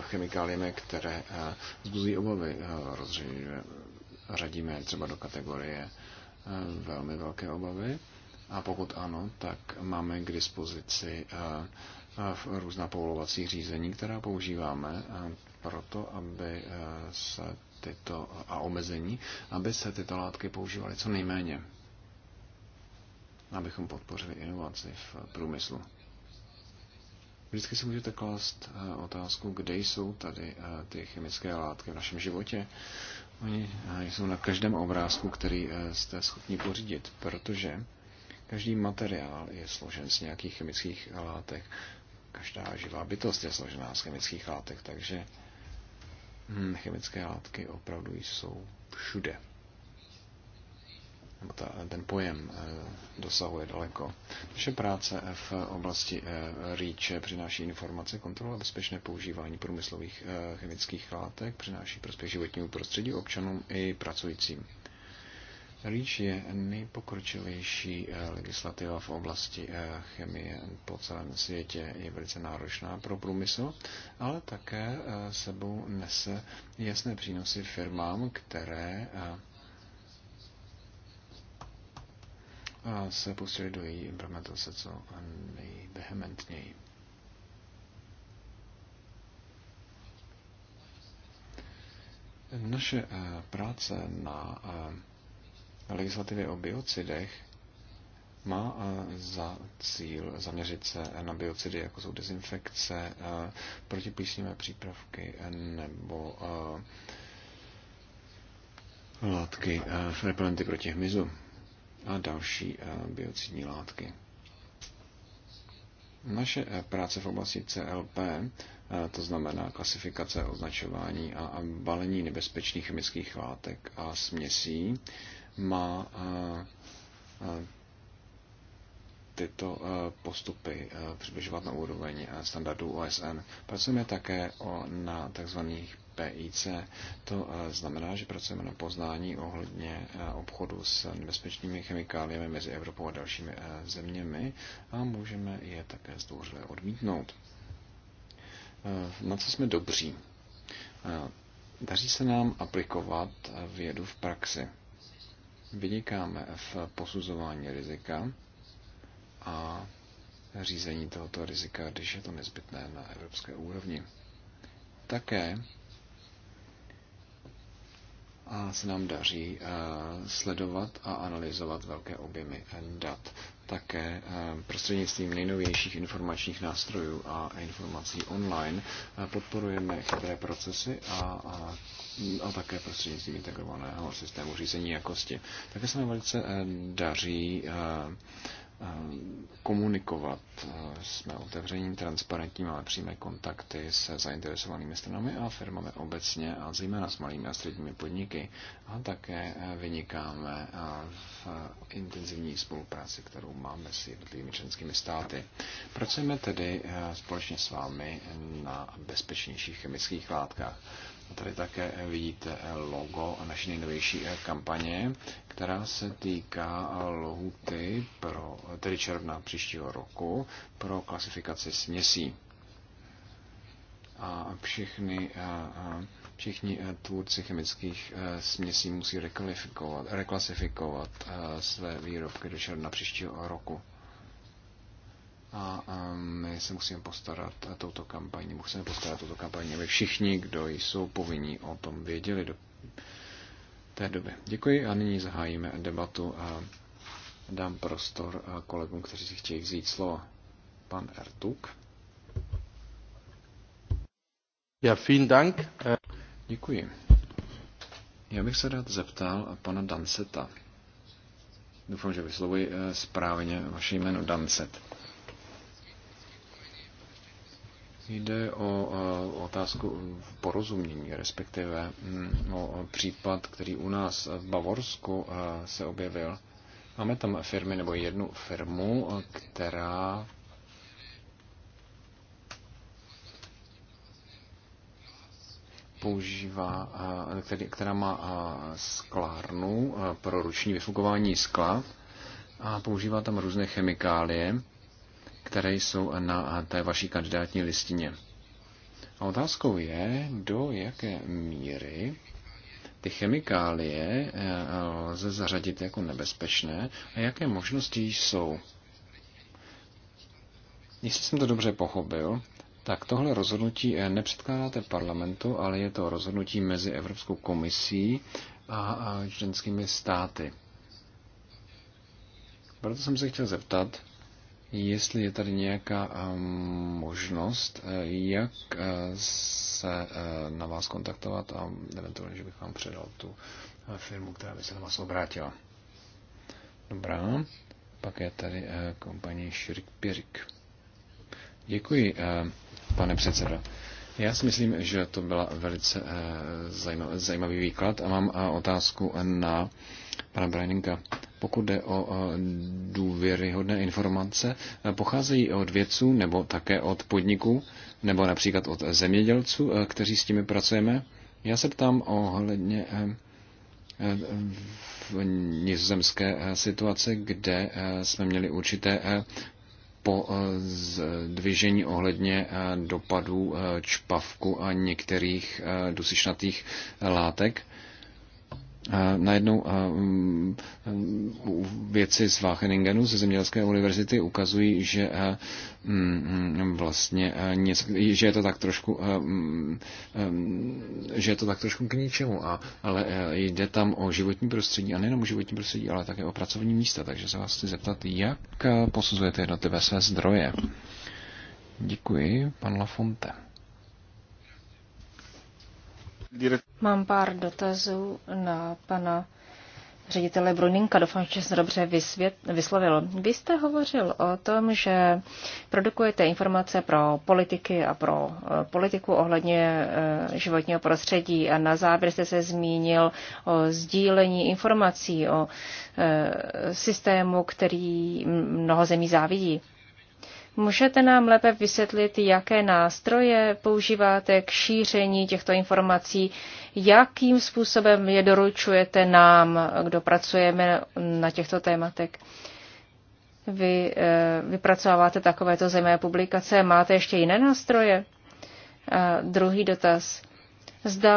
Speaker 2: chemikáliemi, které eh, zbuzují obavy. Eh, řadíme třeba do kategorie velmi velké obavy. A pokud ano, tak máme k dispozici různá povolovací řízení, která používáme proto, aby se tyto a omezení, aby se tyto látky používaly co nejméně abychom podpořili inovaci v průmyslu. Vždycky si můžete klást eh, otázku, kde jsou tady eh, ty chemické látky v našem životě. Oni eh, jsou na každém obrázku, který jste schopni pořídit, protože každý materiál je složen z nějakých chemických látek. Každá živá bytost je složená z chemických látek, takže hm, chemické látky opravdu jsou všude nebo ta, ten pojem eh, dosahuje daleko. Naše práce v oblasti eh, REACH přináší informace, kontrola bezpečné používání průmyslových eh, chemických látek, přináší prospěch životnímu prostředí občanům i pracujícím. REACH je nejpokročilejší legislativa v oblasti chemie po celém světě. Je velice náročná pro průmysl, ale také sebou nese jasné přínosy firmám, které se pustili do její implementace co nejvehementněji. Naše eh, práce na eh, legislativě o biocidech má eh, za cíl zaměřit se na biocidy, jako jsou dezinfekce, protiplísnivé přípravky nebo látky repelenty proti hmyzu a další eh, biocidní látky. Naše eh, práce v oblasti CLP, eh, to znamená klasifikace, označování a balení nebezpečných chemických látek a směsí, má tyto postupy přibližovat na úroveň standardů OSN. Pracujeme také o, na takzvaných PIC. To eh, znamená, že pracujeme na poznání ohledně eh, obchodu s nebezpečnými chemikáliemi mezi Evropou a dalšími eh, zeměmi a můžeme je také zdvořile odmítnout. Na co jsme dobří? Daří se nám aplikovat vědu v praxi. Vynikáme v posuzování rizika a řízení tohoto rizika, když je to nezbytné na evropské úrovni. Také a se nám daří eh, sledovat a analyzovat velké objemy dat. Také eh, prostřednictvím nejnovějších informačních nástrojů a informací online eh, podporujeme chytré procesy a, a, a také prostřednictvím integrovaného systému řízení jakosti. Také se nám velice daří Eh, komunikovat. Eh, jsme otevření, transparentní, máme přímé kontakty se zainteresovanými stranami a firmami obecně a zejména s malými a středními podniky. A také eh, vynikáme v intenzivní spolupráci, kterou máme s jednotlivými členskými státy. Pracujeme tedy společně s vámi na bezpečnějších chemických látkách. Tady také vidíte logo naší nejnovější kampaně, která se týká lohuty pro, tedy června příštího roku pro klasifikaci směsí. A všechny, všichni tvůrci chemických směsí musí reklasifikovat své výrobky do června příštího roku a, a my se musíme postarat touto kampaní, musíme postarat touto kampaní, aby všichni, kdo jsou povinní o tom věděli do té doby. Děkuji a nyní zahájíme debatu a dám prostor kolegům, kteří si chtějí vzít slovo. Pan Ertuk. Ja, vielen Dank. Děkuji. Já bych se rád zeptal pana Danceta. Doufám, že vyslovuji eh, správně vaše jméno Dancet. Jde o otázku porozumění, respektive mm, o případ, který u nás v Bavorsku eh, se objevil. Máme tam firmy nebo jednu firmu, která používá, eh, která má eh, sklárnu pro ruční vyfukování skla a používá tam různé chemikálie které jsou na té vaší kandidátní listině. A otázkou je, do jaké míry ty chemikálie eh, lze zařadit jako nebezpečné a jaké možnosti jsou. Jestli jsem to dobře pochopil, tak tohle rozhodnutí eh, nepředkládáte parlamentu, ale je to rozhodnutí mezi Evropskou komisí a členskými státy. Proto jsem se chtěl zeptat, jestli je tady nějaká eh, možnost, eh, jak eh, se na vás kontaktovat a eventuálně, že bych vám předal tu firmu, která by se na vás obrátila. Dobrá, pak je tady kompaní Širik Pirik. Děkuji, pane předsedo. Já si myslím, že to byla velice zajímavý výklad a mám otázku na pana Breininga. Pokud jde o důvěryhodné informace, pocházejí od vědců nebo také od podniků, nebo například od zemědělců, eh, kteří s těmi pracujeme. Já se ptám ohledně eh, v nizozemské eh, situace, kde jsme měli určité po zdvižení ohledně dopadů čpavku a některých dusičnatých látek najednou mm, věci z Wacheningenu, ze Zemědělské univerzity ukazují, že mm, mm, vlastně že je to tak trošku že je to tak trošku k ničemu, a, ale jde tam o životní prostředí a nejenom o životní prostředí, ale také o pracovní místa, takže se vás chci zeptat, jak posuzujete jednotlivé své zdroje. Děkuji, pan Lafonte.
Speaker 1: Mám pár dotazů na pana ředitele Bruninka. Doufám, že se dobře vysvět, vyslovil. Vy jste hovořil o tom, že produkujete informace pro politiky a pro eh, politiku ohledně eh, životního prostředí a na závěr jste se zmínil o sdílení informací, o eh, systému, který mnoho zemí závidí. Můžete nám lépe vysvětlit, jaké nástroje používáte k šíření těchto informací jakým způsobem je doručujete nám, kdo pracujeme na těchto tématech. Vy eh, vypracováváte takovéto zemé publikace, máte ještě jiné nástroje? A druhý dotaz. Zda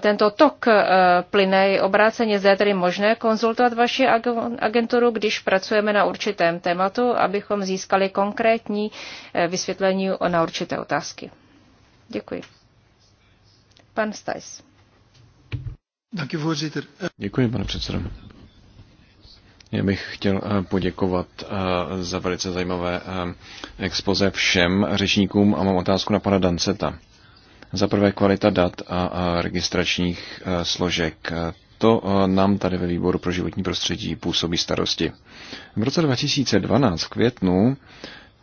Speaker 1: tento tok eh, plyne obráceně, zda je tedy možné konzultovat vaši agenturu, když pracujeme na určitém tématu, abychom získali konkrétní eh, vysvětlení na určité otázky. Děkuji. Pan Stajs.
Speaker 2: Děkuji, pane předsedo. Já bych chtěl eh, poděkovat eh, za velice zajímavé eh, expoze všem řečníkům a mám otázku na pana Danceta. Za prvé kvalita dat a registračních složek. To nám tady ve výboru pro životní prostředí působí starosti. V roce 2012 v květnu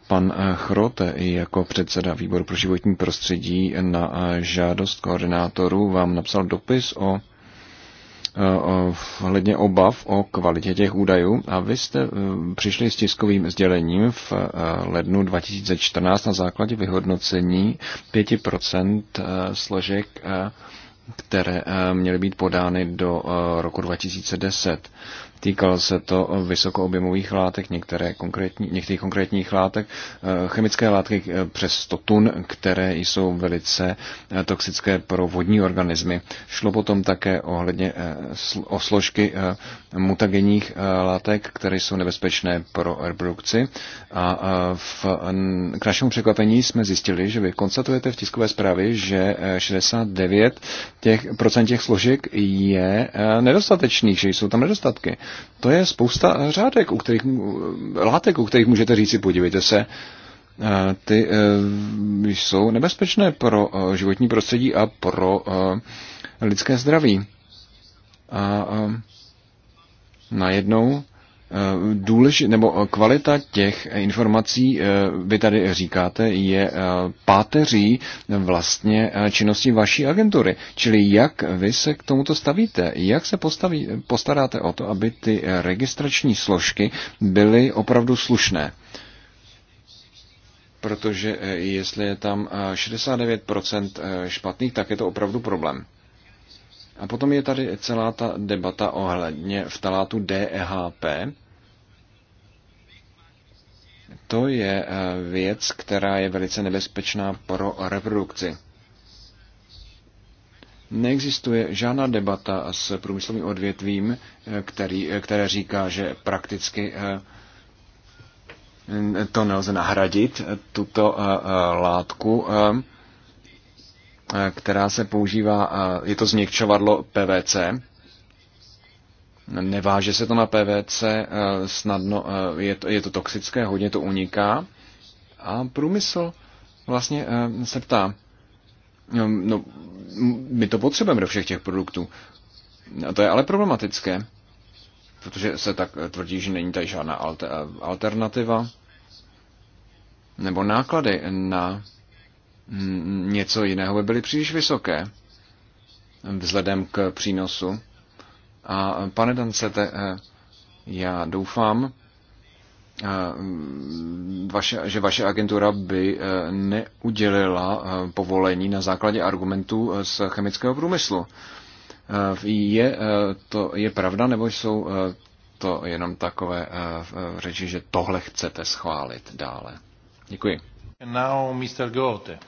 Speaker 2: pan Chrote jako předseda výboru pro životní prostředí na žádost koordinátorů vám napsal dopis o Eh, hledně obav o kvalitě těch údajů a vy jste eh, přišli s tiskovým sdělením v eh, lednu 2014 na základě vyhodnocení 5% složek, které měly být podány do roku 2010. Týkalo se to vysokoobjemových látek, některé konkrétní, některých konkrétních látek, eh, chemické látky eh, přes 100 tun, které jsou velice eh, toxické pro vodní organismy. Šlo potom také ohledně o složky mutagenních látek, které jsou nebezpečné pro reprodukci. A v, k našemu překvapení jsme zjistili, že vy konstatujete v tiskové zprávě, že 69 těch, procent těch složek je nedostatečných, že jsou tam nedostatky. To je spousta eh, řádek, u kterých, eh, látek, u kterých můžete říci, podívejte se, eh, ty jsou nebezpečné pro životní prostředí a pro lidské zdraví. A najednou Eh, důležit, nebo eh, kvalita těch eh, informací, vy tady říkáte, je páteří vlastně činnosti vaší agentury. Čili jak vy se k tomuto stavíte? Jak se postaví, postaráte o to, aby ty registrační složky byly opravdu slušné? Protože jestli je tam 69% špatných, tak je to opravdu problém. A potom je tady celá ta debata ohledně vtalátu DEHP, to je eh, věc, která je velice nebezpečná pro reprodukci. Neexistuje žádná debata s průmyslovým odvětvím, eh, který, eh, které říká, že prakticky to nelze nahradit, tuto látku, která se používá, je to změkčovadlo PVC, Neváže se to na PVC eh, snadno, eh, je to, je to toxické, hodně to uniká. A průmysl vlastně eh, se ptá, no, no, my to potřebujeme do všech těch produktů. A to je ale problematické, protože se tak tvrdí, že není tady žádná alternativa. Nebo náklady na mm, něco jiného by byly příliš vysoké vzhledem k přínosu. A pane Dancete, eh, já doufám, eh, vaše, že vaše agentura by eh, neudělila povolení na základě argumentů z chemického průmyslu. Je to je pravda, nebo jsou to jenom takové řeči, že tohle chcete schválit dále? Děkuji. Now, Mr. Grote.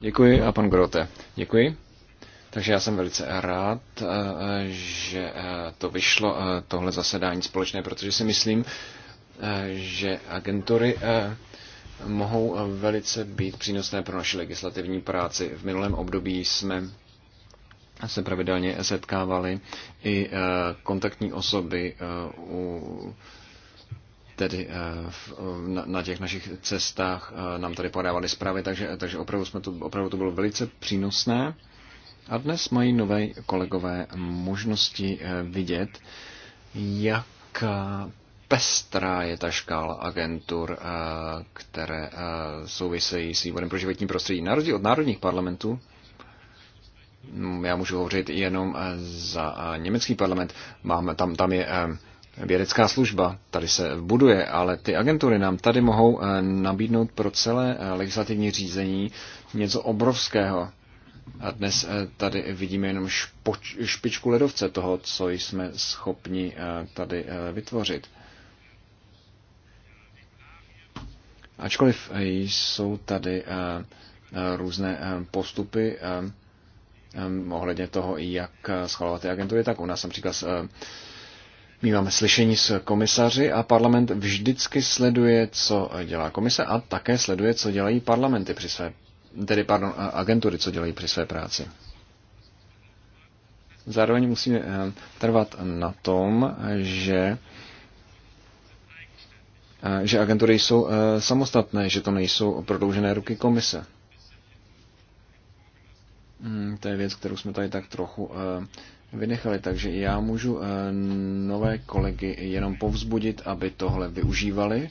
Speaker 2: Děkuji a pan Grote. Děkuji. Takže já jsem velice rád, eh, že eh, to vyšlo, eh, tohle zasedání společné, protože si myslím, že agentury mohou velice být přínosné pro naši legislativní práci. V minulém období jsme se pravidelně setkávali i kontaktní osoby u tedy na těch našich cestách nám tady podávali zprávy, takže, takže opravdu, jsme to, opravdu to bylo velice přínosné. A dnes mají nové kolegové možnosti eh, vidět, jak eh, pestrá je ta škála agentur, eh, které souvisejí s výborem pro životní prostředí. Na rozdíl od národních parlamentů, mm, já můžu hovořit jenom za německý parlament, Mám, tam, tam je vědecká služba, tady se buduje, ale ty agentury nám tady mohou nabídnout pro celé legislativní řízení něco obrovského. A dnes eh, tady vidíme jenom špoč, špičku ledovce toho, co jsme schopni eh, tady eh, vytvořit. Ačkoliv jsou tady různé postupy ohledně toho, jak schvalovat ty agentury, tak u nás například my máme slyšení s komisaři a parlament vždycky sleduje, co dělá komise a také sleduje, co dělají parlamenty při své tedy pardon, agentury, co dělají při své práci. Zároveň musíme eh, trvat na tom, že eh, že agentury jsou eh, samostatné, že to nejsou prodloužené ruky komise. Hmm, to je věc, kterou jsme tady tak trochu vynechali, takže já můžu nové kolegy jenom povzbudit, aby tohle využívali,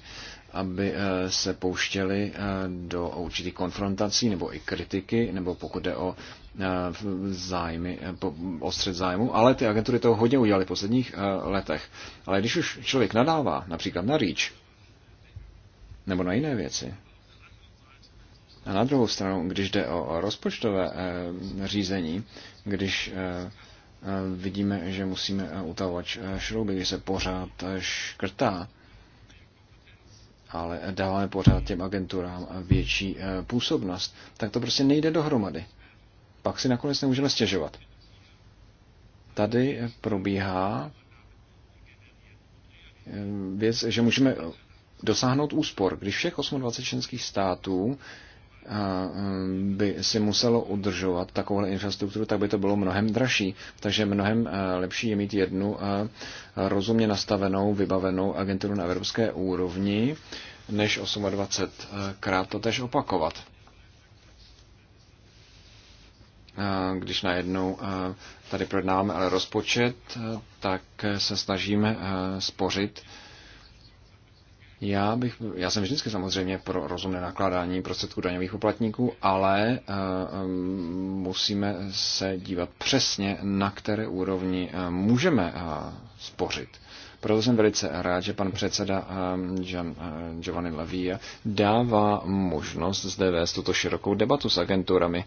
Speaker 2: aby eh, se pouštěli eh, do určitých konfrontací nebo i kritiky, nebo pokud jde o eh, zájmy, o střed zájmu, ale ty agentury toho hodně udělali v posledních letech. Ale když už člověk nadává, například na REACH, nebo na jiné věci, a na druhou stranu, když jde o rozpočtové řízení, když vidíme, že musíme utahovat šrouby, když se pořád škrtá, ale dáváme pořád těm agenturám větší eh, působnost, tak to prostě nejde dohromady. Pak si nakonec nemůžeme stěžovat. Tady eh, probíhá eh, věc, že můžeme dosáhnout úspor. Když všech 28 členských států Um, by si muselo udržovat takovou infrastrukturu, tak by to bylo mnohem dražší. Takže mnohem eh, lepší je mít jednu eh, rozumně nastavenou, vybavenou agenturu na evropské úrovni, než 28 eh, krát to tež opakovat. Když najednou tady projednáme ale rozpočet, tak se snažíme spořit já, bych, já jsem vždycky samozřejmě pro rozumné nakládání prostředků daňových poplatníků, ale uh, musíme se dívat přesně, na které úrovni uh, můžeme uh, spořit. Proto jsem velice rád, že pan předseda Giovanni Lavia dává možnost zde vést tuto širokou debatu s agenturami. Uh,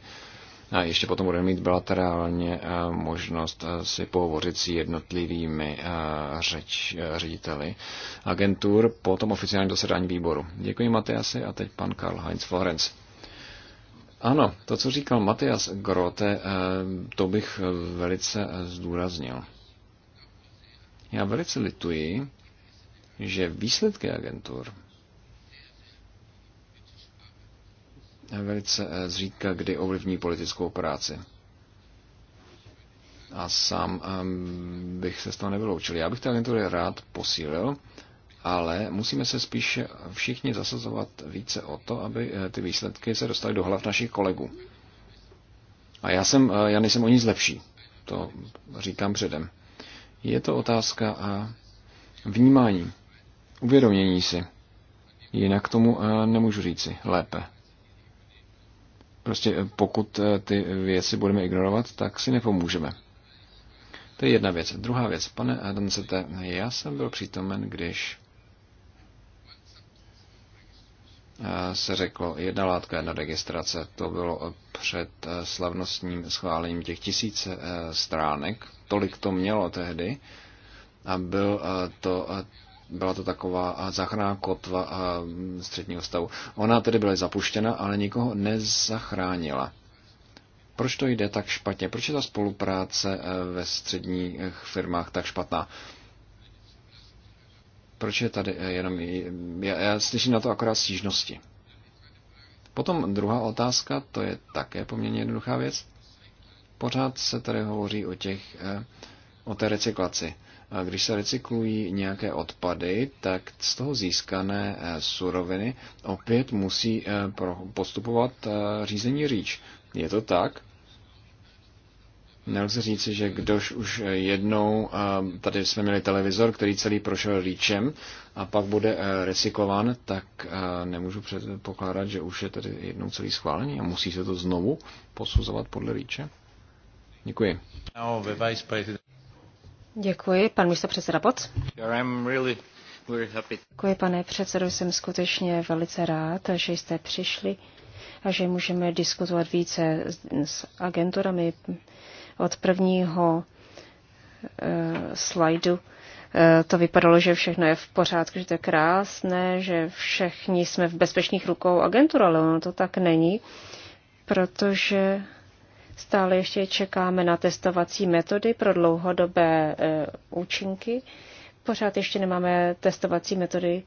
Speaker 2: a ještě potom budeme mít bilaterálně eh, možnost eh, si pohovořit s jednotlivými eh, řeč, řediteli agentur po tom oficiálním zasedání výboru. Děkuji Matyasi a teď pan Karl Heinz Florenz. Ano, to, co říkal Matias Grote, to bych velice zdůraznil. Já velice lituji, že výsledky agentur velice eh, zřídka kdy ovlivní politickou práci. A sám ehm, bych se z toho nevyloučil. Já bych ty agentury rád posílil, ale musíme se spíše všichni zasazovat více o to, aby eh, ty výsledky se dostaly do hlav našich kolegů. A já, jsem, eh, já nejsem o nic lepší, to říkám předem. Je to otázka a vnímání, uvědomění si. Jinak tomu nemůžu říci lépe. Prostě eh, pokud eh, ty věci budeme ignorovat, tak si nepomůžeme. To je jedna věc. Druhá věc, pane Adamcete, já jsem byl přítomen, když eh, se řeklo jedna látka, jedna registrace. To bylo před slavnostním schválením těch tisíce stránek. Tolik to mělo tehdy. A byl to byla to taková záchranná kotva středního stavu. Ona tedy byla zapuštěna, ale nikoho nezachránila. Proč to jde tak špatně? Proč je ta spolupráce e, ve středních firmách tak špatná? Proč je tady e, jenom... Já, já slyším na to akorát stížnosti. Potom druhá otázka, to je také poměrně jednoduchá věc. Pořád se tady hovoří o těch, e, o té recyklaci. A když se recyklují nějaké odpady, tak z toho získané eh, suroviny opět musí eh, postupovat eh, řízení říč. Je to tak? Nelze říci, že kdož už jednou, tady jsme měli televizor, který celý prošel rýčem a pak bude recyklován, tak nemůžu předpokládat, že už je tedy jednou celý schválený a musí se to znovu posuzovat podle rýče. Děkuji.
Speaker 1: Děkuji, pan místo předseda Poc. Děkuji, pane předsedo, jsem skutečně velice rád, že jste přišli a že můžeme diskutovat více s agenturami od prvního eh, slajdu eh, to vypadalo, že všechno je v pořádku, že to je krásné, že všichni jsme v bezpečných rukou agentur, ale ono to tak není, protože Stále ještě čekáme na testovací metody pro dlouhodobé e, účinky. Pořád ještě nemáme testovací metody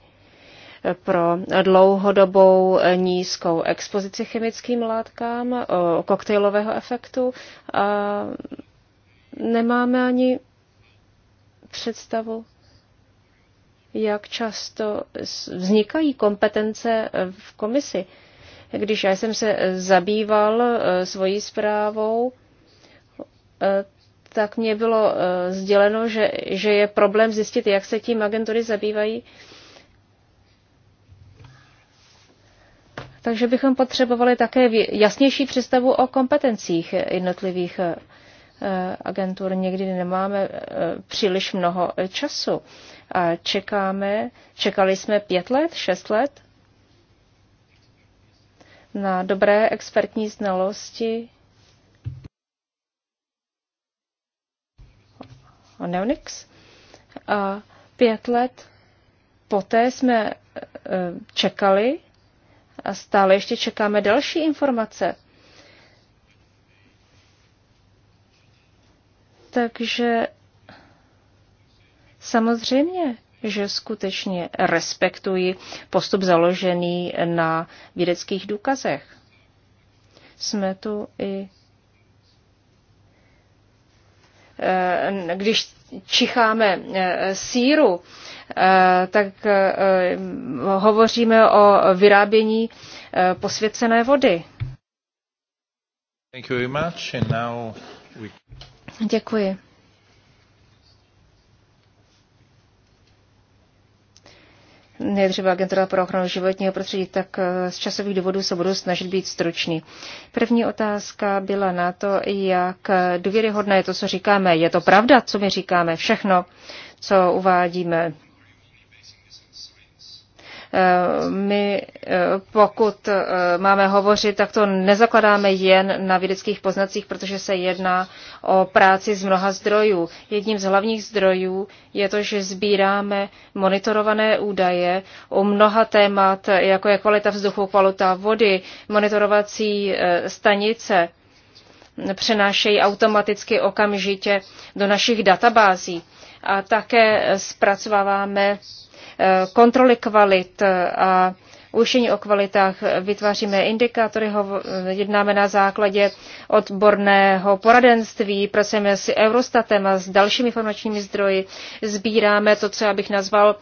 Speaker 1: e, pro dlouhodobou e, nízkou expozici chemickým látkám, koktejlového efektu. A nemáme ani představu, jak často vznikají kompetence v komisi. Když já jsem se eh, zabýval eh, svojí zprávou, eh, tak mě bylo sděleno, že, že je problém zjistit, jak se tím agentury zabývají. Takže bychom potřebovali také jasnější představu o kompetencích jednotlivých agentur. Někdy nemáme příliš mnoho času. A čekáme, čekali jsme pět let, šest let na dobré expertní znalosti o Neonix. A pět let poté jsme e, čekali a stále ještě čekáme další informace. Takže samozřejmě že skutečně respektuji postup založený na vědeckých důkazech. Jsme tu i eh, když čicháme eh, síru, eh, tak hovoříme o vyrábění posvěcené vody.
Speaker 3: Thank you very much. And now we...
Speaker 1: Děkuji. nejdříve Agentura pro ochranu životního prostředí, tak eh, z časových důvodů se budu snažit být stručný. První otázka byla na to, jak důvěryhodné je to, co říkáme. Je to pravda, co my říkáme, všechno, co uvádíme Eh, my, eh, pokud eh, máme hovořit, tak to nezakladáme jen na vědeckých poznacích, protože se jedná o práci z mnoha zdrojů. Jedním z hlavních zdrojů je to, že sbíráme monitorované údaje o mnoha témat, jako je kvalita vzduchu, kvalita vody, monitorovací stanice přenášejí automaticky okamžitě do našich databází. A také zpracováváme kontroly kvalit a ušení o kvalitách, vytváříme indikátory, jednáme na základě odborného poradenství, pracujeme s Eurostatem a s dalšími informačními zdroji, sbíráme to, co já bych nazval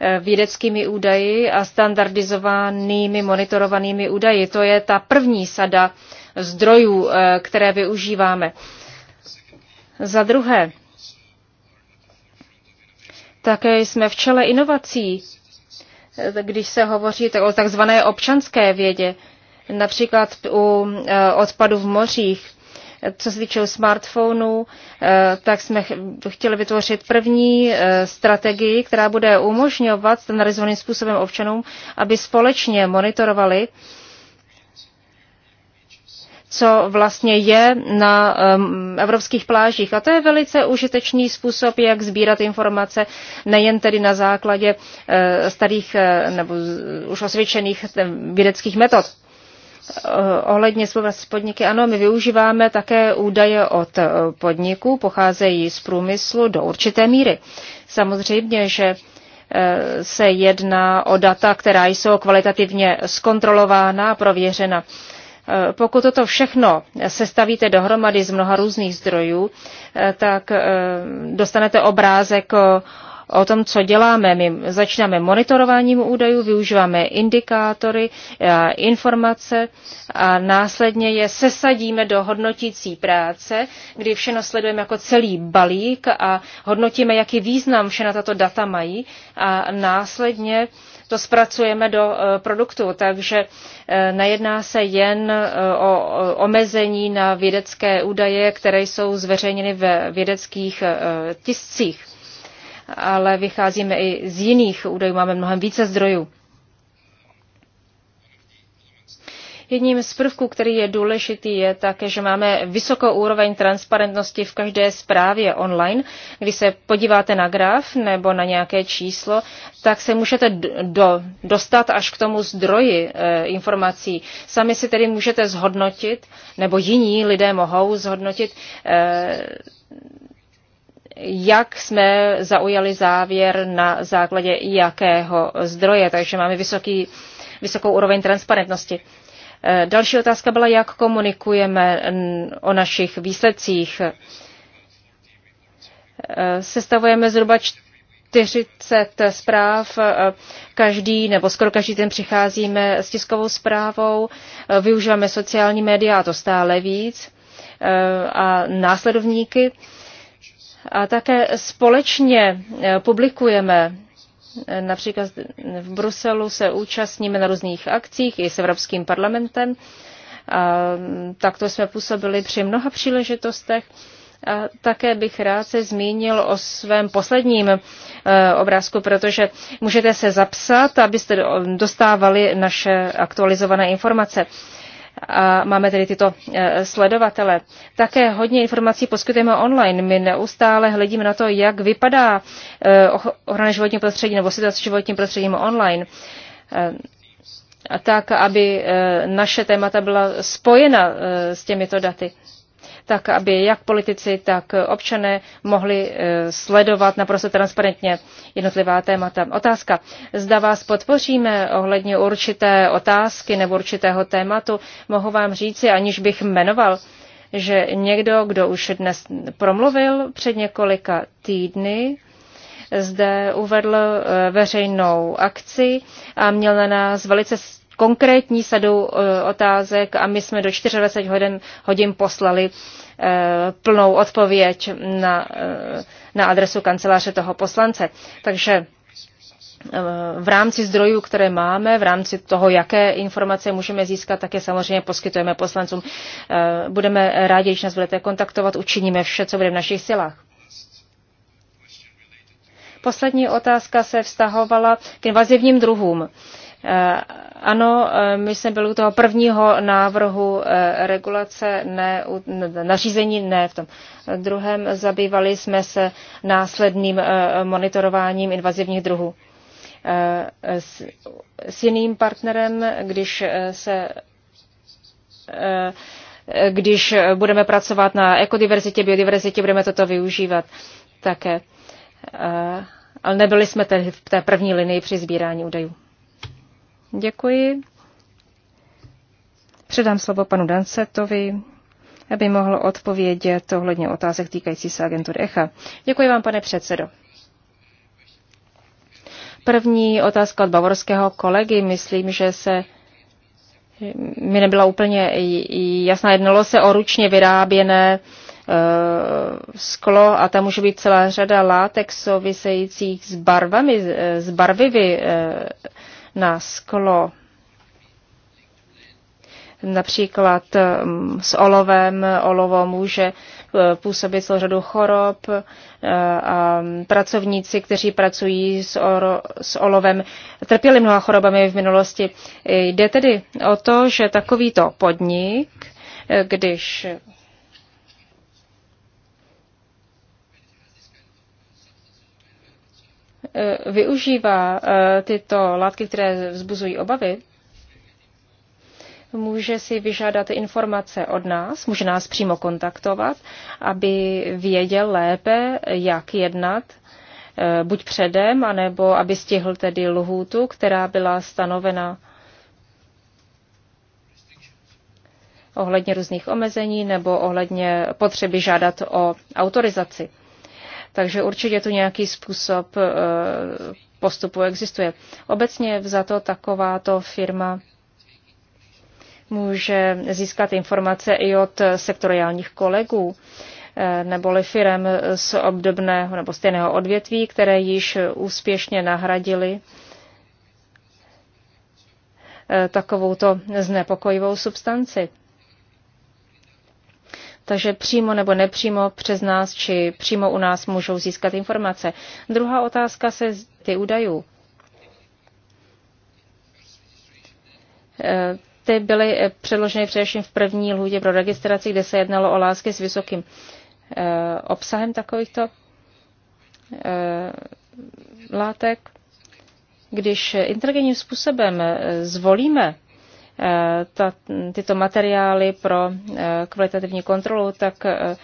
Speaker 1: eh, vědeckými údaji a standardizovanými monitorovanými údaji. To je ta první sada zdrojů, eh, které využíváme. Za druhé, také jsme v čele inovací, když se hovoří o takzvané občanské vědě, například u eh, odpadu v mořích. Co se týče smartphonů, eh, tak jsme chtěli vytvořit první eh, strategii, která bude umožňovat standardizovaným způsobem občanům, aby společně monitorovali co vlastně je na um, evropských plážích. A to je velice užitečný způsob, jak sbírat informace nejen tedy na základě uh, starých uh, nebo už osvědčených eh, vědeckých metod. Ohledně spolupráce s podniky, ano, my využíváme také údaje od podniků, pocházejí z průmyslu do určité míry. Samozřejmě, že se jedná o data, která jsou kvalitativně zkontrolována a prověřena. Eh, pokud toto všechno sestavíte dohromady z mnoha různých zdrojů, eh, tak eh, dostanete obrázek o, o tom, co děláme. My začínáme monitorováním údajů, využíváme indikátory, informace a následně je sesadíme do hodnotící práce, kdy vše sledujeme jako celý balík a hodnotíme, jaký význam vše na tato data mají a následně to zpracujeme do e, produktu. Takže e, nejedná se jen e, o omezení na vědecké údaje, které jsou zveřejněny ve vědeckých tiscích, ale vycházíme i z jiných údajů, máme mnohem více zdrojů. Jedním z prvků, který je důležitý, je také, že máme vysokou úroveň transparentnosti v každé zprávě online. Když se podíváte na graf nebo na nějaké číslo, tak se můžete do, dostat až k tomu zdroji e, informací. Sami si tedy můžete zhodnotit, nebo jiní lidé mohou zhodnotit, e, jak jsme zaujali závěr na základě jakého zdroje, takže máme vysoký, vysokou úroveň transparentnosti. Eh, další otázka byla, jak komunikujeme o našich výsledcích. Eh, sestavujeme zhruba 40 zpráv eh, každý, nebo skoro každý den přicházíme s tiskovou zprávou, využíváme sociální média a to stále víc a následovníky. A také společně publikujeme Například v Bruselu se účastníme na různých akcích i s Evropským parlamentem. A mm, takto jsme působili při mnoha příležitostech. A také bych rád se zmínil o svém posledním e, obrázku, protože můžete se zapsat, abyste dostávali naše aktualizované informace a máme tedy tyto e, sledovatele. Také hodně informací poskytujeme online. My neustále hledíme na to, jak vypadá e, ochrana životního prostředí nebo situace životním prostředím online e, tak, aby naše témata byla spojena s těmito daty tak aby jak politici, tak občané mohli eh, sledovat naprosto transparentně jednotlivá témata. Otázka. Zda vás podpoříme ohledně určité otázky nebo určitého tématu, mohu vám říci, aniž bych jmenoval, že někdo, kdo už dnes promluvil před několika týdny, zde uvedl eh, veřejnou akci a měl na nás velice konkrétní sadu eh, otázek a my jsme do 24 hodin, hodin poslali eh, plnou odpověď na, eh, na adresu kanceláře toho poslance. Takže v rámci zdrojů, které máme, v rámci toho, jaké informace můžeme získat, také samozřejmě poskytujeme poslancům. Budeme rádi, když nás budete kontaktovat, učiníme vše, co bude v našich silách. Poslední otázka se vztahovala k invazivním druhům. Eh, ano, eh, my jsme byli u toho prvního návrhu eh, regulace, ne, nařízení ne v tom druhém. Zabývali jsme se následným monitorováním invazivních druhů. S, s jiným partnerem, když se když budeme pracovat na ekodiverzitě, biodiverzitě, budeme toto využívat také. Ale nebyli jsme tedy v té první linii při sbírání údajů. Děkuji. Předám slovo panu Dancetovi, aby mohl odpovědět ohledně otázek týkající se agentury ECHA. Děkuji vám, pane předsedo. První otázka od bavorského kolegy. Myslím, že se mi nebyla úplně jasná. Jednalo se o ručně vyráběné e, sklo a tam může být celá řada látek souvisejících s barvami, s barvivy e, na sklo například mm, s olovem. Olovo může e, působit celou řadu chorob e, a mm, pracovníci, kteří pracují s, oro, s olovem, trpěli mnoha chorobami v minulosti. E, jde tedy o to, že takovýto podnik, když Eh, využívá eh, tyto látky, které vzbuzují obavy, může si vyžádat informace od nás, může nás přímo kontaktovat, aby věděl lépe, jak jednat, eh, buď předem, anebo aby stihl tedy lhůtu, která byla stanovena ohledně různých omezení nebo ohledně potřeby žádat o autorizaci. Takže určitě tu nějaký způsob eh, postupu existuje. Obecně za to takováto firma může získat informace i od sektoriálních kolegů eh, neboli firem z obdobného nebo stejného odvětví, které již úspěšně nahradili eh, takovouto znepokojivou substanci takže přímo nebo nepřímo přes nás či přímo u nás můžou získat informace. Druhá otázka se ty údajů. Eh, ty byly eh, předloženy především v první lhůtě pro registraci, kde se jednalo o lásky s vysokým eh, obsahem takovýchto látek. Když inteligentním způsobem zvolíme Eh, ta, tyto materiály pro eh, kvalitativní kontrolu, tak eh,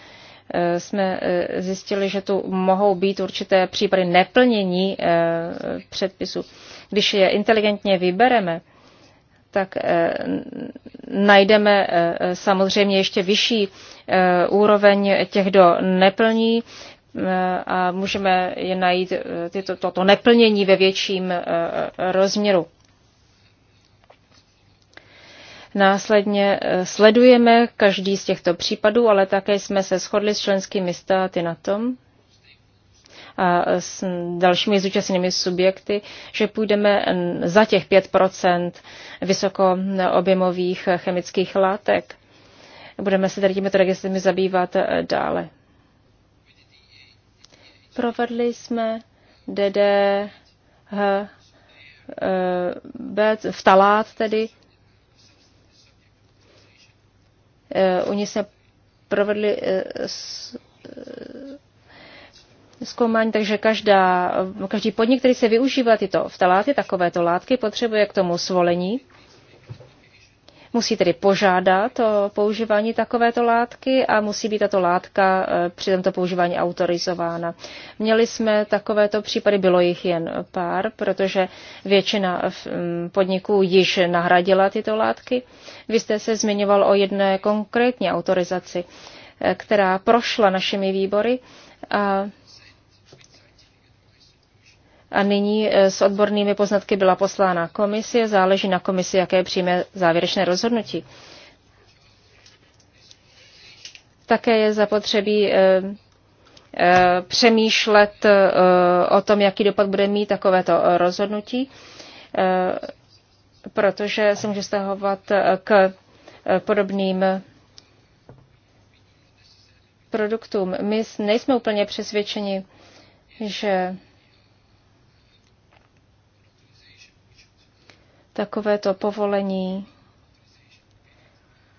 Speaker 1: jsme zjistili, že tu mohou být určité případy neplnění předpisu. Když je inteligentně vybereme, tak najdeme samozřejmě ještě vyšší úroveň těch, kdo neplní a můžeme je najít tyto, toto neplnění ve větším rozměru. Následně eh, sledujeme každý z těchto případů, ale také jsme se shodli s členskými státy na tom a s dalšími zúčastněnými subjekty, že půjdeme za těch 5 vysokoobjemových chemických látek. Budeme se tady těmito registrami zabývat eh, dále. Provedli jsme DDH, eh, v Talát tedy Eh, oni se provedli eh, eh, zkoumání, takže každá, každý podnik, který se využívá tyto vtaláty, takovéto látky, potřebuje k tomu svolení Musí tedy požádat o používání takovéto látky a musí být tato látka e, při tomto používání autorizována. Měli jsme takovéto případy, bylo jich jen pár, protože většina e, podniků již nahradila tyto látky. Vy jste se zmiňoval o jedné konkrétní autorizaci, e, která prošla našimi výbory a a nyní e, s odbornými poznatky byla poslána komisie. Záleží na komisi, jaké přijme závěrečné rozhodnutí. Také je zapotřebí e, e, přemýšlet o tom, jaký dopad bude mít takovéto rozhodnutí, protože se může stahovat k podobným produktům. My nejsme úplně přesvědčeni, že Takovéto povolení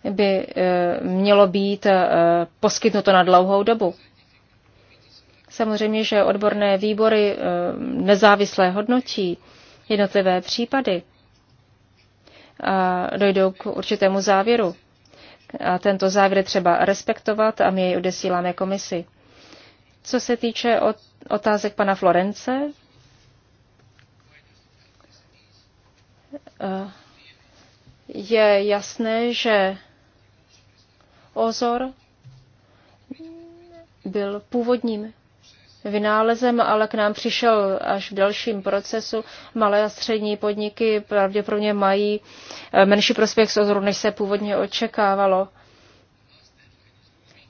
Speaker 1: by eh, mělo být eh, poskytnuto na dlouhou dobu. Samozřejmě, že odborné výbory eh, nezávislé hodnotí jednotlivé případy a dojdou k určitému závěru. A tento závěr třeba respektovat a my jej odesíláme komisi. Co se týče otázek pana Florence, Eh, je jasné, že ozor byl původním vynálezem, ale k nám přišel až v dalším procesu. Malé a střední podniky pravděpodobně mají eh, menší prospěch z ozoru, než se původně očekávalo.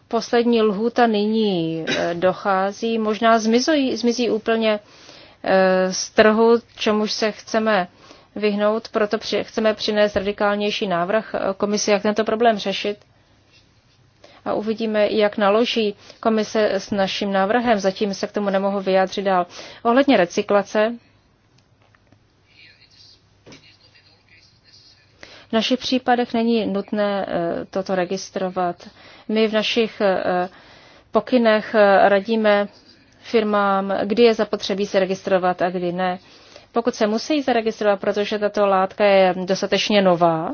Speaker 1: Poslední lhůta nyní eh, dochází, možná zmizí, zmizí úplně z trhu, čemuž se chceme vyhnout, proto při, chceme přinést radikálnější návrh eh, komisi, jak tento problém řešit. A uvidíme, jak naloží komise s naším návrhem. Zatím se k tomu nemohu vyjádřit dál. Ohledně recyklace, V našich případech není nutné eh, toto registrovat. My v našich eh, pokynech radíme firmám, kdy je zapotřebí se registrovat a kdy ne. Pokud se musí zaregistrovat, protože tato látka je dostatečně nová,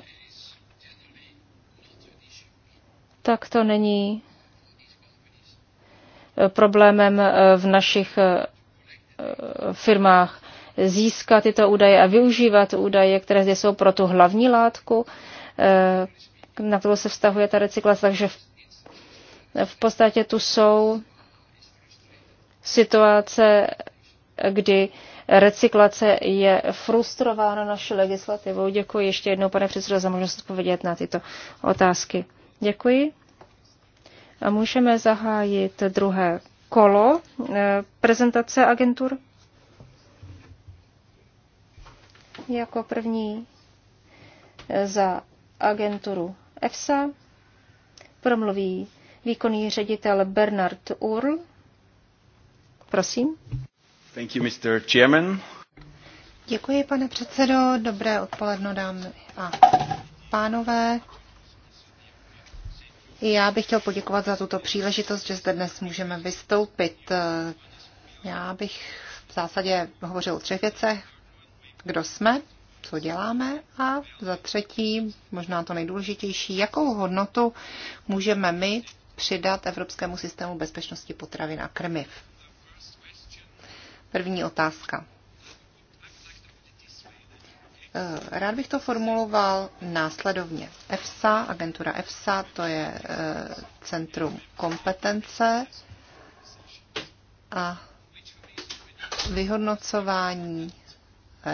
Speaker 1: tak to není eh, problémem eh, v našich eh, firmách získat tyto údaje a využívat údaje, které zde jsou pro tu hlavní látku, na kterou se vztahuje ta recyklace. Takže v podstatě tu jsou situace, kdy recyklace je frustrována naší legislativou. Děkuji ještě jednou, pane předsedo, za možnost odpovědět na tyto otázky. Děkuji. A můžeme zahájit druhé kolo eh, prezentace agentur. Jako první eh, za agenturu EFSA promluví výkonný ředitel Bernard
Speaker 4: Url. Prosím. Děkuji, pane předsedo. Dobré odpoledno, dámy a pánové. Já bych chtěl poděkovat za tuto příležitost, že zde dnes můžeme vystoupit. Já bych v zásadě hovořil o třech věcech. Kdo jsme, co děláme a za třetí, možná to nejdůležitější, jakou hodnotu můžeme my přidat Evropskému systému bezpečnosti potravin a krmiv. První otázka. Eh, rád bych to formuloval následovně. EFSA, agentura EFSA, to je eh, centrum kompetence a vyhodnocování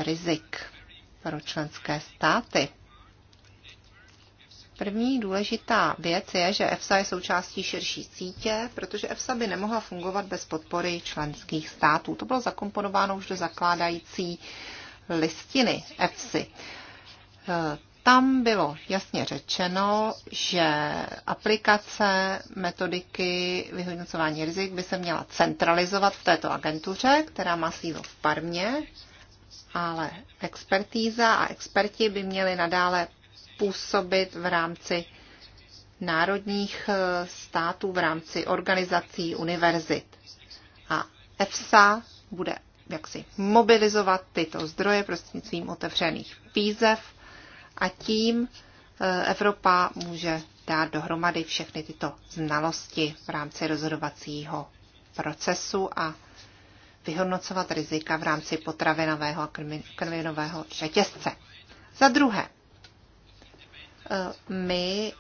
Speaker 4: rizik pro členské státy. První důležitá věc je, že EFSA je součástí širší sítě, protože EFSA by nemohla fungovat bez podpory členských států. To bylo zakomponováno už do zakládající listiny EFSI. Tam bylo jasně řečeno, že aplikace metodiky vyhodnocování rizik by se měla centralizovat v této agentuře, která má sídlo v Parmě, ale expertíza a experti by měli nadále působit v rámci národních eh, států, v rámci organizací univerzit. A EFSA bude jaksi mobilizovat tyto zdroje prostřednictvím otevřených výzev a tím eh, Evropa může dát dohromady všechny tyto znalosti v rámci rozhodovacího procesu a vyhodnocovat rizika v rámci potravinového a krminového řetězce. Za druhé, my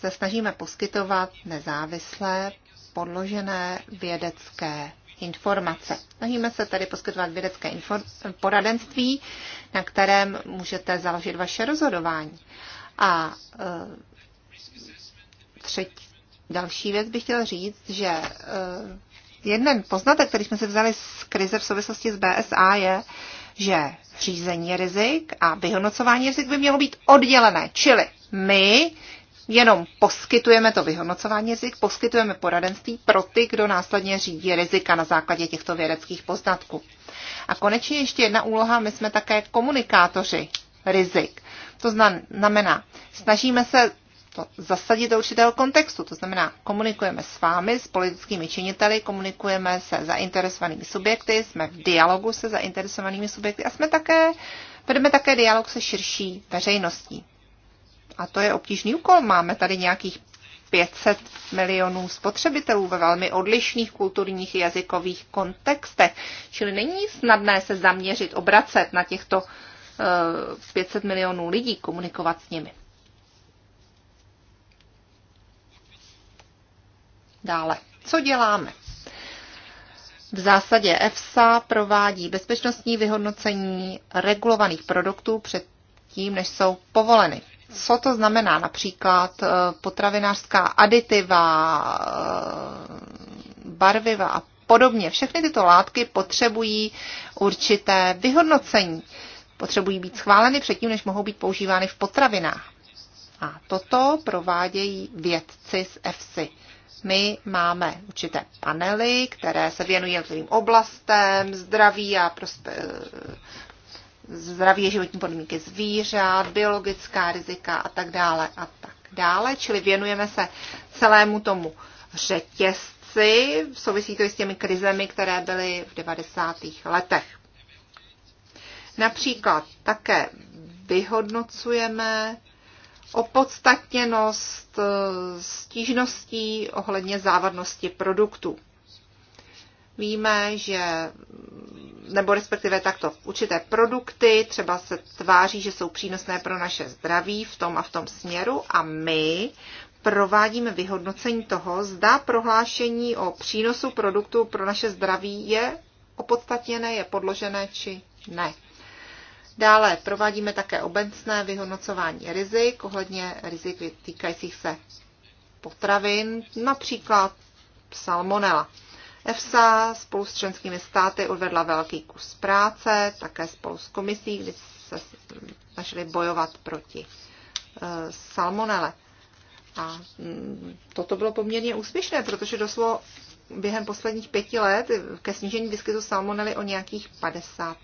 Speaker 4: se snažíme poskytovat nezávislé, podložené vědecké informace. Snažíme se tady poskytovat vědecké poradenství, na kterém můžete založit vaše rozhodování. A e, třetí, další věc bych chtěl říct, že e, jeden poznatek, který jsme si vzali z krize v souvislosti s BSA, je, že řízení rizik a vyhodnocování rizik by mělo být oddělené. Čili my jenom poskytujeme to vyhodnocování rizik, poskytujeme poradenství pro ty, kdo následně řídí rizika na základě těchto vědeckých poznatků. A konečně ještě jedna úloha, my jsme také komunikátoři rizik. To znamená, snažíme se to zasadit do určitého kontextu. To znamená, komunikujeme s vámi, s politickými činiteli, komunikujeme se zainteresovanými subjekty, jsme v dialogu se zainteresovanými subjekty a jsme také, vedeme také dialog se širší veřejností. A to je obtížný úkol. Máme tady nějakých 500 milionů spotřebitelů ve velmi odlišných kulturních i jazykových kontextech. Čili není snadné se zaměřit, obracet na těchto 500 eh, milionů lidí, komunikovat s nimi. Dále, co děláme? V zásadě EFSA provádí bezpečnostní vyhodnocení regulovaných produktů před tím, než jsou povoleny. Co to znamená? Například eh, potravinářská aditiva, eh, barviva a podobně. Všechny tyto látky potřebují určité vyhodnocení. Potřebují být schváleny předtím, než mohou být používány v potravinách. A toto provádějí vědci z EFSA. My máme určité panely, které se věnují jednotlivým oblastem, zdraví a prostě, zdraví životní podmínky zvířat, biologická rizika a tak dále a tak dále. Čili věnujeme se celému tomu řetězci, souvisí to i s těmi krizemi, které byly v 90. letech. Například také vyhodnocujeme opodstatněnost eh, stížností ohledně závadnosti produktu Víme, že, nebo respektive takto, určité produkty třeba se tváří, že jsou přínosné pro naše zdraví v tom a v tom směru a my provádíme vyhodnocení toho, zda prohlášení o přínosu produktu pro naše zdraví je opodstatněné, je podložené či ne. Dále provádíme také obecné vyhodnocování rizik ohledně rizik týkajících se potravin, například salmonella. EFSA spolu s členskými státy odvedla velký kus práce, také spolu s komisí, kdy se snažili bojovat proti eh, salmonele. A mm, toto bylo poměrně úspěšné, protože doslo během posledních pěti let ke snížení výskytu salmonely o nějakých 50%.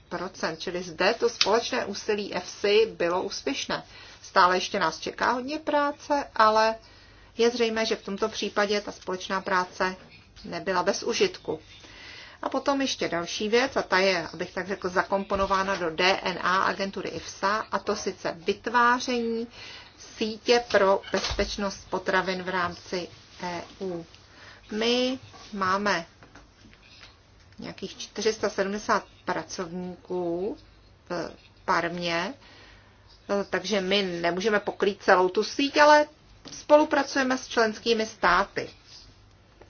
Speaker 4: Čili zde to společné úsilí FC bylo úspěšné. Stále ještě nás čeká hodně práce, ale je zřejmé, že v tomto případě ta společná práce nebyla bez užitku. A potom ještě další věc, a ta je, abych tak řekl, zakomponována do DNA agentury IFSA, a to sice vytváření sítě pro bezpečnost potravin v rámci EU. My máme nějakých 470 pracovníků v Parmě, eh, takže my nemůžeme pokrýt celou tu síť, ale spolupracujeme s členskými státy.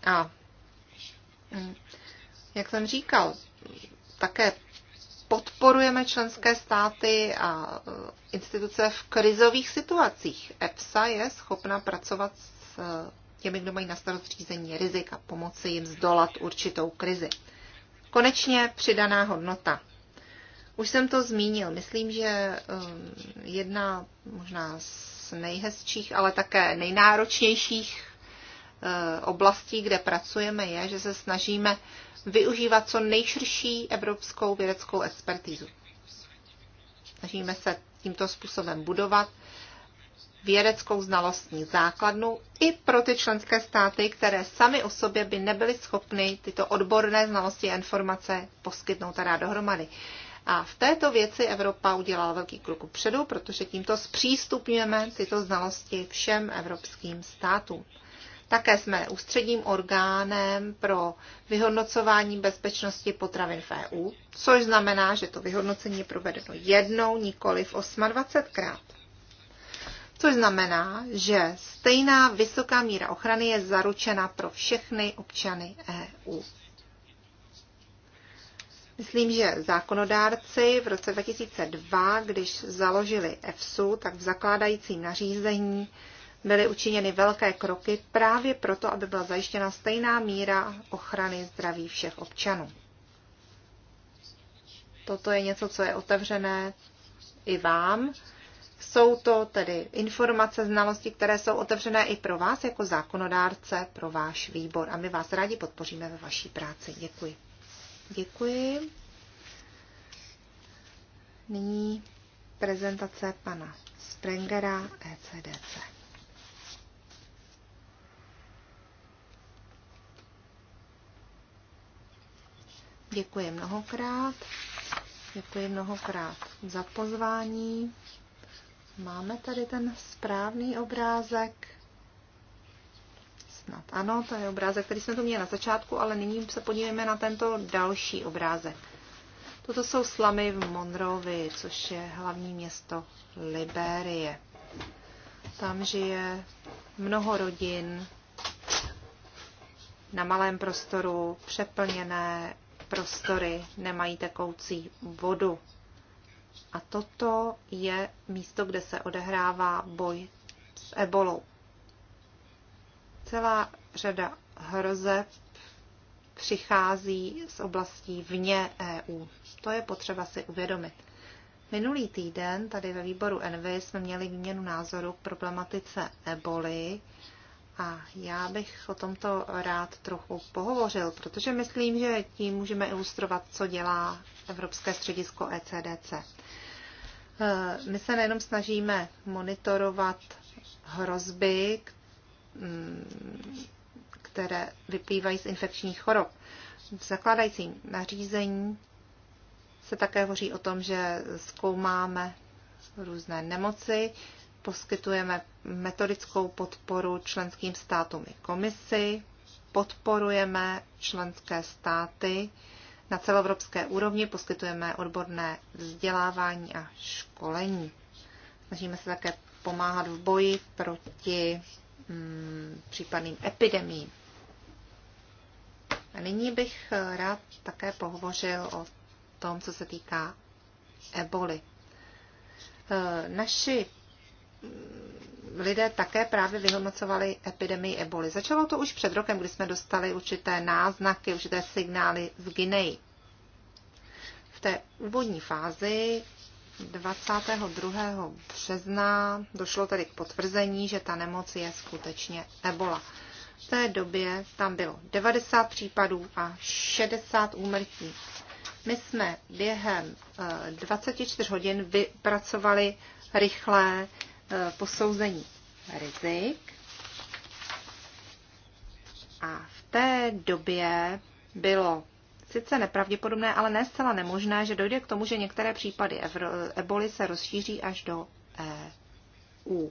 Speaker 4: A mm, jak jsem říkal, také podporujeme členské státy a eh, instituce v krizových situacích. EFSA je schopna pracovat s eh, těmi, kdo mají na starost řízení rizik a pomoci jim zdolat určitou krizi. Konečně přidaná hodnota. Už jsem to zmínil. Myslím, že um, jedna možná z nejhezčích, ale také nejnáročnějších uh, oblastí, kde pracujeme, je, že se snažíme využívat co nejširší evropskou vědeckou expertizu. Snažíme se tímto způsobem budovat vědeckou znalostní základnu i pro ty členské státy, které sami o sobě by nebyly schopny tyto odborné znalosti a informace poskytnout a dát dohromady. A v této věci Evropa udělala velký krok předu, protože tímto zpřístupňujeme tyto znalosti všem evropským státům. Také jsme ústředním orgánem pro vyhodnocování bezpečnosti potravin v EU, což znamená, že to vyhodnocení je provedeno jednou, nikoli v 28krát což znamená, že stejná vysoká míra ochrany je zaručena pro všechny občany EU. Myslím, že zákonodárci v roce 2002, když založili EFSU, tak v zakládajícím nařízení byly učiněny velké kroky právě proto, aby byla zajištěna stejná míra ochrany zdraví všech občanů. Toto je něco, co je otevřené i vám jsou to tedy informace, znalosti, které jsou otevřené i pro vás jako zákonodárce, pro váš výbor. A my vás rádi podpoříme ve vaší práci. Děkuji. Děkuji. Nyní prezentace pana Sprengera ECDC. Děkuji mnohokrát. Děkuji mnohokrát za pozvání. Máme tady ten správný obrázek. Snad ano, to je obrázek, který jsme tu měli na začátku, ale nyní se podívejme na tento další obrázek. Toto jsou slamy v Monrovi, což je hlavní město Liberie. Tam žije mnoho rodin na malém prostoru, přeplněné prostory, nemají tekoucí vodu. A toto je místo, kde se odehrává boj s ebolou. Celá řada hrozeb přichází z oblastí vně EU. To je potřeba si uvědomit. Minulý týden tady ve výboru NV jsme měli výměnu názoru k problematice eboli a já bych o tomto rád trochu pohovořil, protože myslím, že tím můžeme ilustrovat, co dělá Evropské středisko ECDC. E, my se nejenom snažíme monitorovat hrozby, mm, které vyplývají z infekčních chorob. V zakladajícím nařízení se také hoří o tom, že zkoumáme různé nemoci, poskytujeme metodickou podporu členským státům i komisi, podporujeme členské státy na celoevropské úrovni, poskytujeme odborné vzdělávání a školení. Snažíme se také pomáhat v boji proti mm, případným epidemím. A nyní bych eh, rád také pohovořil o tom, co se týká eboli. Eh, naši lidé také právě vyhodnocovali epidemii eboli. Začalo to už před rokem, kdy jsme dostali určité náznaky, určité signály z Guineji. V té úvodní fázi 22. března došlo tedy k potvrzení, že ta nemoc je skutečně ebola. V té době tam bylo 90 případů a 60 úmrtí. My jsme během 24 eh, hodin vypracovali rychlé Eh, posouzení rizik. A v té době bylo sice nepravděpodobné, ale ne zcela nemožné, že dojde k tomu, že některé případy eboli se rozšíří až do EU.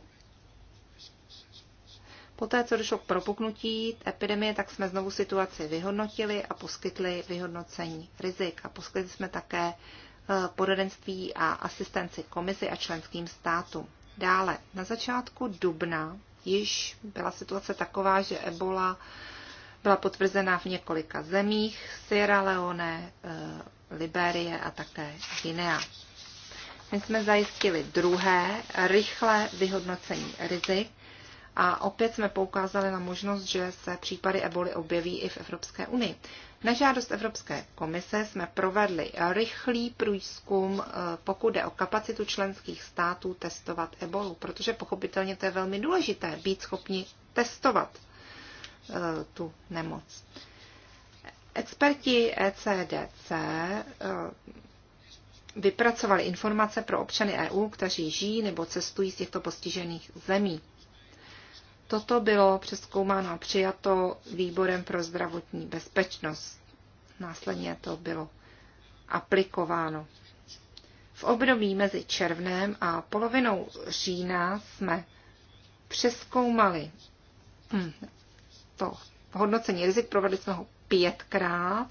Speaker 4: Poté, co došlo k propuknutí epidemie, tak jsme znovu situaci vyhodnotili a poskytli vyhodnocení rizik a poskytli jsme také eh, poradenství a asistenci komisi a členským státům. Dále, na začátku dubna již byla situace taková, že ebola byla potvrzená v několika zemích, Sierra Leone, eh, Liberie a také Guinea. My jsme zajistili druhé rychlé vyhodnocení rizik a opět jsme poukázali na možnost, že se případy eboli objeví i v Evropské unii. Na žádost Evropské komise jsme provedli rychlý průzkum, eh, pokud jde o kapacitu členských států testovat ebolu, protože pochopitelně to je velmi důležité být schopni testovat eh, tu nemoc. Experti ECDC eh, vypracovali informace pro občany EU, kteří žijí nebo cestují z těchto postižených zemí. Toto bylo přeskoumáno a přijato výborem pro zdravotní bezpečnost. Následně to bylo aplikováno. V období mezi červnem a polovinou října jsme přeskoumali hm, to hodnocení rizik, provedli jsme ho pětkrát.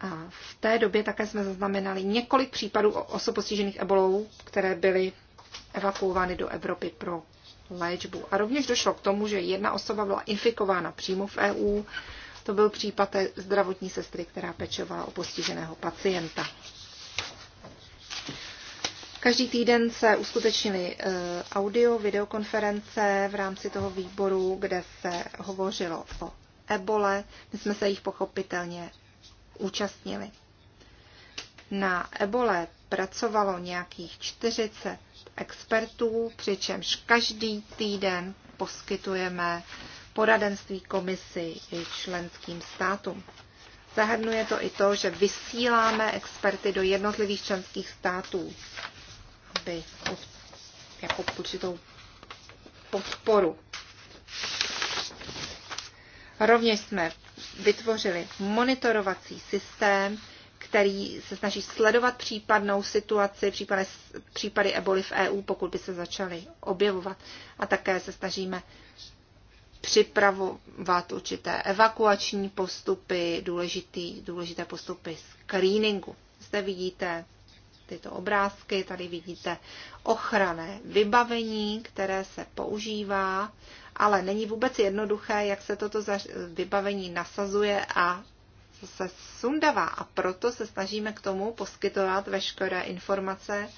Speaker 4: A v té době také jsme zaznamenali několik případů osob postižených ebolou, které byly evakuovány do Evropy pro léčbu. A rovněž došlo k tomu, že jedna osoba byla infikována přímo v EU. To byl případ té zdravotní sestry, která pečovala o postiženého pacienta. Každý týden se uskutečnily e, audio, videokonference v rámci toho výboru, kde se hovořilo o ebole. My jsme se jich pochopitelně účastnili. Na ebole pracovalo nějakých 40 expertů, přičemž každý týden poskytujeme poradenství komisi i členským státům. Zahrnuje to i to, že vysíláme experty do jednotlivých členských států, aby jako určitou podporu. Rovněž jsme vytvořili monitorovací systém, který se snaží sledovat případnou situaci, případy, případy eboli v EU, pokud by se začaly objevovat. A také se snažíme připravovat určité evakuační postupy, důležitý, důležité postupy screeningu. Zde vidíte tyto obrázky, tady vidíte ochranné vybavení, které se používá, ale není vůbec jednoduché, jak se toto vybavení nasazuje a se sundavá a proto se snažíme k tomu poskytovat veškeré informace,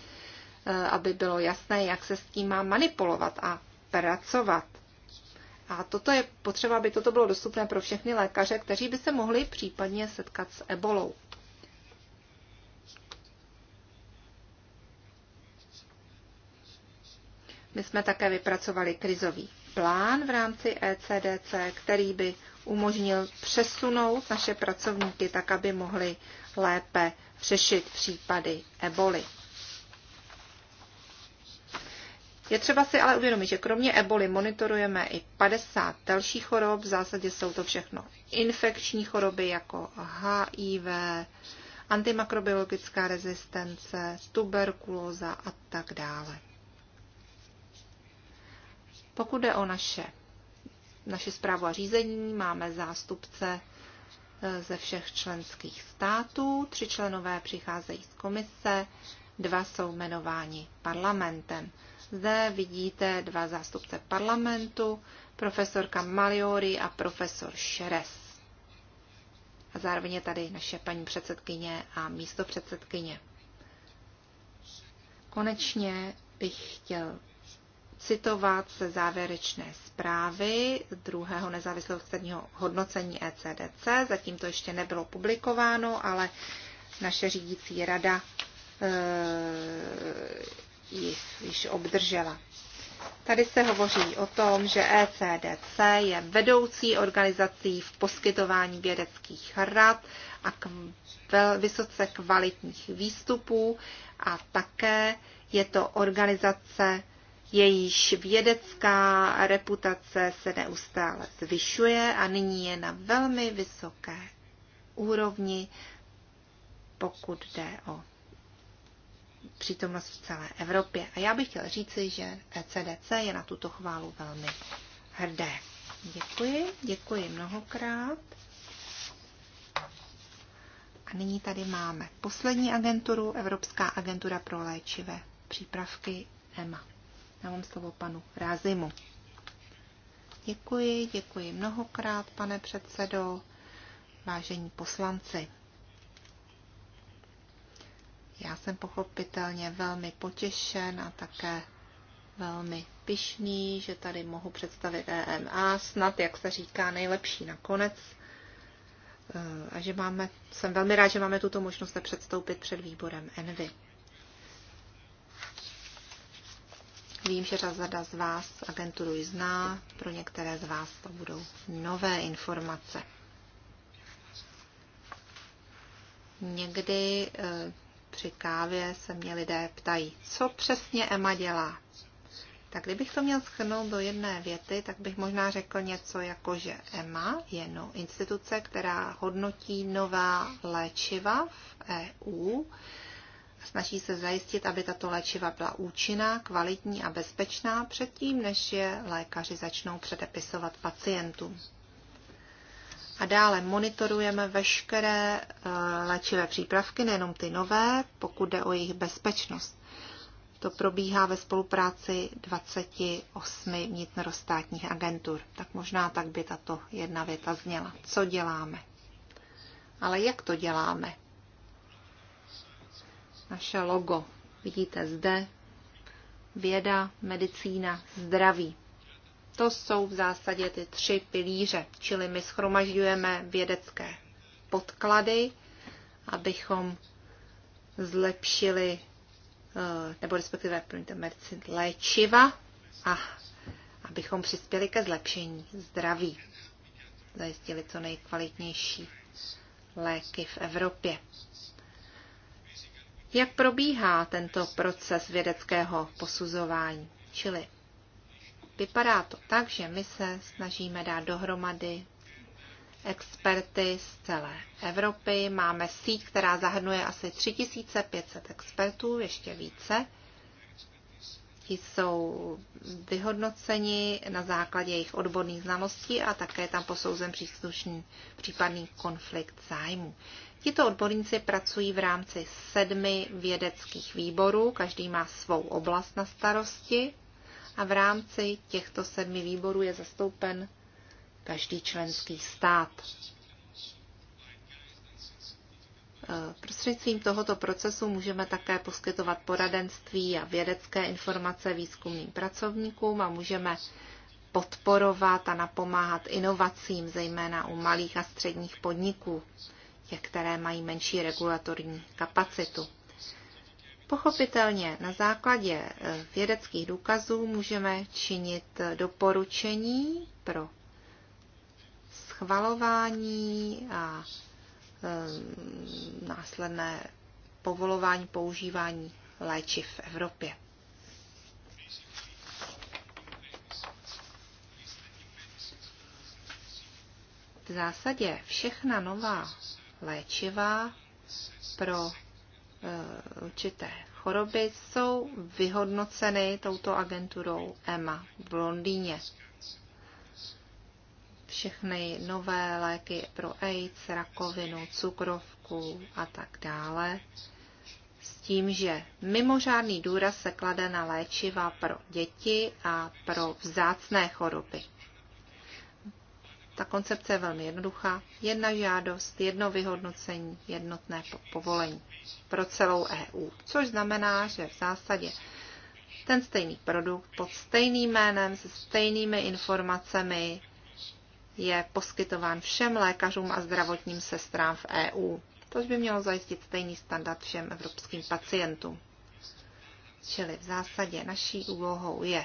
Speaker 4: eh, aby bylo jasné, jak se s tím má manipulovat a pracovat. A toto je potřeba, aby toto bylo dostupné pro všechny lékaře, kteří by se mohli případně setkat s ebolou. My jsme také vypracovali krizový plán v rámci ECDC, který by umožnil přesunout naše pracovníky tak, aby mohli lépe řešit případy eboli. Je třeba si ale uvědomit, že kromě eboli monitorujeme i 50 dalších chorob, v zásadě jsou to všechno infekční choroby jako HIV, antimakrobiologická rezistence, tuberkulóza a tak dále. Pokud jde o naše naši zprávu a řízení máme zástupce eh, ze všech členských států, tři členové přicházejí z komise, dva jsou jmenováni parlamentem. Zde vidíte dva zástupce parlamentu, profesorka Maliori a profesor Šeres. A zároveň je tady naše paní předsedkyně a místo předsedkyně. Konečně bych chtěl citovat se závěrečné zprávy druhého nezávislého externího hodnocení ECDC. Zatím to ještě nebylo publikováno, ale naše řídící rada eh, ji již obdržela. Tady se hovoří o tom, že ECDC je vedoucí organizací v poskytování vědeckých rad a k vysoce kvalitních výstupů a také je to organizace jejíž vědecká reputace se neustále zvyšuje a nyní je na velmi vysoké úrovni, pokud jde o přítomnost v celé Evropě. A já bych chtěl říci, že ECDC je na tuto chválu velmi hrdé. Děkuji, děkuji mnohokrát. A nyní tady máme poslední agenturu, Evropská agentura pro léčivé přípravky EMA. Dávám slovo panu Rázimu. Děkuji, děkuji mnohokrát, pane předsedo, vážení poslanci. Já jsem pochopitelně velmi potěšen a také velmi pišný, že tady mohu představit EMA, snad, jak se říká, nejlepší nakonec. E, a že máme, jsem velmi rád, že máme tuto možnost předstoupit před výborem Envy. Vím, že řada z vás agenturu ji zná, pro některé z vás to budou nové informace. Někdy eh, při kávě se mě lidé ptají, co přesně Emma dělá. Tak kdybych to měl schrnout do jedné věty, tak bych možná řekl něco jako, že EMA je no, instituce, která hodnotí nová léčiva v EU Snaží se zajistit, aby tato léčiva byla účinná, kvalitní a bezpečná předtím, než je lékaři začnou předepisovat pacientům. A dále monitorujeme veškeré eh, léčivé přípravky, nejenom ty nové, pokud jde o jejich bezpečnost. To probíhá ve spolupráci 28 vnitrostátních agentur. Tak možná tak by tato jedna věta zněla. Co děláme? Ale jak to děláme? naše logo. Vidíte zde věda, medicína, zdraví. To jsou v zásadě ty tři pilíře, čili my schromažďujeme vědecké podklady, abychom zlepšili, eh, nebo respektive medicin léčiva a abychom přispěli ke zlepšení zdraví. Zajistili co nejkvalitnější léky v Evropě. Jak probíhá tento proces vědeckého posuzování? Čili vypadá to tak, že my se snažíme dát dohromady experty z celé Evropy. Máme síť, která zahrnuje asi 3500 expertů, ještě více. Ti jsou vyhodnoceni na základě jejich odborných znalostí a také tam posouzen příslušný případný konflikt zájmu. Tito odborníci pracují v rámci sedmi vědeckých výborů, každý má svou oblast na starosti a v rámci těchto sedmi výborů je zastoupen každý členský stát. E, prostřednictvím tohoto procesu můžeme také poskytovat poradenství a vědecké informace výzkumným pracovníkům a můžeme podporovat a napomáhat inovacím, zejména u malých a středních podniků které mají menší regulatorní kapacitu. Pochopitelně na základě eh, vědeckých důkazů můžeme činit eh, doporučení pro schvalování a eh, následné povolování používání léčiv v Evropě. V zásadě všechna nová léčiva pro e, určité choroby jsou vyhodnoceny touto agenturou EMA v Londýně. Všechny nové léky pro AIDS, rakovinu, cukrovku a tak dále. S tím, že mimořádný důraz se klade na léčiva pro děti a pro vzácné choroby. Ta koncepce je velmi jednoduchá. Jedna žádost, jedno vyhodnocení, jednotné povolení pro celou EU. Což znamená, že v zásadě ten stejný produkt pod stejným jménem se stejnými informacemi je poskytován všem lékařům a zdravotním sestrám v EU. Tož by mělo zajistit stejný standard všem evropským pacientům. Čili v zásadě naší úlohou je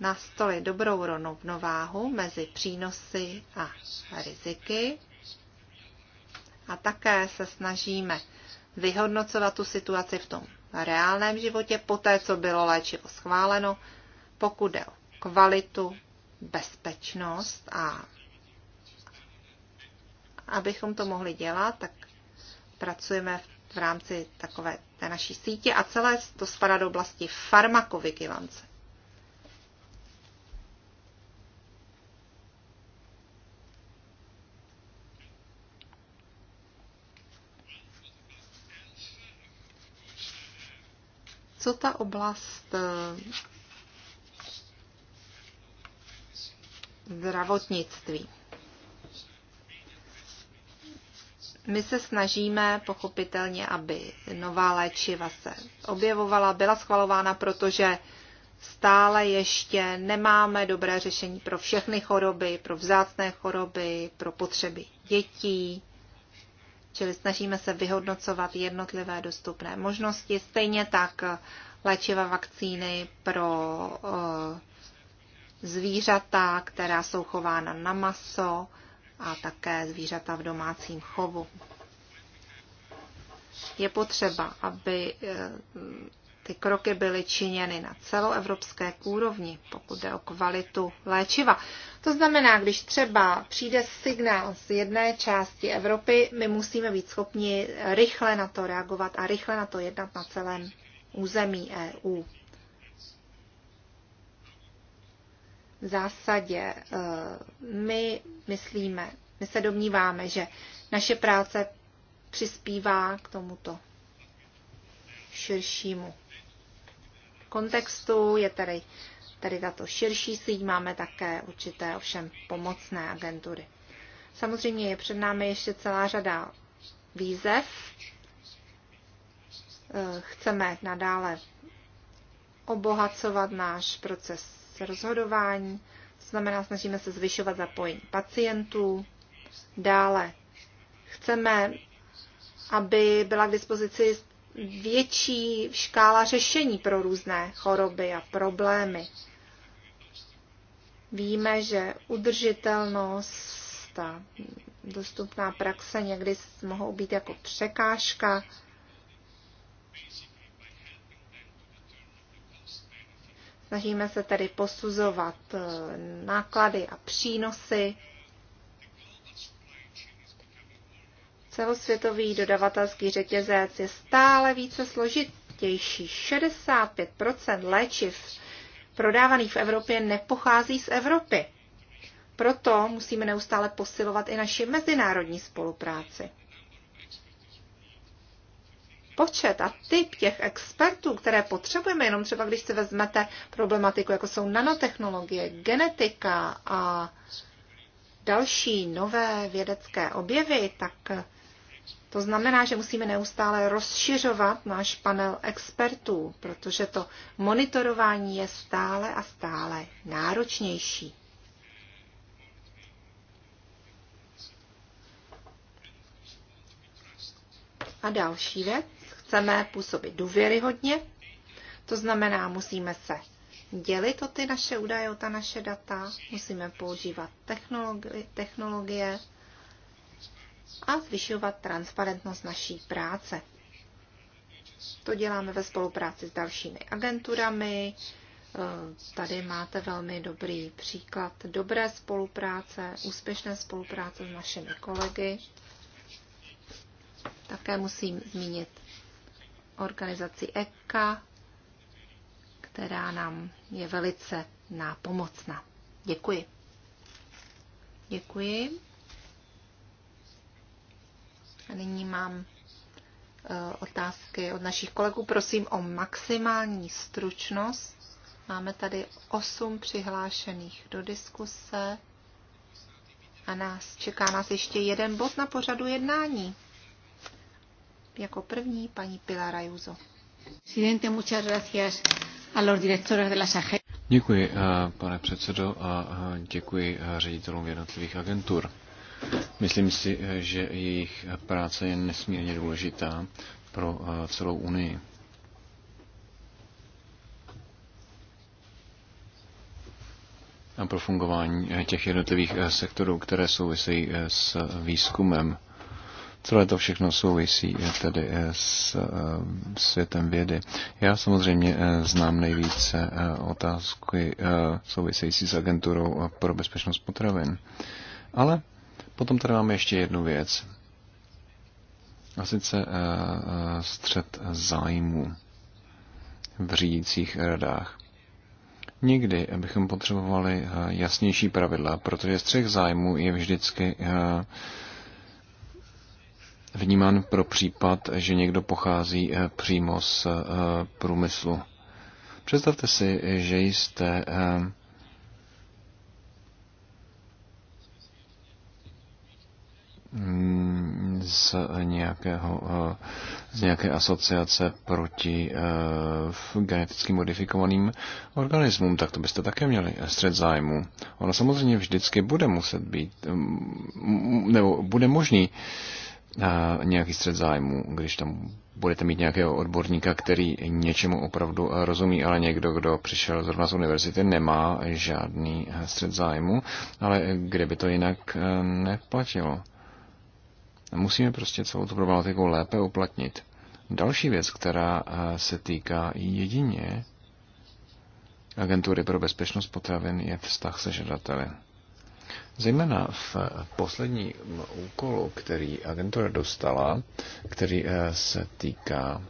Speaker 4: nastolit dobrou rovnováhu mezi přínosy a riziky. A také se snažíme vyhodnocovat tu situaci v tom reálném životě, poté co bylo léčivo schváleno, pokud jde o kvalitu, bezpečnost a abychom to mohli dělat, tak pracujeme v rámci takové té naší sítě a celé to spadá do oblasti farmakovigilance. co ta oblast eh, zdravotnictví. My se snažíme pochopitelně, aby nová léčiva se objevovala, byla schvalována, protože stále ještě nemáme dobré řešení pro všechny choroby, pro vzácné choroby, pro potřeby dětí. Čili snažíme se vyhodnocovat jednotlivé dostupné možnosti, stejně tak eh, léčiva vakcíny pro eh, zvířata, která jsou chována na maso a také zvířata v domácím chovu. Je potřeba, aby eh, ty kroky byly činěny na celoevropské úrovni, pokud jde o kvalitu léčiva. To znamená, když třeba přijde signál z jedné části Evropy, my musíme být schopni rychle na to reagovat a rychle na to jednat na celém území EU. V zásadě eh, my myslíme, my se domníváme, že naše práce přispívá k tomuto širšímu kontextu. Je tady, tady tato širší síť, máme také určité ovšem pomocné agentury. Samozřejmě je před námi ještě celá řada výzev. Eh, chceme nadále obohacovat náš proces rozhodování, to znamená, snažíme se zvyšovat zapojení pacientů. Dále chceme, aby byla k dispozici větší škála řešení pro různé choroby a problémy. Víme, že udržitelnost a dostupná praxe někdy mohou být jako překážka. Snažíme se tedy posuzovat eh, náklady a přínosy Celosvětový dodavatelský řetězec je stále více složitější. 65 léčiv prodávaných v Evropě nepochází z Evropy. Proto musíme neustále posilovat i naši mezinárodní spolupráci. Počet a typ těch expertů, které potřebujeme, jenom třeba když si vezmete problematiku, jako jsou nanotechnologie, genetika a další nové vědecké objevy, tak to znamená, že musíme neustále rozšiřovat náš panel expertů, protože to monitorování je stále a stále náročnější. A další věc, chceme působit důvěryhodně, to znamená, musíme se dělit o ty naše údaje, o ta naše data, musíme používat technologi- technologie a zvyšovat transparentnost naší práce. To děláme ve spolupráci s dalšími agenturami. Eh, tady máte velmi dobrý příklad dobré spolupráce, úspěšné spolupráce s našimi kolegy. Také musím zmínit organizaci ECA, která nám je velice nápomocná. Děkuji. Děkuji. A nyní mám eh, otázky od našich kolegů. Prosím o maximální stručnost. Máme tady osm přihlášených do diskuse a nás čeká nás ještě jeden bod na pořadu jednání. Jako první paní Pilar Ayuso. Presidente, muchas gracias a los directores de
Speaker 5: las agencias.
Speaker 2: Děkuji, eh, pane předsedo, a eh, děkuji ředitelům jednotlivých agentur. Myslím si, že jejich práce je nesmírně důležitá pro eh, celou Unii. A pro fungování eh, těch jednotlivých eh, sektorů, které souvisejí s výzkumem. Celé to všechno souvisí tedy s světem vědy. Já samozřejmě znám nejvíce otázky související s agenturou pro bezpečnost potravin. Ale Potom tady máme ještě jednu věc. A sice eh, eh, střed zájmů v řídících radách. Někdy bychom potřebovali eh, jasnější pravidla, protože střech zájmu je vždycky vnímán pro případ, že někdo pochází přímo z průmyslu. Představte si, že jste Mm, z, nějakého, eh, z nějaké asociace proti eh, geneticky modifikovaným organismům, tak to byste také měli střed zájmu. Ono samozřejmě vždycky bude muset být, eh, nebo bude možný nějaký střed zájmu, když tam budete mít nějakého odborníka, který něčemu opravdu rozumí, ale někdo, kdo přišel zrovna z univerzity, nemá žádný střed zájmu, ale kde by to jinak neplatilo. Musíme prostě celou tu problematiku lépe uplatnit. Další věc, která eh, se týká jedině agentury pro bezpečnost potravin, je vztah se žadateli. Zejména v poslední úkolu, který agentura dostala, který eh, se týká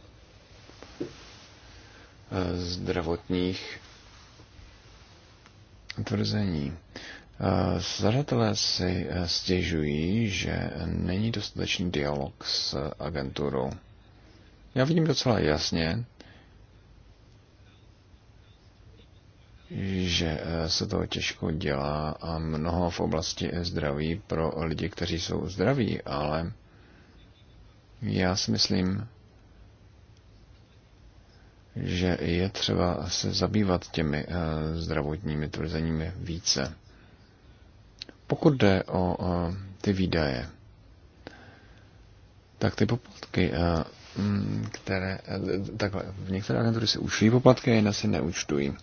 Speaker 2: eh, zdravotních tvrzení. Zadatelé si eh, stěžují, že není dostatečný dialog s agenturou. Já vidím docela jasně, že eh, se to těžko dělá a mnoho v oblasti zdraví pro lidi, kteří jsou zdraví, ale já si myslím, že je třeba se zabývat těmi eh, zdravotními tvrzeními více. Pokud jde o ty výdaje, tak ty poplatky, e, které, e, takhle, v některé agentury si učují poplatky a jiné si neučtují.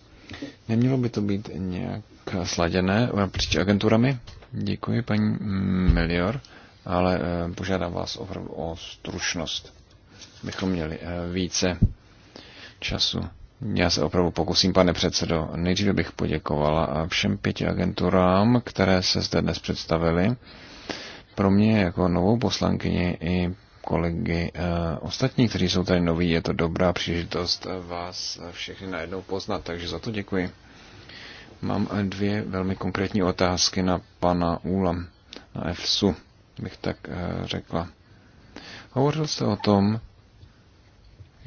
Speaker 2: Nemělo by to být nějak sladěné napříč agenturami? Děkuji, paní Melior, ale e, požádám vás opravdu o stručnost. Bychom měli více času. Já se opravdu pokusím, pane předsedo. Nejdříve bych poděkovala všem pěti agenturám, které se zde dnes představily. Pro mě jako novou poslankyni i kolegy eh, ostatní, kteří jsou tady noví, je to dobrá příležitost eh, vás eh, všechny najednou poznat, takže za to děkuji. Mám dvě velmi konkrétní otázky na pana Úla, na FSU. bych tak řekla. Hovořil jste o tom,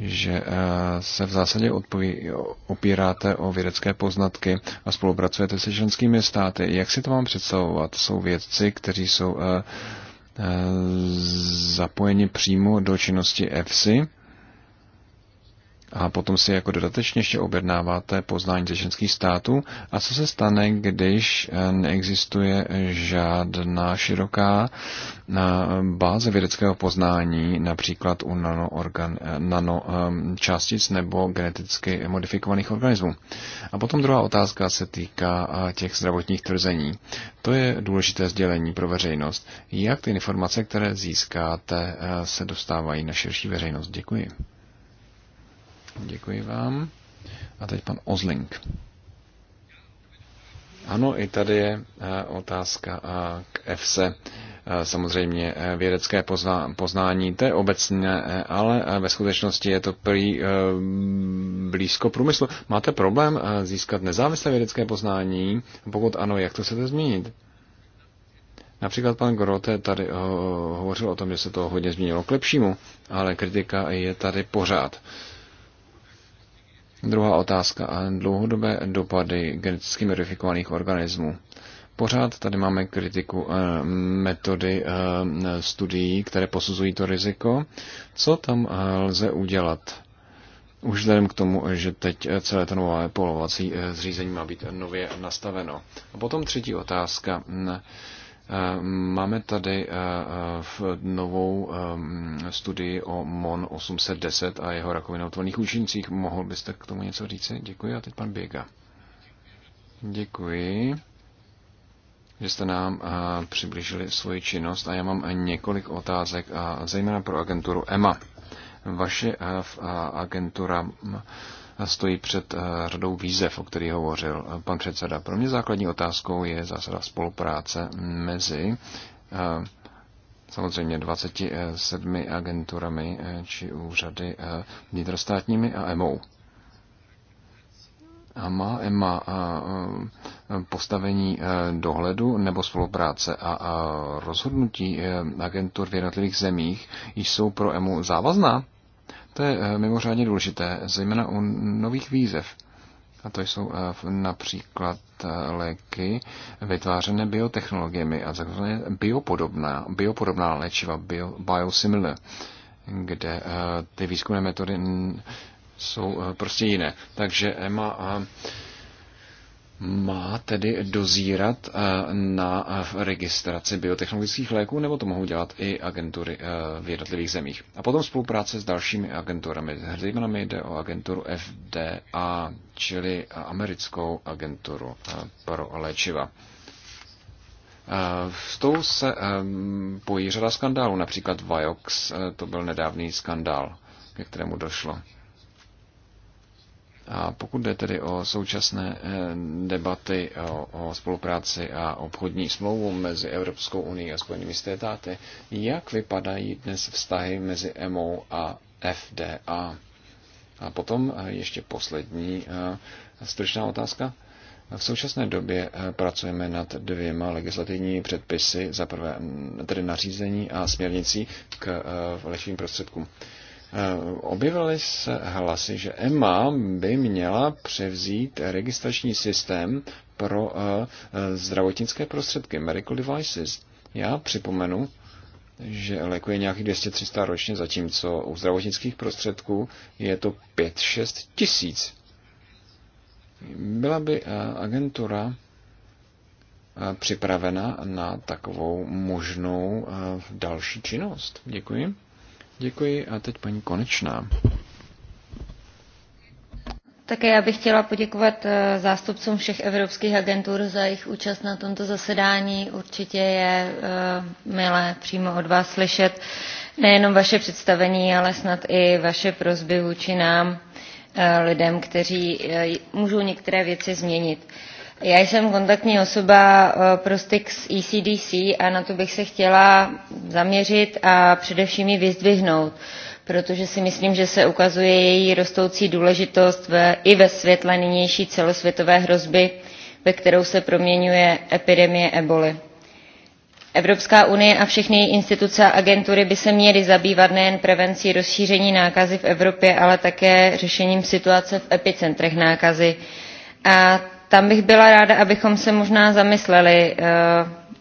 Speaker 2: že eh, se v zásadě odpoví, opíráte o vědecké poznatky a spolupracujete se ženskými státy. Jak si to mám představovat? Jsou vědci, kteří jsou eh, eh, zapojeni přímo do činnosti EFSI, a potom si jako dodatečně ještě objednáváte poznání ze ženských států. A co se stane, když eh, neexistuje žádná široká eh, báze vědeckého poznání, například u nanočástic eh, ehm, nanočástic nebo geneticky modifikovaných organismů? A potom druhá otázka se týká těch zdravotních tvrzení. To je důležité sdělení pro veřejnost. Jak ty informace, které získáte, se dostávají na širší veřejnost? Děkuji. Děkuji vám. A teď pan Ozling. Ano, i tady je eh, otázka eh, k EFSE. Eh, samozřejmě vědecké poznání, to je obecně, ale ve skutečnosti je to prý blízko průmyslu. Máte problém získat nezávislé vědecké poznání? Pokud ano, jak to chcete změnit? Například pan Grote tady hovořil o tom, že se to hodně změnilo k lepšímu, ale kritika je tady pořád. Druhá otázka. Dlouhodobé dopady geneticky modifikovaných organismů. Pořád tady máme kritiku eh, metody eh, studií, které posuzují to riziko. Co tam eh, lze udělat? Už vzhledem k tomu, že teď celé to nové polovací zřízení má být nově nastaveno. A potom třetí otázka. Hm, Eh, máme tady eh, eh, v novou studii o MON 810 a jeho rakovinotvorných účincích. Mohl byste k tomu něco říci? Děkuji. A teď pan Běga. Děkuji, že jste nám přiblížili svoji činnost a já mám několik otázek, a zejména pro agenturu EMA. Vaše agentura stojí před eh, řadou výzev, o kterých hovořil eh, pan předseda. Pro mě základní otázkou je zásada spolupráce mezi eh, samozřejmě 27 agenturami či úřady vnitrostátními a EMO. A má EMA postavení dohledu nebo spolupráce a rozhodnutí agentur v jednotlivých zemích jsou pro EMU závazná? To je eh, mimořádně důležité, zejména u nových výzev. A to jsou eh, například eh, léky vytvářené biotechnologiemi a takzvané biopodobná, biopodobná léčiva, bio, biosimilar, kde ty výzkumné metody jsou prostě jiné. Takže EMA má tedy dozírat eh, na eh, registraci biotechnologických léků, nebo to mohou dělat i agentury eh, v jednotlivých zemích. A potom spolupráce s dalšími agenturami. Zejména mi jde o agenturu FDA, čili americkou agenturu pro léčiva. S tou se pojí řada skandálů, například Vioxx, to byl nedávný skandál, ke kterému došlo. A pokud jde tedy o současné eh, debaty eh, o, o spolupráci a obchodní smlouvu mezi Evropskou unii a Spojenými státy, jak vypadají dnes vztahy mezi EMO a FDA? A potom eh, ještě poslední stručná otázka. V současné době pracujeme nad dvěma legislativními předpisy, za prvé tedy nařízení a směrnicí k léčivým prostředkům. Eh, objevily se hlasy, že EMA by měla převzít registrační systém pro eh, eh, zdravotnické prostředky, medical devices. Já připomenu, že lékuje nějakých 200-300 ročně, zatímco u zdravotnických prostředků je to 5-6 tisíc. Byla by agentura připravena na takovou možnou další činnost? Děkuji. Děkuji a teď paní Konečná.
Speaker 5: Také já bych chtěla poděkovat eh, zástupcům všech evropských agentur za jejich účast na tomto zasedání. Určitě je eh, milé přímo od vás slyšet nejenom vaše představení, ale snad i vaše prozby vůči nám, eh, lidem, kteří můžou některé věci změnit. Já jsem kontaktní osoba eh, pro styk s ECDC a na to bych se chtěla zaměřit a především ji vyzdvihnout, protože si myslím, že se ukazuje její rostoucí důležitost ve, i ve světle nynější celosvětové hrozby, ve kterou se proměňuje epidemie eboli. Evropská unie a všechny její instituce a agentury by se měly zabývat nejen prevencí rozšíření nákazy v Evropě, ale také řešením situace v epicentrech nákazy. A tam bych byla ráda, abychom se možná zamysleli eh,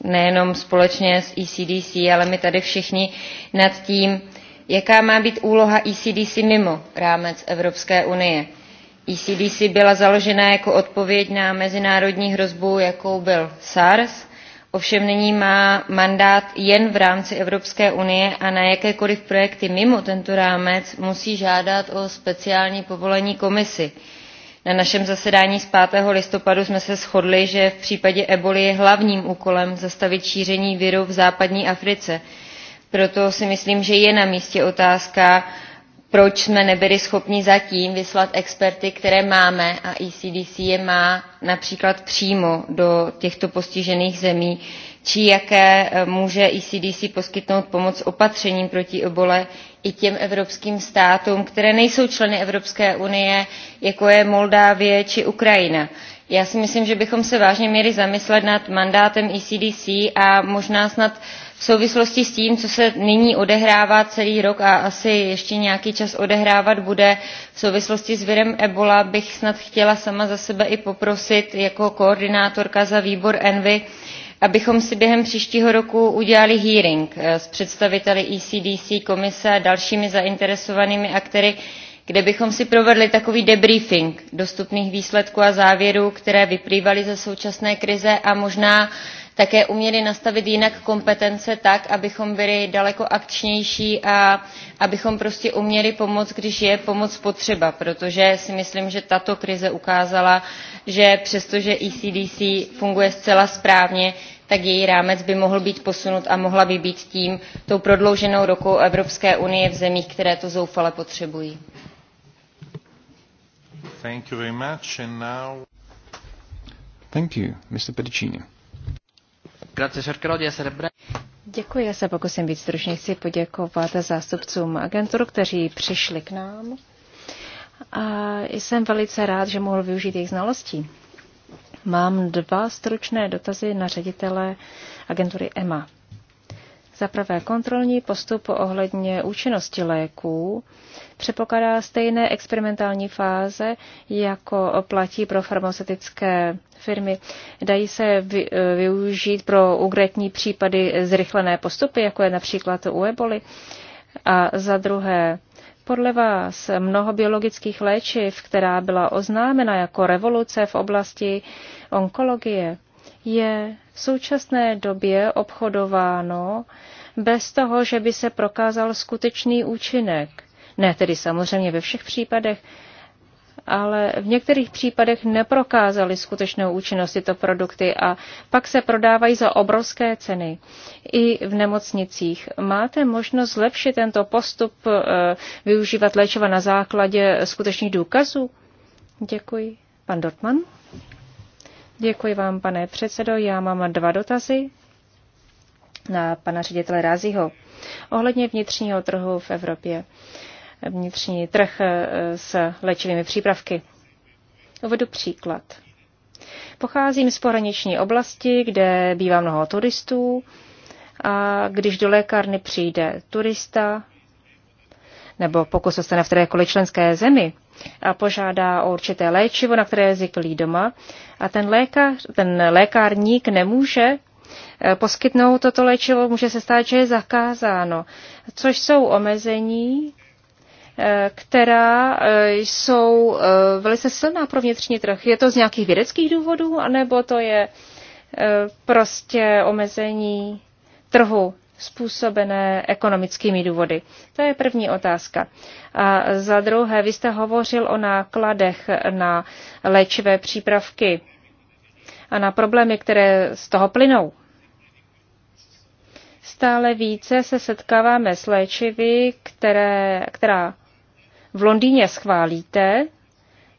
Speaker 5: nejenom společně s ECDC, ale my tady všichni nad tím, jaká má být úloha ECDC mimo rámec Evropské unie. ECDC byla založena jako odpověď na mezinárodní hrozbu, jakou byl SARS, ovšem nyní má mandát jen v rámci Evropské unie a na jakékoliv projekty mimo tento rámec musí žádat o speciální povolení komisi na našem zasedání z. five listopadu jsme se shodli že v případě eboly je hlavním úkolem zastavit šíření viru v západní africe. proto si myslím že je na místě otázka proč jsme nebyli schopni zatím vyslat experty které máme a ecdc je má například přímo do těchto postižených zemí či jaké eh, může ecdc poskytnout pomoc opatřením proti ebole i těm evropským státům, které nejsou členy Evropské unie, jako je Moldávie či Ukrajina. Já si myslím, že bychom se vážně měli zamyslet nad mandátem ECDC a možná snad v souvislosti s tím, co se nyní odehrává celý rok a asi ještě nějaký čas odehrávat bude, v souvislosti s virem Ebola bych snad chtěla sama za sebe i poprosit jako koordinátorka za výbor Envy, abychom si během příštího roku udělali hearing eh, s představiteli ecdc komise a dalšími zainteresovanými aktéry kde bychom si provedli takový debriefing dostupných výsledků a závěrů které vyplývaly ze současné krize a možná také uměli nastavit jinak kompetence tak, abychom byli daleko akčnější a abychom prostě uměli pomoct, když je pomoc potřeba, protože si myslím, že tato krize ukázala, že přestože ECDC funguje zcela správně, tak její rámec by mohl být posunut a mohla by být tím tou prodlouženou rokou Evropské unie v zemích, které to zoufale potřebují.
Speaker 3: Thank you very much and now
Speaker 2: Thank you, Mr. Pedicini.
Speaker 1: Děkuji, já se pokusím být stručný. Chci poděkovat zástupcům agentur, kteří přišli k nám. A jsem velice rád, že mohl využít jejich znalostí. Mám dva stručné dotazy na ředitele agentury EMA. Za prvé kontrolní postup ohledně účinnosti léků předpokládá stejné experimentální fáze, jako platí pro farmaceutické firmy. Dají se eh, využít pro ugretní případy zrychlené postupy, jako je například u eboli. A za druhé, podle vás mnoho biologických léčiv, která byla oznámena jako revoluce v oblasti onkologie, je v současné době obchodováno bez toho, že by se prokázal skutečný účinek. Ne tedy samozřejmě ve všech případech, ale v některých případech neprokázaly skutečnou účinnost tyto produkty a pak se prodávají za obrovské ceny. I v nemocnicích máte možnost zlepšit tento postup, eh, využívat léčiva na základě skutečných důkazů? Děkuji. Pan Dortman? Děkuji vám, pane předsedo. Já mám dva dotazy na pana ředitele Ráziho ohledně vnitřního trhu v Evropě vnitřní trh eh, s léčivými přípravky. Uvedu příklad. Pocházím z pohraniční oblasti, kde bývá mnoho turistů a když do lékárny přijde turista, nebo pokud se stane v kterékoliv členské zemi a požádá o určité léčivo, na které zvyklí doma, a ten, lékař, ten lékárník nemůže eh, poskytnout toto léčivo, může se stát, že je zakázáno, což jsou omezení, Eh, která eh, jsou eh, velice silná pro vnitřní trh. Je to z nějakých vědeckých důvodů, anebo to je prostě omezení trhu způsobené ekonomickými důvody? To je první otázka. A za druhé, vy jste hovořil o nákladech na léčivé přípravky a na problémy, které z toho plynou. Stále více se setkáváme s léčivy, které, která v Londýně schválíte,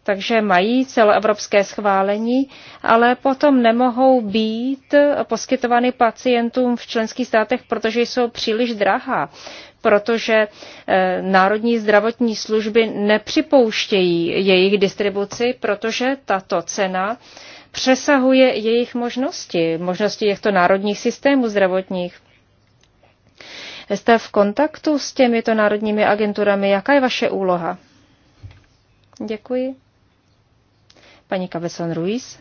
Speaker 1: takže mají celoevropské schválení, ale potom nemohou být poskytovány pacientům v členských státech, protože jsou příliš drahá, protože eh, národní zdravotní služby nepřipouštějí jejich distribuci, protože tato cena přesahuje jejich možnosti, možnosti těchto národních systémů zdravotních. Jste v kontaktu s těmito národními agenturami? Jaká je vaše úloha? Děkuji. Paní Cabezon Ruiz.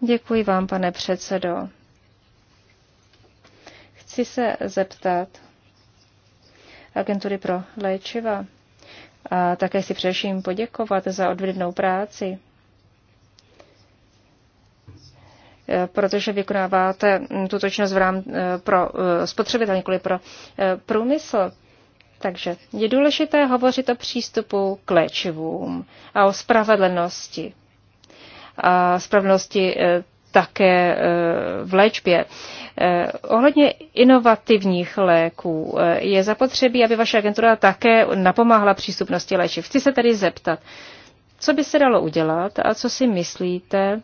Speaker 1: Děkuji vám, pane předsedo. Chci se zeptat agentury pro léčiva a také si především poděkovat za odvědnou práci. protože vykonáváte tuto činnost v rám, pro eh, spotřebitel, nikoli pro eh, průmysl. Takže je důležité hovořit o přístupu k léčivům a o spravedlnosti. A spravedlnosti eh, také v léčbě. Ohledně inovativních léků je zapotřebí, aby vaše agentura také napomáhala přístupnosti léčiv. Chci se tedy zeptat, co by se dalo udělat a co si myslíte,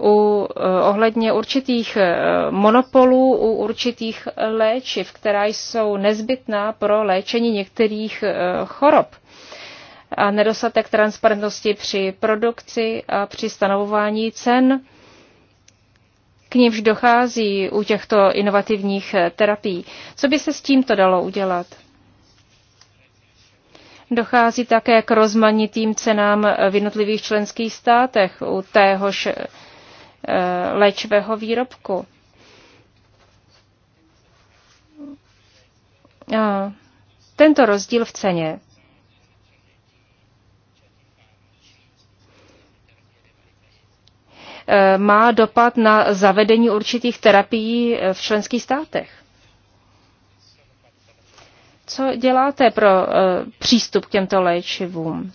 Speaker 1: u, eh, ohledně určitých eh, monopolů u určitých léčiv, která jsou nezbytná pro léčení některých eh, chorob a nedostatek transparentnosti při produkci a při stanovování cen, k nímž dochází u těchto inovativních terapií. Co by se s tímto dalo udělat? Dochází také k rozmanitým cenám v jednotlivých členských státech u téhož Eh, léčivého výrobku. Tento rozdíl v ceně eh, má dopad na zavedení určitých terapií eh, v členských státech. Co děláte pro přístup k těmto léčivům?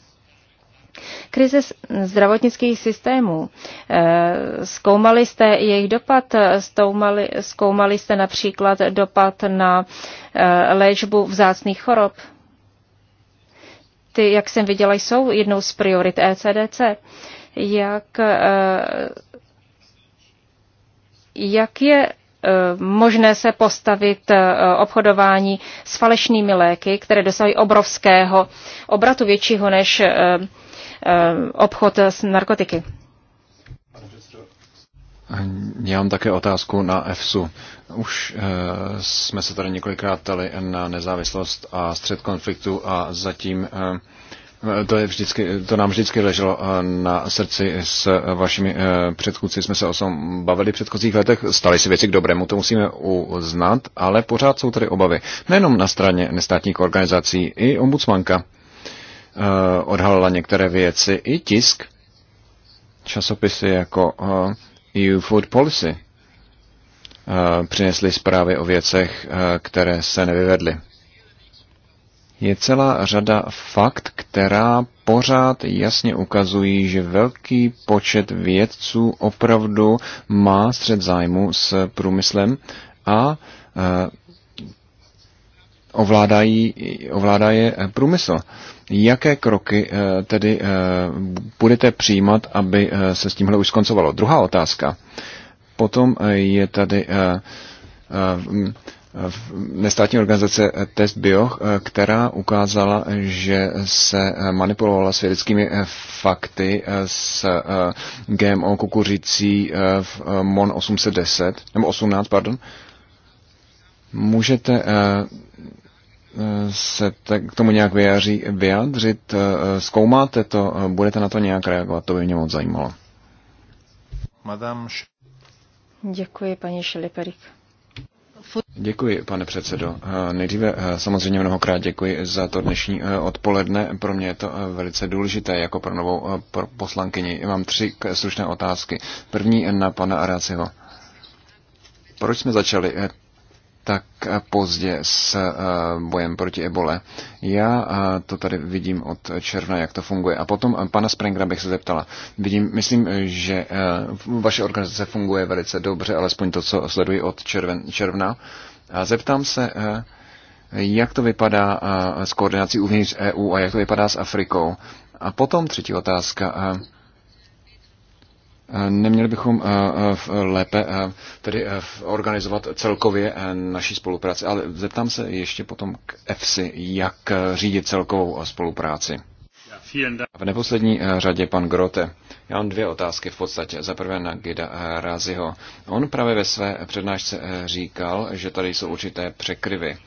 Speaker 1: Krize zdravotnických systémů. Eh, zkoumali jste jejich dopad, zkoumali, zkoumali jste například dopad na eh, léčbu vzácných chorob. Ty, jak jsem viděla, jsou jednou z priorit ECDC. Jak, eh, jak je možné se postavit obchodování s falešnými léky, které dosahují obrovského obratu většího než Eh, obchod s narkotiky.
Speaker 2: Já mám také otázku na EFSU. Už e, jsme se tady několikrát ptali na nezávislost a střed konfliktu a zatím e, to, je vždycky, to nám vždycky leželo na srdci s vašimi předchůdci. Jsme se o tom bavili v předchozích letech. Staly se věci k dobrému, to musíme uznat, ale pořád jsou tady obavy. Nejenom na straně nestátních organizací, i ombudsmanka Eh, odhalila některé věci, i tisk, časopisy jako EU eh, e Food Policy eh, přinesly zprávy o věcech, které se nevyvedly. Je celá řada fakt, která pořád jasně ukazují, že velký počet vědců opravdu má střed zájmu s průmyslem a ovládají, ovládá je průmysl. Jaké kroky eh, tedy eh, budete přijímat, aby eh, se s tímhle už skoncovalo? Druhá otázka. Potom je tady nestátní organizace Test Bio, která ukázala, že se manipulovala s vědeckými fakty s GMO kukuřicí v MON 810, nebo 18, pardon. Můžete se k tomu nějak vyjaří, vyjadřit? Eh, zkoumáte to? Eh, budete na to nějak reagovat? To by mě moc zajímalo.
Speaker 1: Madame... Děkuji, paní Šeliperik.
Speaker 2: Děkuji, pane předsedo. Eh, nejdříve samozřejmě mnohokrát děkuji za to dnešní odpoledne. Pro mě je to velice důležité jako pro novou poslankyni. Mám tři slušné otázky. První na pana Araciho. Proč jsme začali tak pozdě s eh, bojem proti ebole. Já eh, to tady vidím od června, jak to funguje. A potom eh, pana Sprengra bych se zeptala. Vidím, myslím, že vaše organizace funguje velice dobře, alespoň to, co sleduji od červen, června. A zeptám se, jak to vypadá s koordinací uvnitř EU a jak to vypadá s Afrikou. A potom třetí otázka. Eh, neměli bychom eh, eh, lépe tedy organizovat celkově naší spolupráci, ale zeptám se ještě potom k EFSI, jak řídit celkovou spolupráci. V neposlední řadě pan Grote. Já mám dvě otázky v podstatě. Za prvé na Gida Raziho. On právě ve své přednášce říkal, že tady jsou určité překryvy.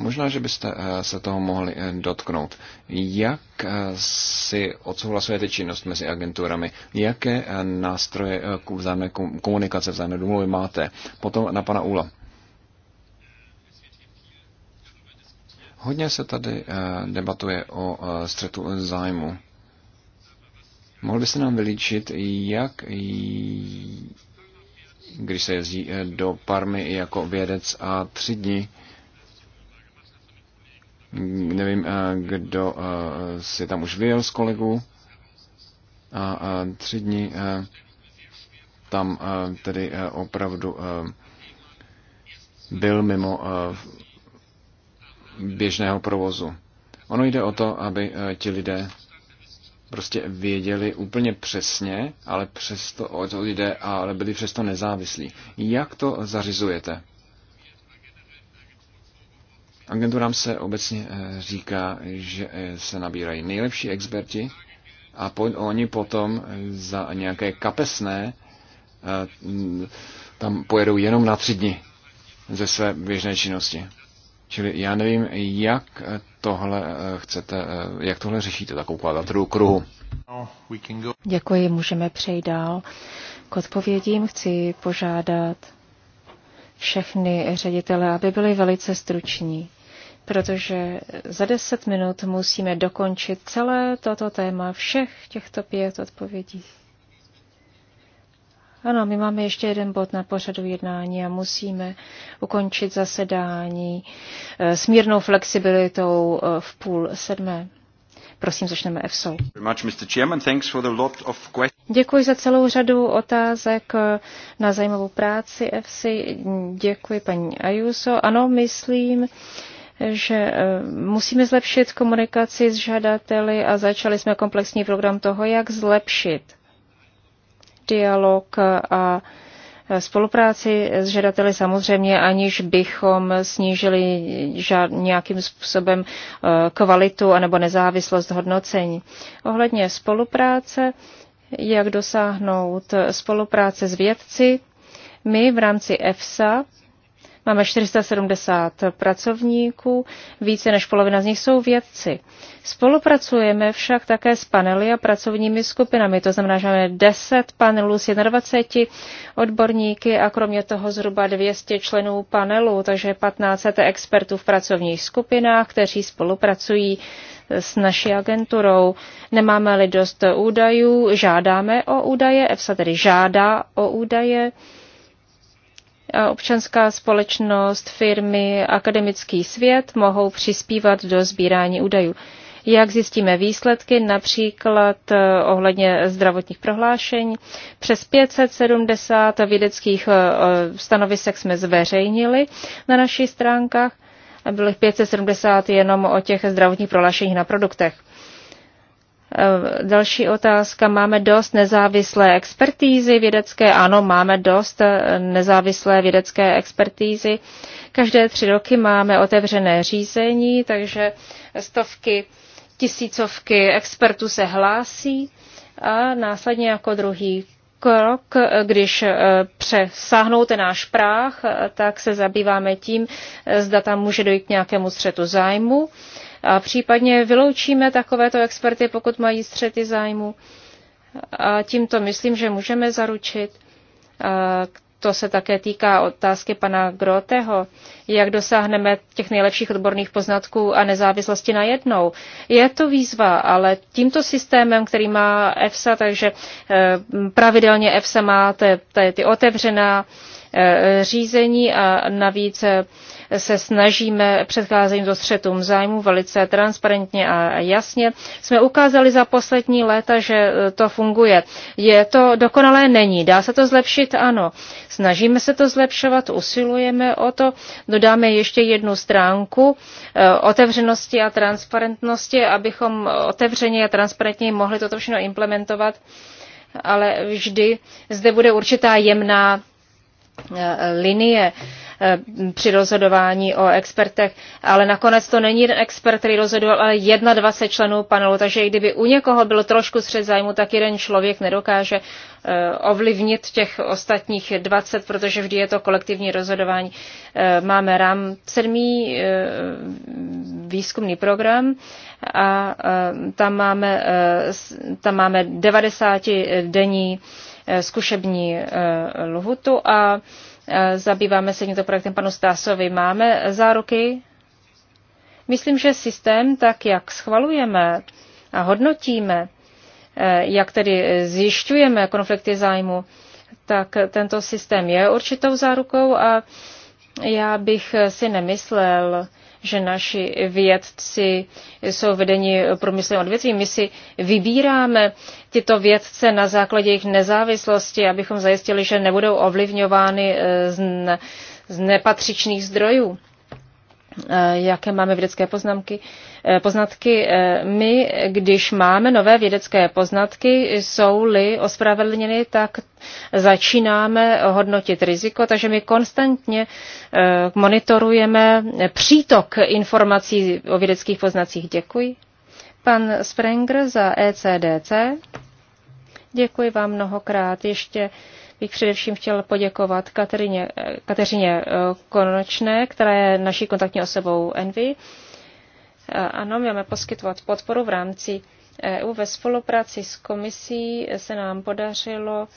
Speaker 2: Možná, že byste eh, se toho mohli eh, dotknout. Jak eh, si odsouhlasujete činnost mezi agenturami? Jaké nástroje k vzájemné komunikace, vzájemné domluvy máte? Potom na pana Úla. Hodně se tady debatuje o střetu zájmu. Mohl byste nám vylíčit, jak, když se jezdí do Parmy jako vědec a tři dny, Nevím, eh, kdo eh, si tam už vyjel s kolegu A eh, tři dny tam tedy opravdu byl mimo běžného provozu. Ono jde o to, aby ti lidé prostě věděli úplně přesně, ale přesto o to jde, ale byli přesto nezávislí. Jak to zařizujete? Agenturám se obecně eh, říká, že eh, se nabírají nejlepší experti a po, oni potom eh, za nějaké kapesné tam pojedou jenom na tři dny ze své běžné činnosti. Čili já nevím, jak tohle chcete, jak tohle řešíte, takovou kvadraturu kruhu.
Speaker 1: Děkuji, můžeme přejít dál. K odpovědím chci požádat všechny ředitele, aby byli velice struční protože za deset minut musíme dokončit celé toto téma všech těchto pět odpovědí. Ano, my máme ještě jeden bod na pořadu jednání a musíme ukončit zasedání eh, s mírnou flexibilitou eh, v půl sedmé. Prosím, začneme EFSO. Děkuji za celou řadu otázek eh, na zajímavou práci EFSI. Děkuji paní Ajuso. Ano, myslím, že eh, musíme zlepšit komunikaci s žadateli a začali jsme komplexní program toho, jak zlepšit dialog a spolupráci s žadateli samozřejmě, aniž bychom snížili žád, nějakým způsobem eh, kvalitu anebo nezávislost hodnocení. Ohledně spolupráce, jak dosáhnout spolupráce s vědci, my v rámci EFSA Máme 470 pracovníků, více než polovina z nich jsou vědci. Spolupracujeme však také s panely a pracovními skupinami, to znamená, že máme 10 panelů s 21 odborníky a kromě toho zhruba 200 členů panelu, takže 15 expertů v pracovních skupinách, kteří spolupracují s naší agenturou. Nemáme-li dost údajů, žádáme o údaje, EFSA tedy žádá o údaje. Občanská společnost, firmy, akademický svět mohou přispívat do sbírání údajů. Jak zjistíme výsledky, například eh, ohledně zdravotních prohlášení? Přes 570 vědeckých eh, stanovisek jsme zveřejnili na našich stránkách. Bylo 570 jenom o těch zdravotních prohlášeních na produktech. Eh, další otázka. Máme dost nezávislé expertízy vědecké? Ano, máme dost eh, nezávislé vědecké expertízy. Každé tři roky máme otevřené řízení, takže stovky, tisícovky expertů se hlásí a následně jako druhý krok, eh, když přesáhnou ten náš práh, tak se zabýváme tím, zda tam může dojít k nějakému střetu zájmu a případně vyloučíme takovéto experty, pokud mají střety zájmu. A tímto myslím, že můžeme zaručit. A to se také týká otázky pana Groteho, jak dosáhneme těch nejlepších odborných poznatků a nezávislosti na jednou. Je to výzva, ale tímto systémem, který má EFSA, takže e, pravidelně EFSA má ty, ty otevřená e, řízení a navíc e, se snažíme předcházení do střetům zájmu velice transparentně a jasně. Jsme ukázali za poslední léta, že to funguje. Je to dokonalé není. Dá se to zlepšit? Ano. Snažíme se to zlepšovat, usilujeme o to. Dodáme ještě jednu stránku eh, otevřenosti a transparentnosti, abychom otevřeně a transparentně mohli toto všechno implementovat ale vždy zde bude určitá jemná eh, linie Eh, při rozhodování o expertech, ale nakonec to není jeden expert, který rozhodoval, ale 21 členů panelu, takže i kdyby u někoho bylo trošku střed zájmu, tak jeden člověk nedokáže eh, ovlivnit těch ostatních 20, protože vždy je to kolektivní rozhodování. Eh, máme rám sedmý výzkumný program a tam máme, tam máme 90 denní zkušební lhutu a zabýváme se tímto projektem panu Stásovi. Máme záruky? Myslím, že systém, tak jak schvalujeme a hodnotíme, e, jak tedy zjišťujeme konflikty zájmu, tak tento systém je určitou zárukou a já bych si nemyslel, že naši vědci jsou vedeni průmyslovým odvětví, My si vybíráme tyto vědce na základě jejich nezávislosti, abychom zajistili, že nebudou ovlivňovány eh, z nepatřičných zdrojů. Eh, jaké máme vědecké poznámky, eh, poznatky. Eh, my, když máme nové vědecké poznatky, jsou-li ospravedlněny, tak začínáme hodnotit riziko, takže my konstantně monitorujeme přítok informací o vědeckých poznacích. Děkuji. Pan Sprenger za ECDC. Děkuji vám mnohokrát. Ještě bych především chtěl poděkovat Katerině, Kateřině eh, Konočné, která je naší kontaktní osobou Envy. Eh, ano, máme poskytovat podporu v rámci EU. Ve spolupráci s komisí se nám podařilo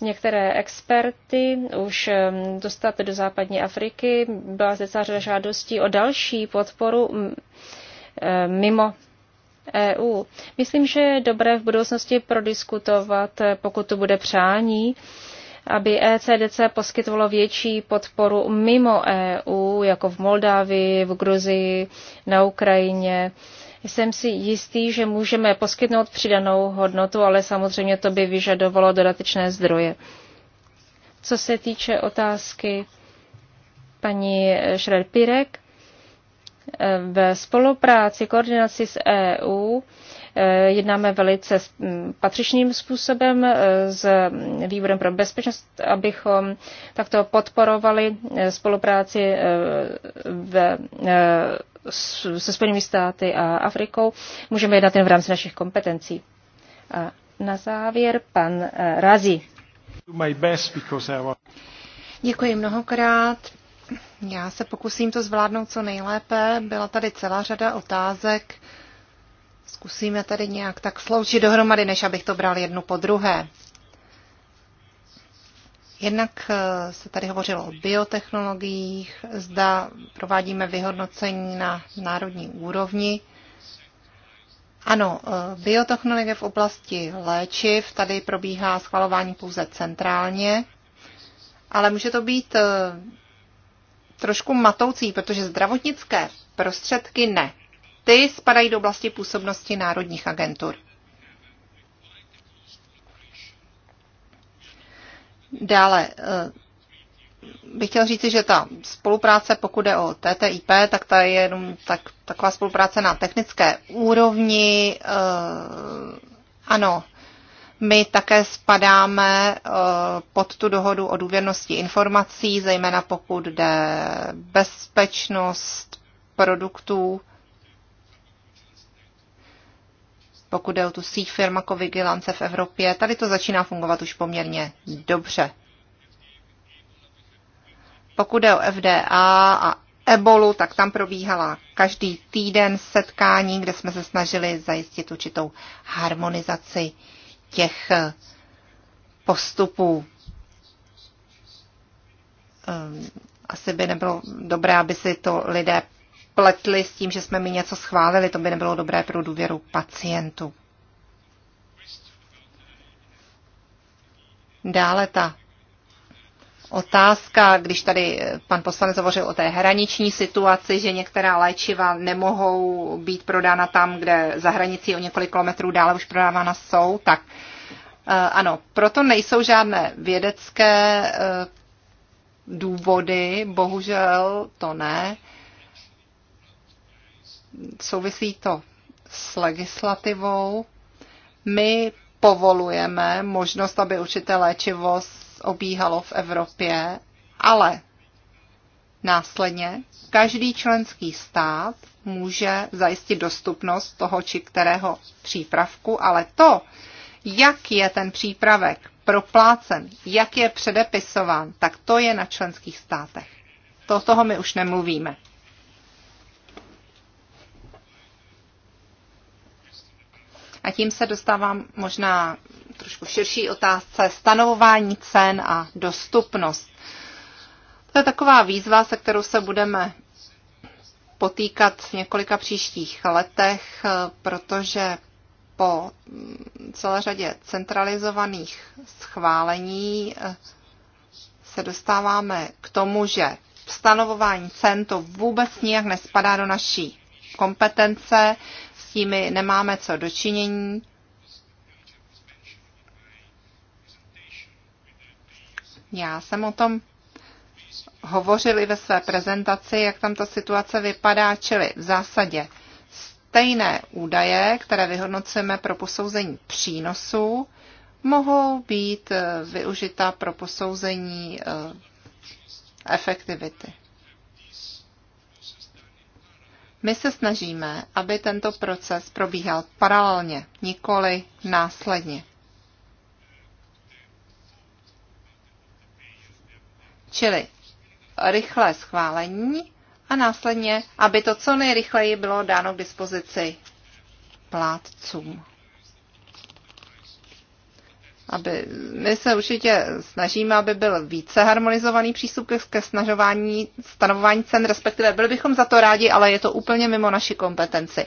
Speaker 1: některé experty už eh, dostat do západní Afriky. Byla zde celá řada žádostí o další podporu mimo EU. Myslím, že je dobré v budoucnosti prodiskutovat, e, pokud to bude přání, aby ECDC poskytovalo větší podporu mimo EU, jako v Moldávii, v Gruzii, na Ukrajině. Jsem si jistý, že můžeme poskytnout přidanou hodnotu, ale samozřejmě to by vyžadovalo dodatečné zdroje. Co se týče otázky paní Šrel-Pirek, Eh, ve spolupráci, koordinaci s EU eh, jednáme velice patřičným způsobem eh, s Výborem pro bezpečnost, abychom takto podporovali spolupráci ve, se Spojenými státy a Afrikou. Můžeme jednat jen v rámci našich kompetencí. A na závěr pan Razi.
Speaker 4: Děkuji mnohokrát. Já se pokusím to zvládnout co nejlépe. Byla tady celá řada otázek. Zkusíme tady nějak tak sloučit dohromady, než abych to bral jednu po druhé. Jednak eh, se tady hovořilo o biotechnologiích, zda provádíme vyhodnocení na národní úrovni. Ano, eh, biotechnologie v oblasti léčiv, tady probíhá schvalování pouze centrálně, ale může to být eh, trošku matoucí, protože zdravotnické prostředky ne. Ty spadají do oblasti působnosti národních agentur. Dále eh, bych chtěl říci, že ta spolupráce, pokud je o TTIP, tak ta je jenom tak, taková spolupráce na technické úrovni. Eh, ano, my také spadáme eh, pod tu dohodu o důvěrnosti informací, zejména pokud jde bezpečnost produktů, pokud jde o tu síť firmakovigilance v Evropě. Tady to začíná fungovat už poměrně dobře. Pokud jde o FDA a ebolu, tak tam probíhala každý týden setkání, kde jsme se snažili zajistit určitou harmonizaci těch eh, postupů. Ehm, asi by nebylo dobré, aby si to lidé pletli s tím, že jsme mi něco schválili. To by nebylo dobré pro důvěru pacientů. Dále ta otázka, když tady pan poslanec hovořil o té hraniční situaci, že některá léčiva nemohou být prodána tam, kde za hranicí o několik kilometrů dále už prodávána jsou, tak eh, ano, proto nejsou žádné vědecké eh, důvody, bohužel to ne. Souvisí to s legislativou. My povolujeme možnost, aby určité léčivo obíhalo v Evropě, ale následně každý členský stát může zajistit dostupnost toho či kterého přípravku, ale to, jak je ten přípravek proplácen, jak je předepisován, tak to je na členských státech. To toho my už nemluvíme. A tím se dostávám možná trošku širší otázce stanovování cen a dostupnost. To je taková výzva, se kterou se budeme potýkat v několika příštích letech, protože po celé řadě centralizovaných schválení se dostáváme k tomu, že stanovování cen to vůbec nijak nespadá do naší kompetence, s tím nemáme co dočinění Já jsem o tom hovořili ve své prezentaci, jak tam ta situace vypadá, čili v zásadě stejné údaje, které vyhodnocujeme pro posouzení přínosů, mohou být eh, využita pro posouzení eh, efektivity. My se snažíme, aby tento proces probíhal paralelně, nikoli následně. Čili rychlé schválení a následně, aby to co nejrychleji bylo dáno k dispozici plátcům. Aby, my se určitě snažíme, aby byl více harmonizovaný přístup ke snažování, stanovování cen, respektive byli bychom za to rádi, ale je to úplně mimo naši kompetenci.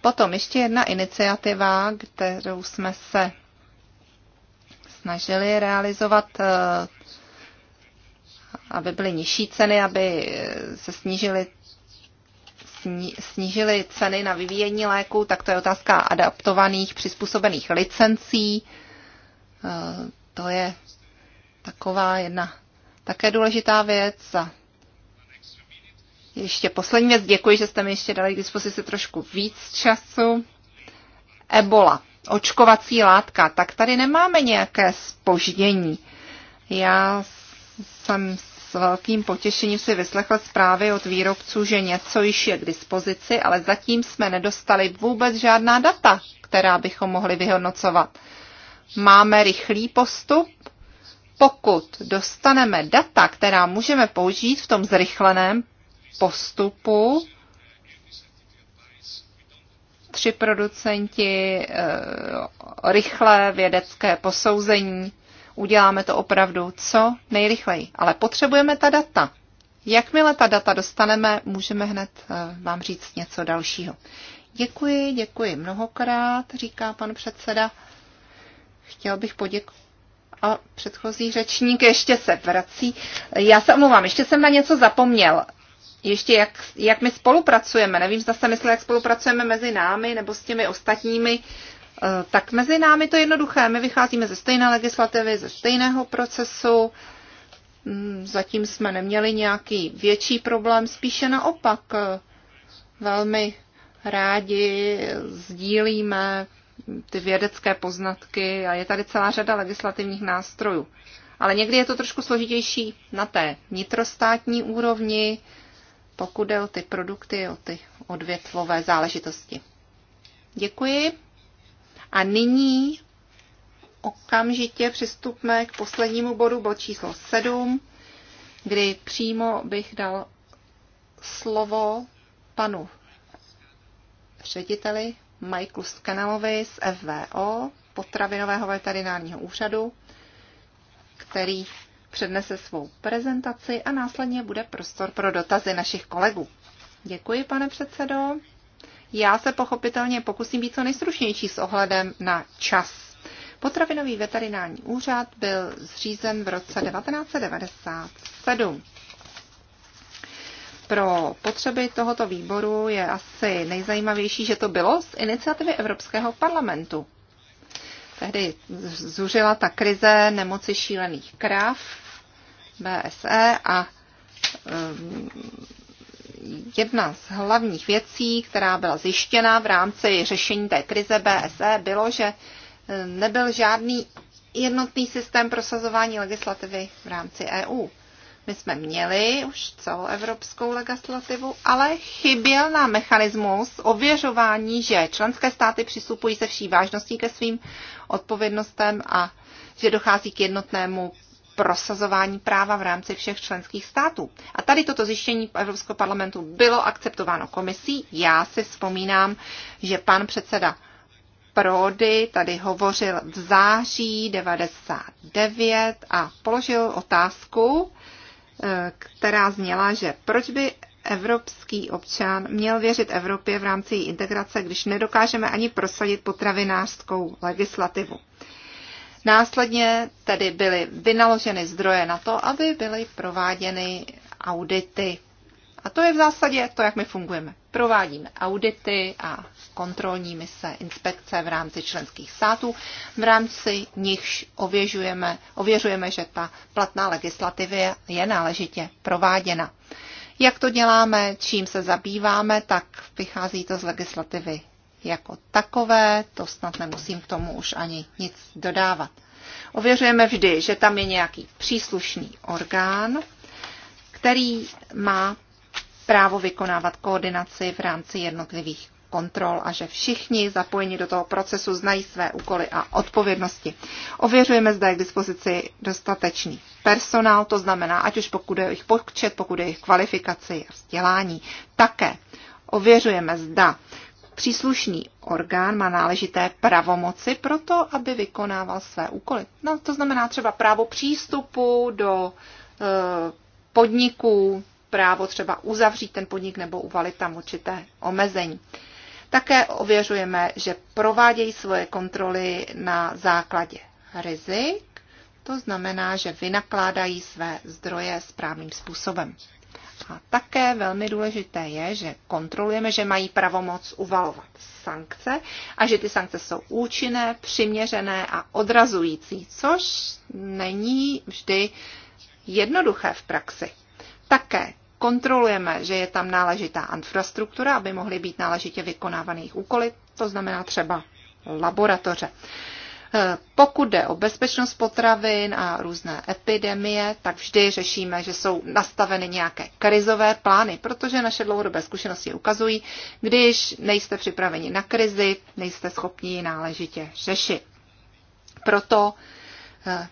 Speaker 4: Potom ještě jedna iniciativa, kterou jsme se snažili realizovat, eh, aby byly nižší ceny, aby se snížily snížili ceny na vyvíjení léku, tak to je otázka adaptovaných, přizpůsobených licencí. Eh, to je taková jedna také důležitá věc. A ještě poslední věc, děkuji, že jste mi ještě dali k dispozici trošku víc času. Ebola očkovací látka, tak tady nemáme nějaké spoždění. Já jsem s velkým potěšením si vyslechla zprávy od výrobců, že něco již je k dispozici, ale zatím jsme nedostali vůbec žádná data, která bychom mohli vyhodnocovat. Máme rychlý postup, pokud dostaneme data, která můžeme použít v tom zrychleném postupu, tři producenti, eh, rychlé vědecké posouzení. Uděláme to opravdu co nejrychleji. Ale potřebujeme ta data. Jakmile ta data dostaneme, můžeme hned eh, vám říct něco dalšího. Děkuji, děkuji mnohokrát, říká pan předseda. Chtěl bych poděkovat. A předchozí řečník ještě se vrací. Já se omlouvám, ještě jsem na něco zapomněl ještě jak, jak my spolupracujeme. Nevím, zda se myslí, jak spolupracujeme mezi námi nebo s těmi ostatními. Eh, tak mezi námi to je jednoduché. My vycházíme ze stejné legislativy, ze stejného procesu. Hmm, zatím jsme neměli nějaký větší problém, spíše naopak. Eh, velmi rádi sdílíme ty vědecké poznatky a je tady celá řada legislativních nástrojů. Ale někdy je to trošku složitější na té vnitrostátní úrovni, pokud jde o ty produkty, o ty odvětvové záležitosti. Děkuji. A nyní okamžitě přistupme k poslednímu bodu, bod číslo 7, kdy přímo bych dal slovo panu řediteli Michaelu Skanalovi z FVO, potravinového veterinárního úřadu, který přednese svou prezentaci a následně bude prostor pro dotazy našich kolegů. Děkuji, pane předsedo. Já se pochopitelně pokusím být co nejstručnější s ohledem na čas. Potravinový veterinární úřad byl zřízen v roce 1997. Pro potřeby tohoto výboru je asi nejzajímavější, že to bylo z iniciativy Evropského parlamentu. Tehdy zuřila ta krize nemoci šílených krav BSE a ehm, jedna z hlavních věcí, která byla zjištěna v rámci řešení té krize BSE, bylo, že ehm, nebyl žádný jednotný systém prosazování legislativy v rámci EU. My jsme měli už celou evropskou legislativu, ale chyběl nám mechanismus ověřování, že členské státy přistupují se vší vážností ke svým odpovědnostem a že dochází k jednotnému prosazování práva v rámci všech členských států. A tady toto zjištění Evropského parlamentu bylo akceptováno komisí. Já si vzpomínám, že pan předseda Prody tady hovořil v září 99 a položil otázku, eh, která zněla, že proč by evropský občan měl věřit Evropě v rámci její integrace, když nedokážeme ani prosadit potravinářskou legislativu. Následně tedy byly vynaloženy zdroje na to, aby byly prováděny audity. A to je v zásadě to, jak my fungujeme. Provádíme audity a kontrolní mise inspekce v rámci členských států, v rámci nichž ověřujeme, ověřujeme že ta platná legislativa je náležitě prováděna. Jak to děláme, čím se zabýváme, tak vychází to z legislativy jako takové, to snad nemusím k tomu už ani nic dodávat. Ověřujeme vždy, že tam je nějaký příslušný orgán, který má právo vykonávat koordinaci v rámci jednotlivých kontrol a že všichni zapojení do toho procesu znají své úkoly a odpovědnosti. Ověřujeme, zda je k dispozici dostatečný personál, to znamená, ať už pokud je jejich počet, pokud je jejich kvalifikaci a vzdělání. Také ověřujeme, zda Příslušný orgán má náležité pravomoci pro to, aby vykonával své úkoly. No, to znamená třeba právo přístupu do e, podniků, právo třeba uzavřít ten podnik nebo uvalit tam určité omezení. Také ověřujeme, že provádějí svoje kontroly na základě rizik, to znamená, že vynakládají své zdroje správným způsobem. A také velmi důležité je, že kontrolujeme, že mají pravomoc uvalovat sankce a že ty sankce jsou účinné, přiměřené a odrazující, což není vždy jednoduché v praxi. Také kontrolujeme, že je tam náležitá infrastruktura, aby mohly být náležitě vykonávané úkoly, to znamená třeba laboratoře. Eh, pokud jde o bezpečnost potravin a různé epidemie, tak vždy řešíme, že jsou nastaveny nějaké krizové plány, protože naše dlouhodobé zkušenosti ukazují, když nejste připraveni na krizi, nejste schopni ji náležitě řešit. Proto eh,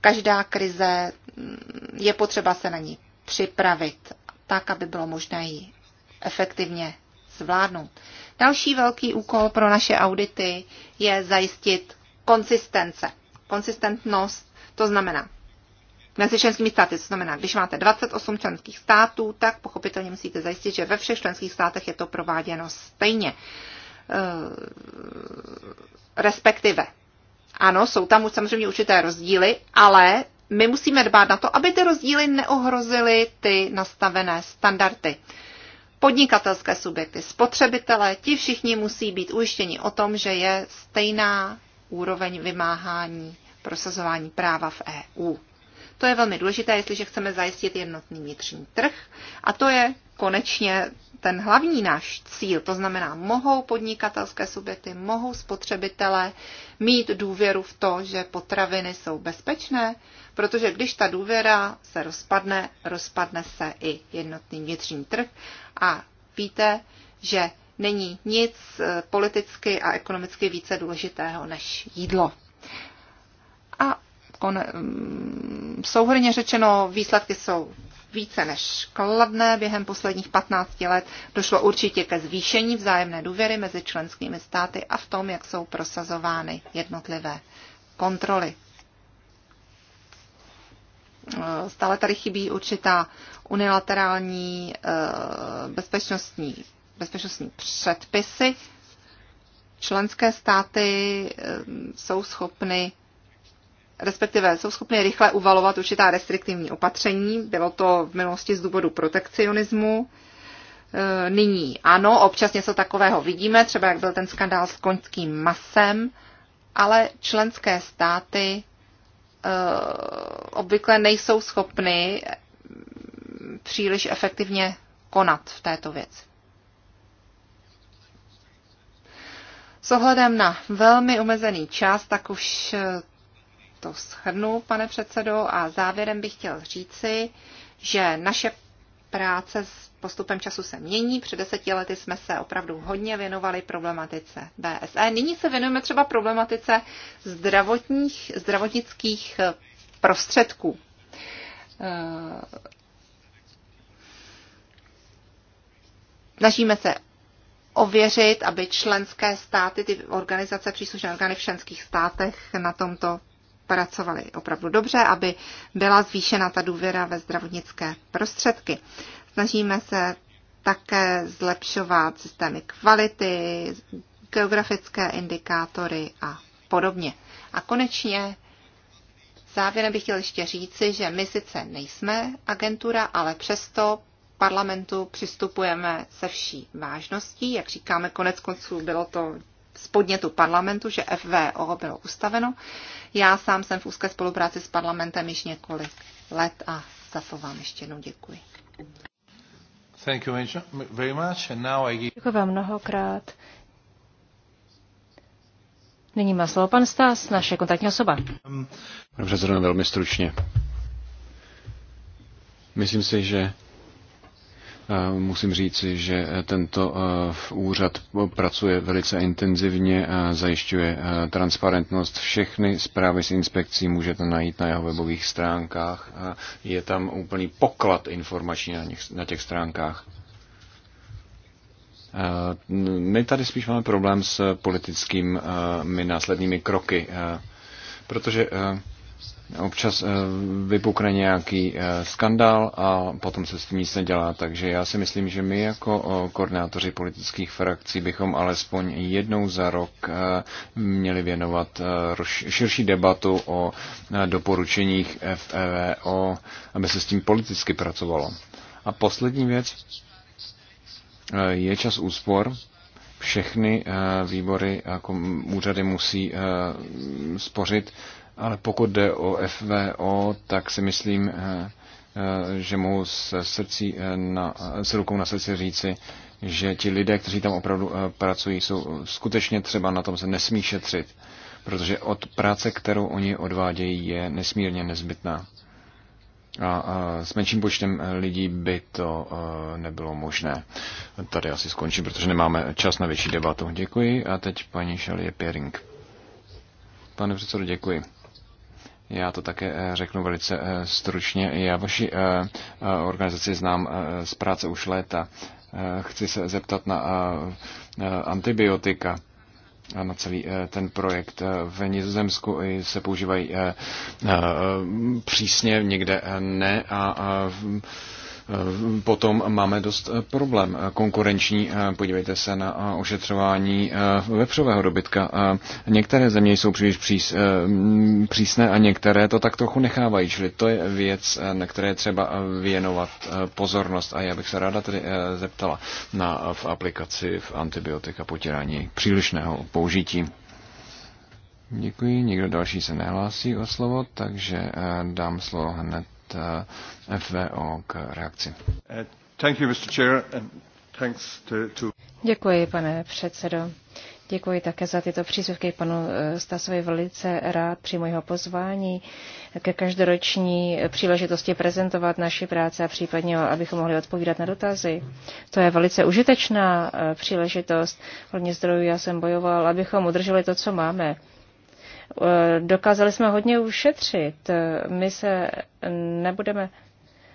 Speaker 4: každá krize mm, je potřeba se na ní připravit tak, aby bylo možné ji efektivně zvládnout. Další velký úkol pro naše audity je zajistit konsistence, konsistentnost, to znamená mezi členskými státy, to znamená, když máte 28 členských států, tak pochopitelně musíte zajistit, že ve všech členských státech je to prováděno stejně. E, respektive, ano, jsou tam už samozřejmě určité rozdíly, ale my musíme dbát na to, aby ty rozdíly neohrozily ty nastavené standardy. Podnikatelské subjekty, spotřebitele, ti všichni musí být ujištěni o tom, že je stejná úroveň vymáhání prosazování práva v EU. To je velmi důležité, jestliže chceme zajistit jednotný vnitřní trh. A to je konečně ten hlavní náš cíl. To znamená, mohou podnikatelské subjekty, mohou spotřebitelé mít důvěru v to, že potraviny jsou bezpečné, protože když ta důvěra se rozpadne, rozpadne se i jednotný vnitřní trh. A víte, že není nic eh, politicky a ekonomicky více důležitého než jídlo. A kon, mm, souhrně řečeno, výsledky jsou více než kladné. Během posledních 15 let došlo určitě ke zvýšení vzájemné důvěry mezi členskými státy a v tom, jak jsou prosazovány jednotlivé kontroly. Eh, stále tady chybí určitá unilaterální eh, bezpečnostní bezpečnostní předpisy, členské státy eh, jsou schopny respektive jsou schopny rychle uvalovat určitá restriktivní opatření. Bylo to v minulosti z důvodu protekcionismu. Eh, nyní ano, občas něco takového vidíme, třeba jak byl ten skandál s koňským masem, ale členské státy eh, obvykle nejsou schopny příliš efektivně konat v této věci. S ohledem na velmi omezený čas, tak už eh, to shrnu, pane předsedo, a závěrem bych chtěl říci, že naše práce s postupem času se mění. Před deseti lety jsme se opravdu hodně věnovali problematice BSE. Nyní se věnujeme třeba problematice zdravotních, zdravotnických eh, prostředků. Eh, snažíme se ověřit, aby členské státy, ty organizace, příslušné orgány v členských státech na tomto pracovali opravdu dobře, aby byla zvýšena ta důvěra ve zdravotnické prostředky. Snažíme se také zlepšovat systémy kvality, geografické indikátory a podobně. A konečně závěrem bych chtěl ještě říci, že my sice nejsme agentura, ale přesto parlamentu přistupujeme se vší vážností. Jak říkáme, konec konců bylo to z podnětu parlamentu, že FVO bylo ustaveno. Já sám jsem v úzké spolupráci s parlamentem již několik let a za to vám ještě jednou děkuji.
Speaker 3: Thank you very much. And now I give...
Speaker 1: Děkuji vám mnohokrát. Nyní má slovo pan Stas, naše kontaktní osoba.
Speaker 2: Pane velmi stručně. Myslím si, že Musím říci, že tento e, úřad pracuje velice intenzivně, a zajišťuje e, transparentnost. Všechny zprávy z inspekcí můžete najít na jeho webových stránkách. Je tam úplný poklad informační na, na těch stránkách. E, my tady spíš máme problém s politickými následnými kroky, protože občas eh, vypukne nějaký eh, skandál a potom se s tím nic nedělá. Takže já si myslím, že my jako eh, koordinátoři politických frakcí bychom alespoň jednou za rok měli věnovat širší debatu o doporučeních FEVO, aby se s tím politicky pracovalo. A poslední věc je čas úspor všechny výbory a úřady musí spořit ale pokud jde o FVO, tak si myslím, eh, eh, že mohu s, srdcí eh, na, s rukou na srdci říci, že ti lidé, kteří tam opravdu pracují, jsou skutečně třeba na tom se nesmí šetřit, protože od práce, kterou oni odvádějí, je nesmírně nezbytná. A, s menším počtem lidí by to nebylo možné. Tady asi skončím, protože nemáme čas na větší debatu. Děkuji a teď paní Šalie Pěring. Pane předsedo, děkuji. Já to také eh, řeknu velice eh, stručně. Já vaši eh, organizaci znám z práce už léta. Chci se zeptat na antibiotika na celý ten projekt. V Nizozemsku se používají přísně, někde ne a Eh, potom máme dost eh, problém eh, konkurenční. Podívejte se na ošetřování vepřového dobytka. Některé země jsou příliš přís, přísné a některé to tak trochu nechávají, čili to je věc, na které třeba věnovat pozornost. A já bych se ráda tedy zeptala na, v aplikaci v antibiotika potírání přílišného použití. Děkuji, nikdo další se nehlásí o slovo, takže dám slovo hned Eh, FVO k reakci.
Speaker 1: Děkuji, pane předsedo. Děkuji také za tyto příspěvky panu eh, Stasovi. Velice rád při mojho pozvání ke každoroční příležitosti prezentovat naši práci a případně, abychom mohli odpovídat na dotazy. To je velice užitečná eh, příležitost. Hodně zdrojů já jsem bojoval, abychom udrželi to, co máme. Eh, dokázali jsme hodně ušetřit. Eh, my se nebudeme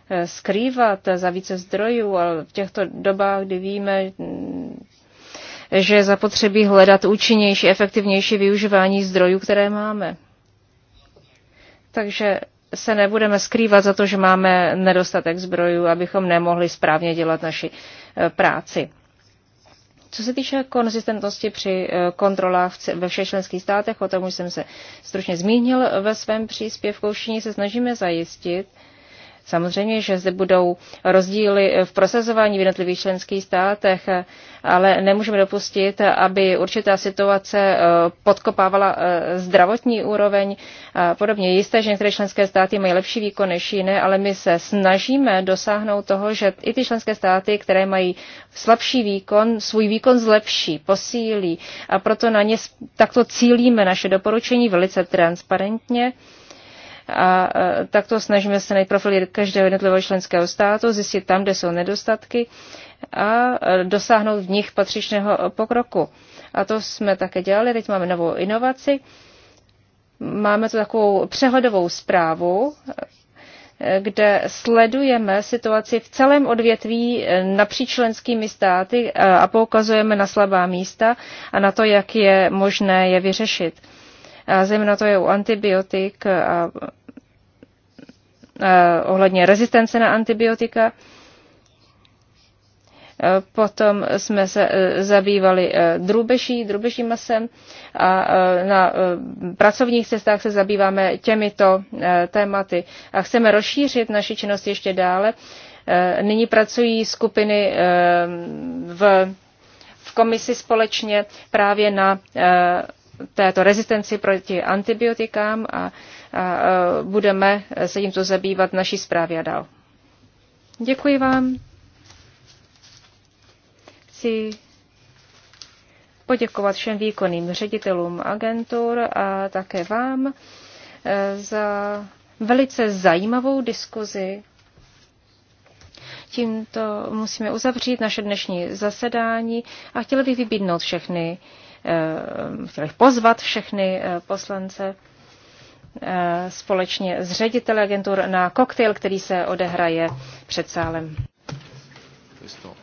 Speaker 1: eh, skrývat za více zdrojů, ale v těchto dobách, kdy víme, mm, že je zapotřebí hledat účinnější, efektivnější využívání zdrojů, které máme. Takže se nebudeme skrývat za to, že máme nedostatek zdrojů, abychom nemohli správně dělat naši práci. Co se týče konzistentnosti při eh, kontrolách ve všech členských státech, o tom už jsem se stručně zmínil ve svém příspěvku, všichni se snažíme zajistit, Samozřejmě, že zde budou rozdíly v prosazování v jednotlivých členských státech, ale nemůžeme dopustit, aby určitá situace eh, podkopávala eh, zdravotní úroveň a podobně. Jisté, že některé členské státy mají lepší výkon než jiné, ale my se snažíme dosáhnout toho, že i ty členské státy, které mají slabší výkon, svůj výkon zlepší, posílí a proto na ně takto cílíme naše doporučení velice transparentně. A takto snažíme se najít profil každého jednotlivého členského státu, zjistit tam, kde jsou nedostatky a dosáhnout v nich patřičného pokroku. A to jsme také dělali, teď máme novou inovaci. Máme tu takovou přehledovou zprávu, kde sledujeme situaci v celém odvětví e, napříč členskými státy a poukazujeme na slabá místa a na to, jak je možné je vyřešit a zejména to je u antibiotik a, a ohledně rezistence na antibiotika. Potom jsme se e, zabývali e, drůbeží, drůbežím masem a e, na pracovních cestách se zabýváme těmito tématy a chceme rozšířit naši činnost ještě dále. Nyní pracují skupiny v, v komisi společně právě na této rezistenci proti antibiotikám a, a budeme se tímto zabývat naší zprávě a dál. Děkuji vám. Chci poděkovat všem výkonným ředitelům agentur a také vám e, za velice zajímavou diskuzi. Tímto musíme uzavřít naše dnešní zasedání a chtěla bych vybídnout všechny, chtěli pozvat všechny poslance společně s řediteli agentur na koktejl, který se odehraje před sálem.
Speaker 3: Questo.